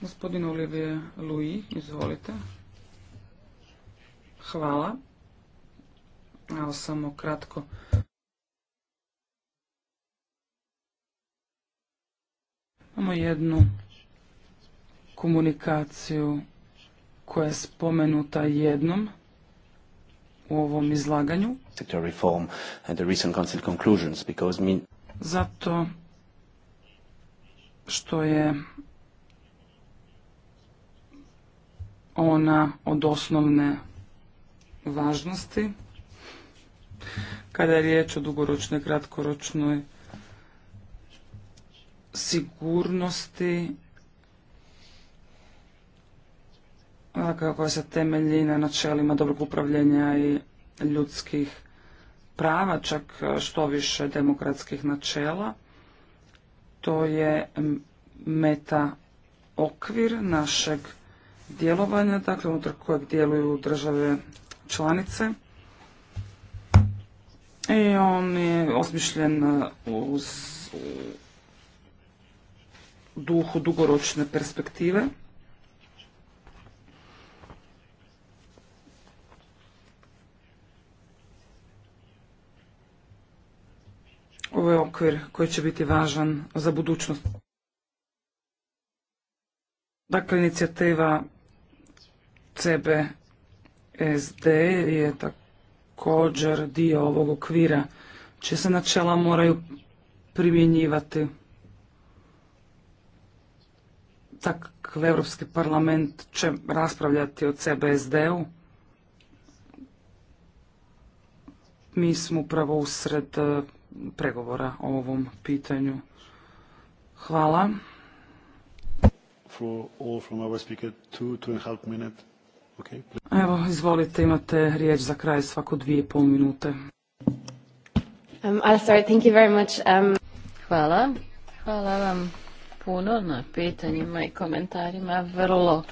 Speaker 3: Gospodin Olivier Louis, izvolite. Hvala. Evo samo kratko. Imamo jednu komunikaciju koja je spomenuta jednom u ovom izlaganju. Zato što je ona od osnovne važnosti kada je riječ o dugoročnoj kratkoročnoj sigurnosti koja se temelji na načelima dobrog upravljanja i ljudskih prava, čak što više demokratskih načela. To je meta okvir našeg djelovanja, dakle unutar kojeg djeluju države članice i on je osmišljen uh, u duhu dugoročne perspektive. Ovo je okvir koji će biti važan za budućnost. Dakle, inicijativa CB SD je također dio ovog okvira, čije se načela moraju primjenjivati. Takav Europski parlament će raspravljati o CBSD-u. Mi smo upravo usred e, pregovora o ovom pitanju. Hvala. For Evo, izvolite, imate riječ za kraj svako dvije i pol minute.
Speaker 1: Um, um, Hvala. Hvala vam puno na pitanjima i komentarima. Vrlo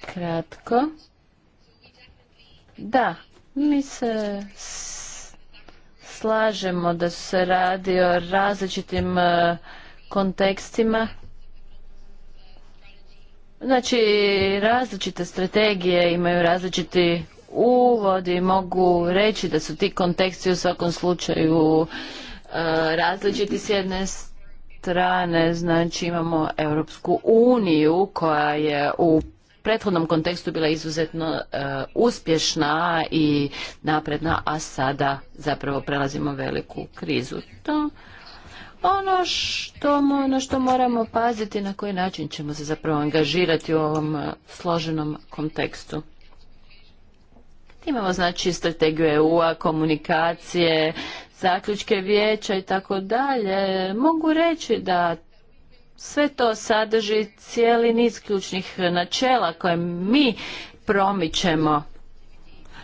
Speaker 1: kratko. Da, mi se slažemo da se radi o različitim uh, kontekstima Znači, različite strategije imaju različiti uvodi, mogu reći da su ti konteksti u svakom slučaju e, različiti s jedne strane. Znači, imamo Europsku uniju koja je u prethodnom kontekstu bila izuzetno e, uspješna i napredna, a sada zapravo prelazimo veliku krizu. To ono što, na što moramo paziti, na koji način ćemo se zapravo angažirati u ovom e, složenom kontekstu. Imamo znači strategiju EU-a, komunikacije, zaključke vijeća i tako dalje. Mogu reći da sve to sadrži cijeli niz ključnih načela koje mi promičemo.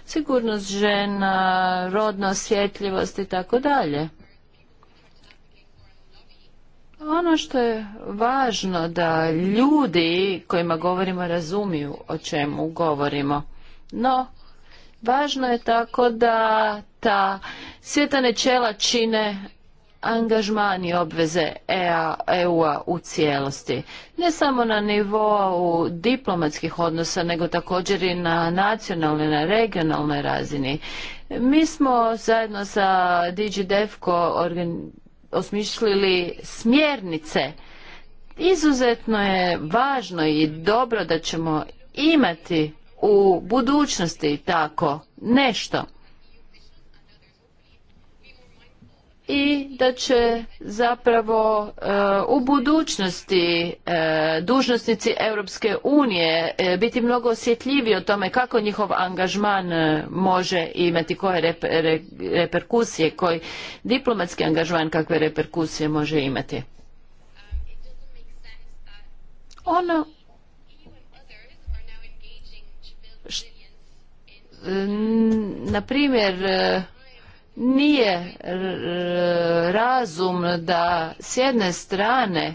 Speaker 1: Sigurnost žena, rodna osjetljivost i tako dalje. Ono što je važno da ljudi kojima govorimo razumiju o čemu govorimo. No, važno je tako da ta svijeta nečela čine angažman i obveze EU-a e u cijelosti. Ne samo na nivou diplomatskih odnosa, nego također i na nacionalnoj, na regionalnoj razini. Mi smo zajedno sa DigiDevco organ osmišljili smjernice. Izuzetno je važno i dobro da ćemo imati u budućnosti tako nešto. i da će zapravo e, u budućnosti e, dužnosnici Europske unije e, biti mnogo osjetljivi o tome kako njihov angažman može imati koje reperkusije, koji diplomatski angažman kakve reperkusije može imati. Ono na primjer nije razum da s jedne strane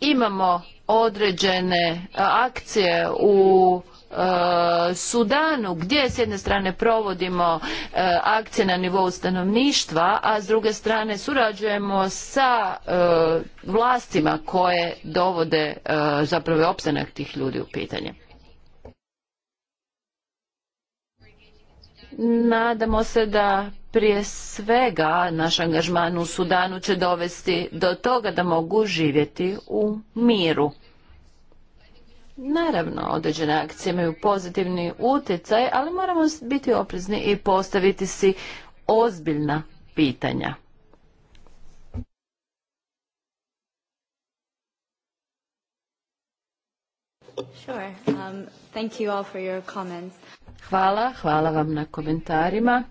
Speaker 1: imamo određene akcije u e, Sudanu gdje s jedne strane provodimo e, akcije na nivou stanovništva, a s druge strane surađujemo sa e, vlastima koje dovode zapravo opstanak tih ljudi u pitanje. Nadamo se da prije svega naš angažman u Sudanu će dovesti do toga da mogu živjeti u miru. Naravno, određene akcije imaju pozitivni utjecaj, ali moramo biti oprezni i postaviti si ozbiljna pitanja. Um, hvala, hvala vam na komentarima.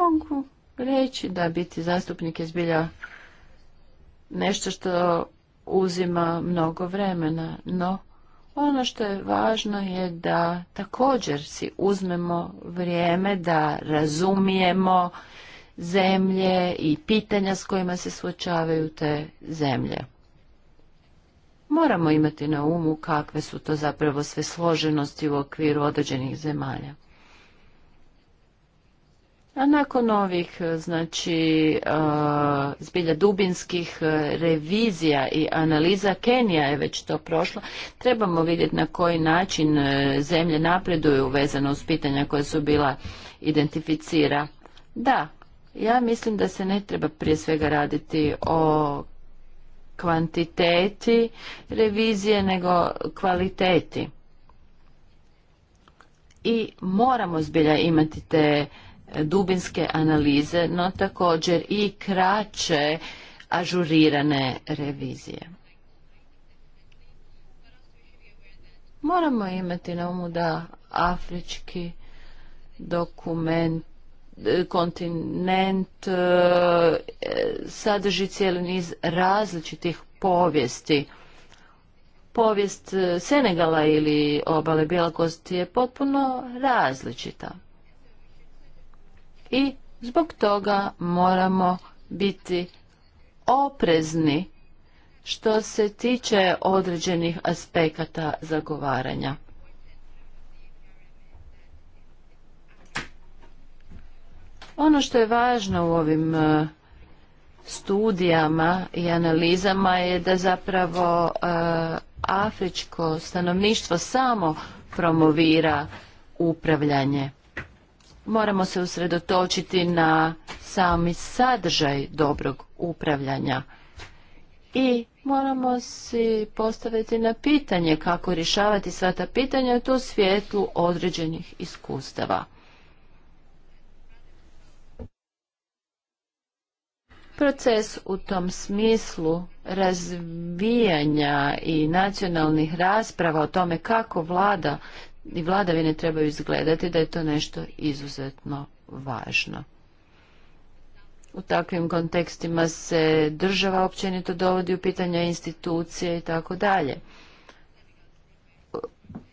Speaker 1: mogu reći da biti zastupnik je zbilja nešto što uzima mnogo vremena, no ono što je važno je da također si uzmemo vrijeme da razumijemo zemlje i pitanja s kojima se suočavaju te zemlje. Moramo imati na umu kakve su to zapravo sve složenosti u okviru određenih zemalja. A nakon ovih, e, znači, e, zbilja dubinskih e, revizija i analiza, Kenija je već to prošla, trebamo vidjeti na koji način zemlje napreduju vezano uz pitanja koja su bila identificira. Da, ja mislim da se ne treba prije svega raditi o kvantiteti revizije, nego kvaliteti. I moramo zbilja imati te dubinske analize, no također i kraće ažurirane revizije. Moramo imati na umu da afrički dokument e, kontinent e, sadrži cijeli niz različitih povijesti. Povijest e, Senegala ili obale Bjelakosti je potpuno različita i zbog toga moramo biti oprezni što se tiče određenih aspekata zagovaranja. Ono što je važno u ovim e, studijama i analizama je da zapravo e, afričko stanovništvo samo promovira upravljanje moramo se usredotočiti na sami sadržaj dobrog upravljanja i moramo se postaviti na pitanje kako rješavati sva ta pitanja to u svijetlu određenih iskustava. Proces u tom smislu razvijanja i nacionalnih rasprava o tome kako vlada i vladavine trebaju izgledati da je to nešto izuzetno važno. U takvim kontekstima se država općenito dovodi u pitanja institucije i tako dalje.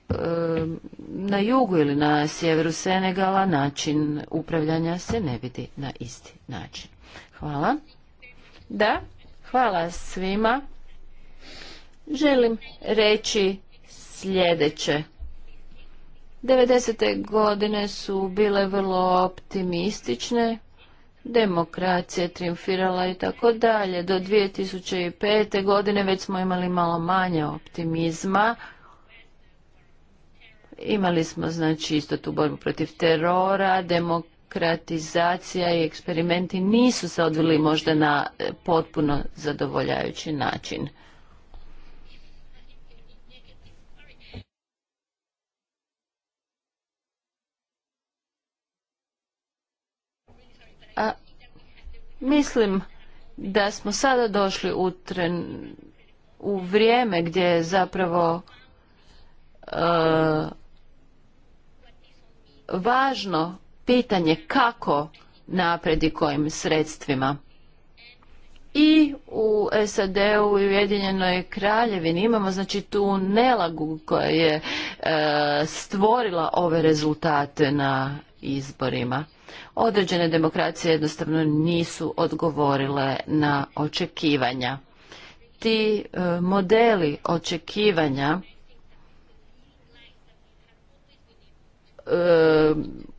Speaker 1: Ehm, na jugu ili na sjeveru Senegala način upravljanja se ne vidi na isti način. Hvala. Da, hvala svima. Želim reći sljedeće. 90. godine su bile vrlo optimistične, demokracija triumfirala i tako dalje. Do 2005. godine već smo imali malo manje optimizma. Imali smo znači isto tu borbu protiv terora, demokratizacija i eksperimenti nisu se odvili možda na e, potpuno zadovoljajući način. A, mislim da smo sada došli u, u vrijeme gdje je zapravo e, važno pitanje kako napredi kojim sredstvima. I u SAD-u i Ujedinjenoj kraljevini imamo znači tu nelagu koja je e, stvorila ove rezultate na izborima. Određene demokracije jednostavno nisu odgovorile na očekivanja. Ti e, modeli očekivanja e,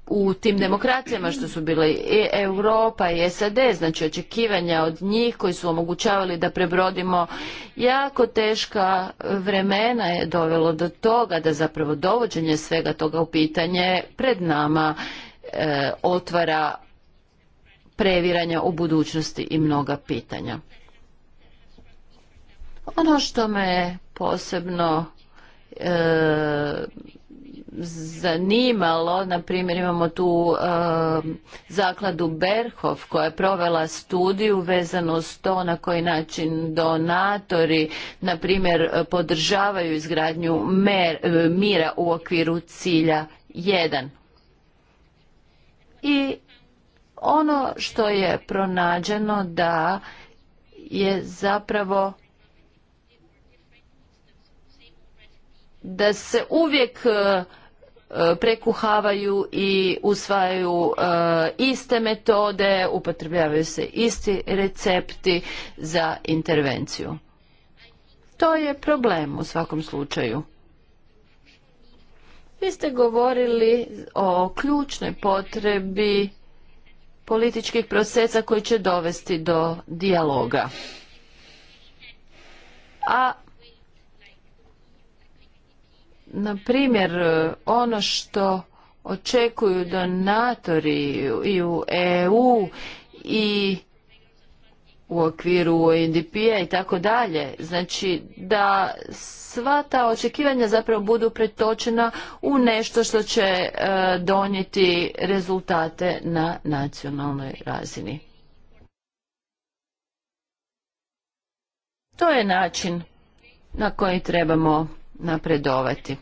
Speaker 1: u tim demokracijama što su bile i Europa i SAD, znači očekivanja od njih koji su omogućavali da prebrodimo jako teška vremena je dovelo do toga da zapravo dovođenje svega toga u pitanje pred nama e, otvara previranja u budućnosti i mnoga pitanja. Ono što me posebno e, zanimalo, na primjer imamo tu ehm, zakladu Berhov koja je provela studiju vezano s to na koji način donatori, na primjer, podržavaju izgradnju eh, mira u okviru cilja 1. I ono što je pronađeno da je zapravo da se uvijek eh, E, prekuhavaju i usvajaju e, iste metode, upotrebljavaju se isti recepti za intervenciju. To je problem u svakom slučaju. Vi ste govorili o ključnoj potrebi političkih procesa koji će dovesti do dijaloga. A na primjer e, ono što očekuju donatori i u EU i u okviru UNDP-a i tako dalje. Znači da sva ta očekivanja zapravo budu pretočena u nešto što će e, donijeti rezultate na nacionalnoj razini. To je način na koji trebamo napredovati.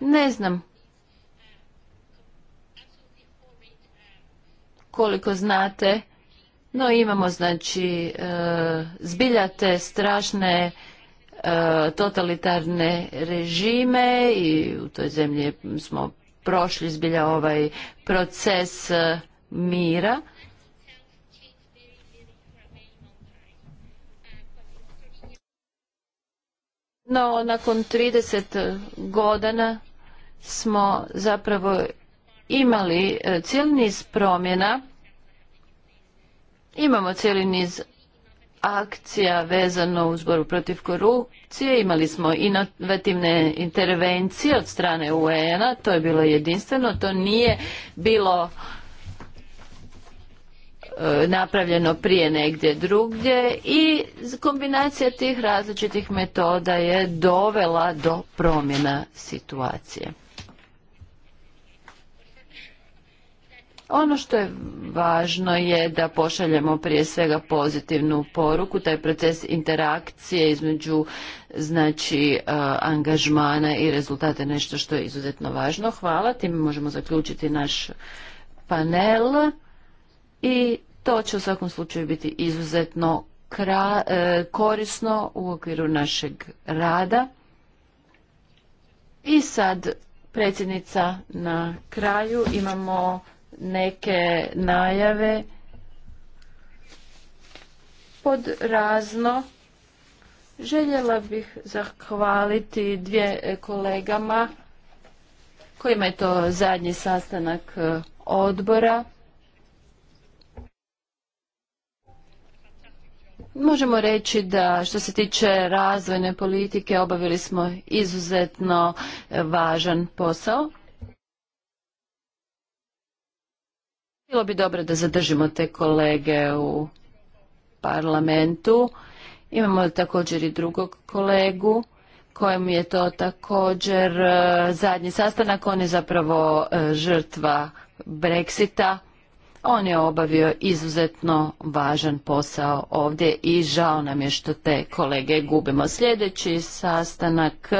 Speaker 1: Ne znam koliko znate, no imamo znači e, zbiljate strašne e, totalitarne režime i u toj zemlji smo prošli zbilja ovaj proces e, mira. No, nakon 30 godina smo zapravo imali e, cijeli niz promjena, imamo cijeli niz akcija vezano uz borbu protiv korupcije, imali smo inovativne intervencije od strane UN-a, to je bilo jedinstveno, to nije bilo e, napravljeno prije negdje drugdje i kombinacija tih različitih metoda je dovela do promjena situacije. Ono što je važno je da pošaljemo prije svega pozitivnu poruku, taj proces interakcije između znači e, angažmana i rezultate nešto što je izuzetno važno. Hvala, time možemo zaključiti naš panel i to će u svakom slučaju biti izuzetno e, korisno u okviru našeg rada. I sad predsjednica na kraju imamo neke najave pod razno željela bih zahvaliti dvije kolegama kojima je to zadnji sastanak e, odbora Možemo reći da što se tiče razvojne politike obavili smo izuzetno e, važan posao. Bilo bi dobro da zadržimo te kolege u parlamentu. Imamo također i drugog kolegu kojem je to također e, zadnji sastanak. On je zapravo e, žrtva Brexita. On je obavio izuzetno važan posao ovdje i žao nam je što te kolege gubimo. Sljedeći sastanak,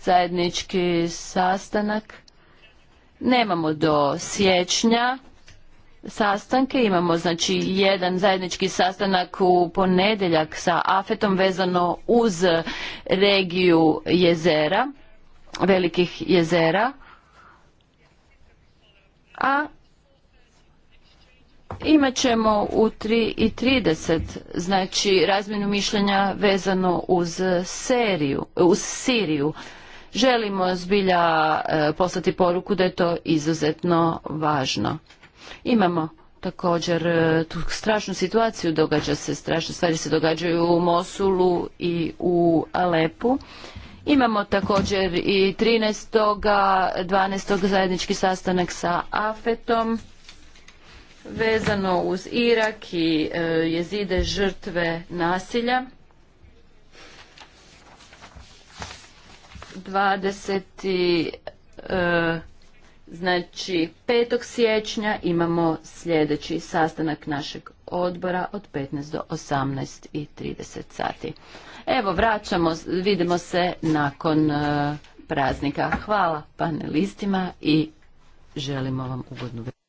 Speaker 1: zajednički sastanak, nemamo do siječnja sastanke. Imamo znači jedan zajednički sastanak u ponedjeljak sa Afetom vezano uz regiju jezera, velikih jezera. A imat ćemo u 3.30 znači razmjenu mišljenja vezano uz seriju, uz Siriju. Želimo zbilja e, poslati poruku da je to izuzetno važno. Imamo također e, tu strašnu situaciju, događa se strašne stvari se događaju u Mosulu i u Alepu. Imamo također i 13. 12. zajednički sastanak sa Afetom vezano uz Irak i e, jezide žrtve nasilja. 20. Znači, 5. siječnja imamo sljedeći sastanak našeg odbora od 15 do 18 i 30 sati. Evo, vraćamo, vidimo se nakon e, praznika. Hvala panelistima i želimo vam ugodnu večer.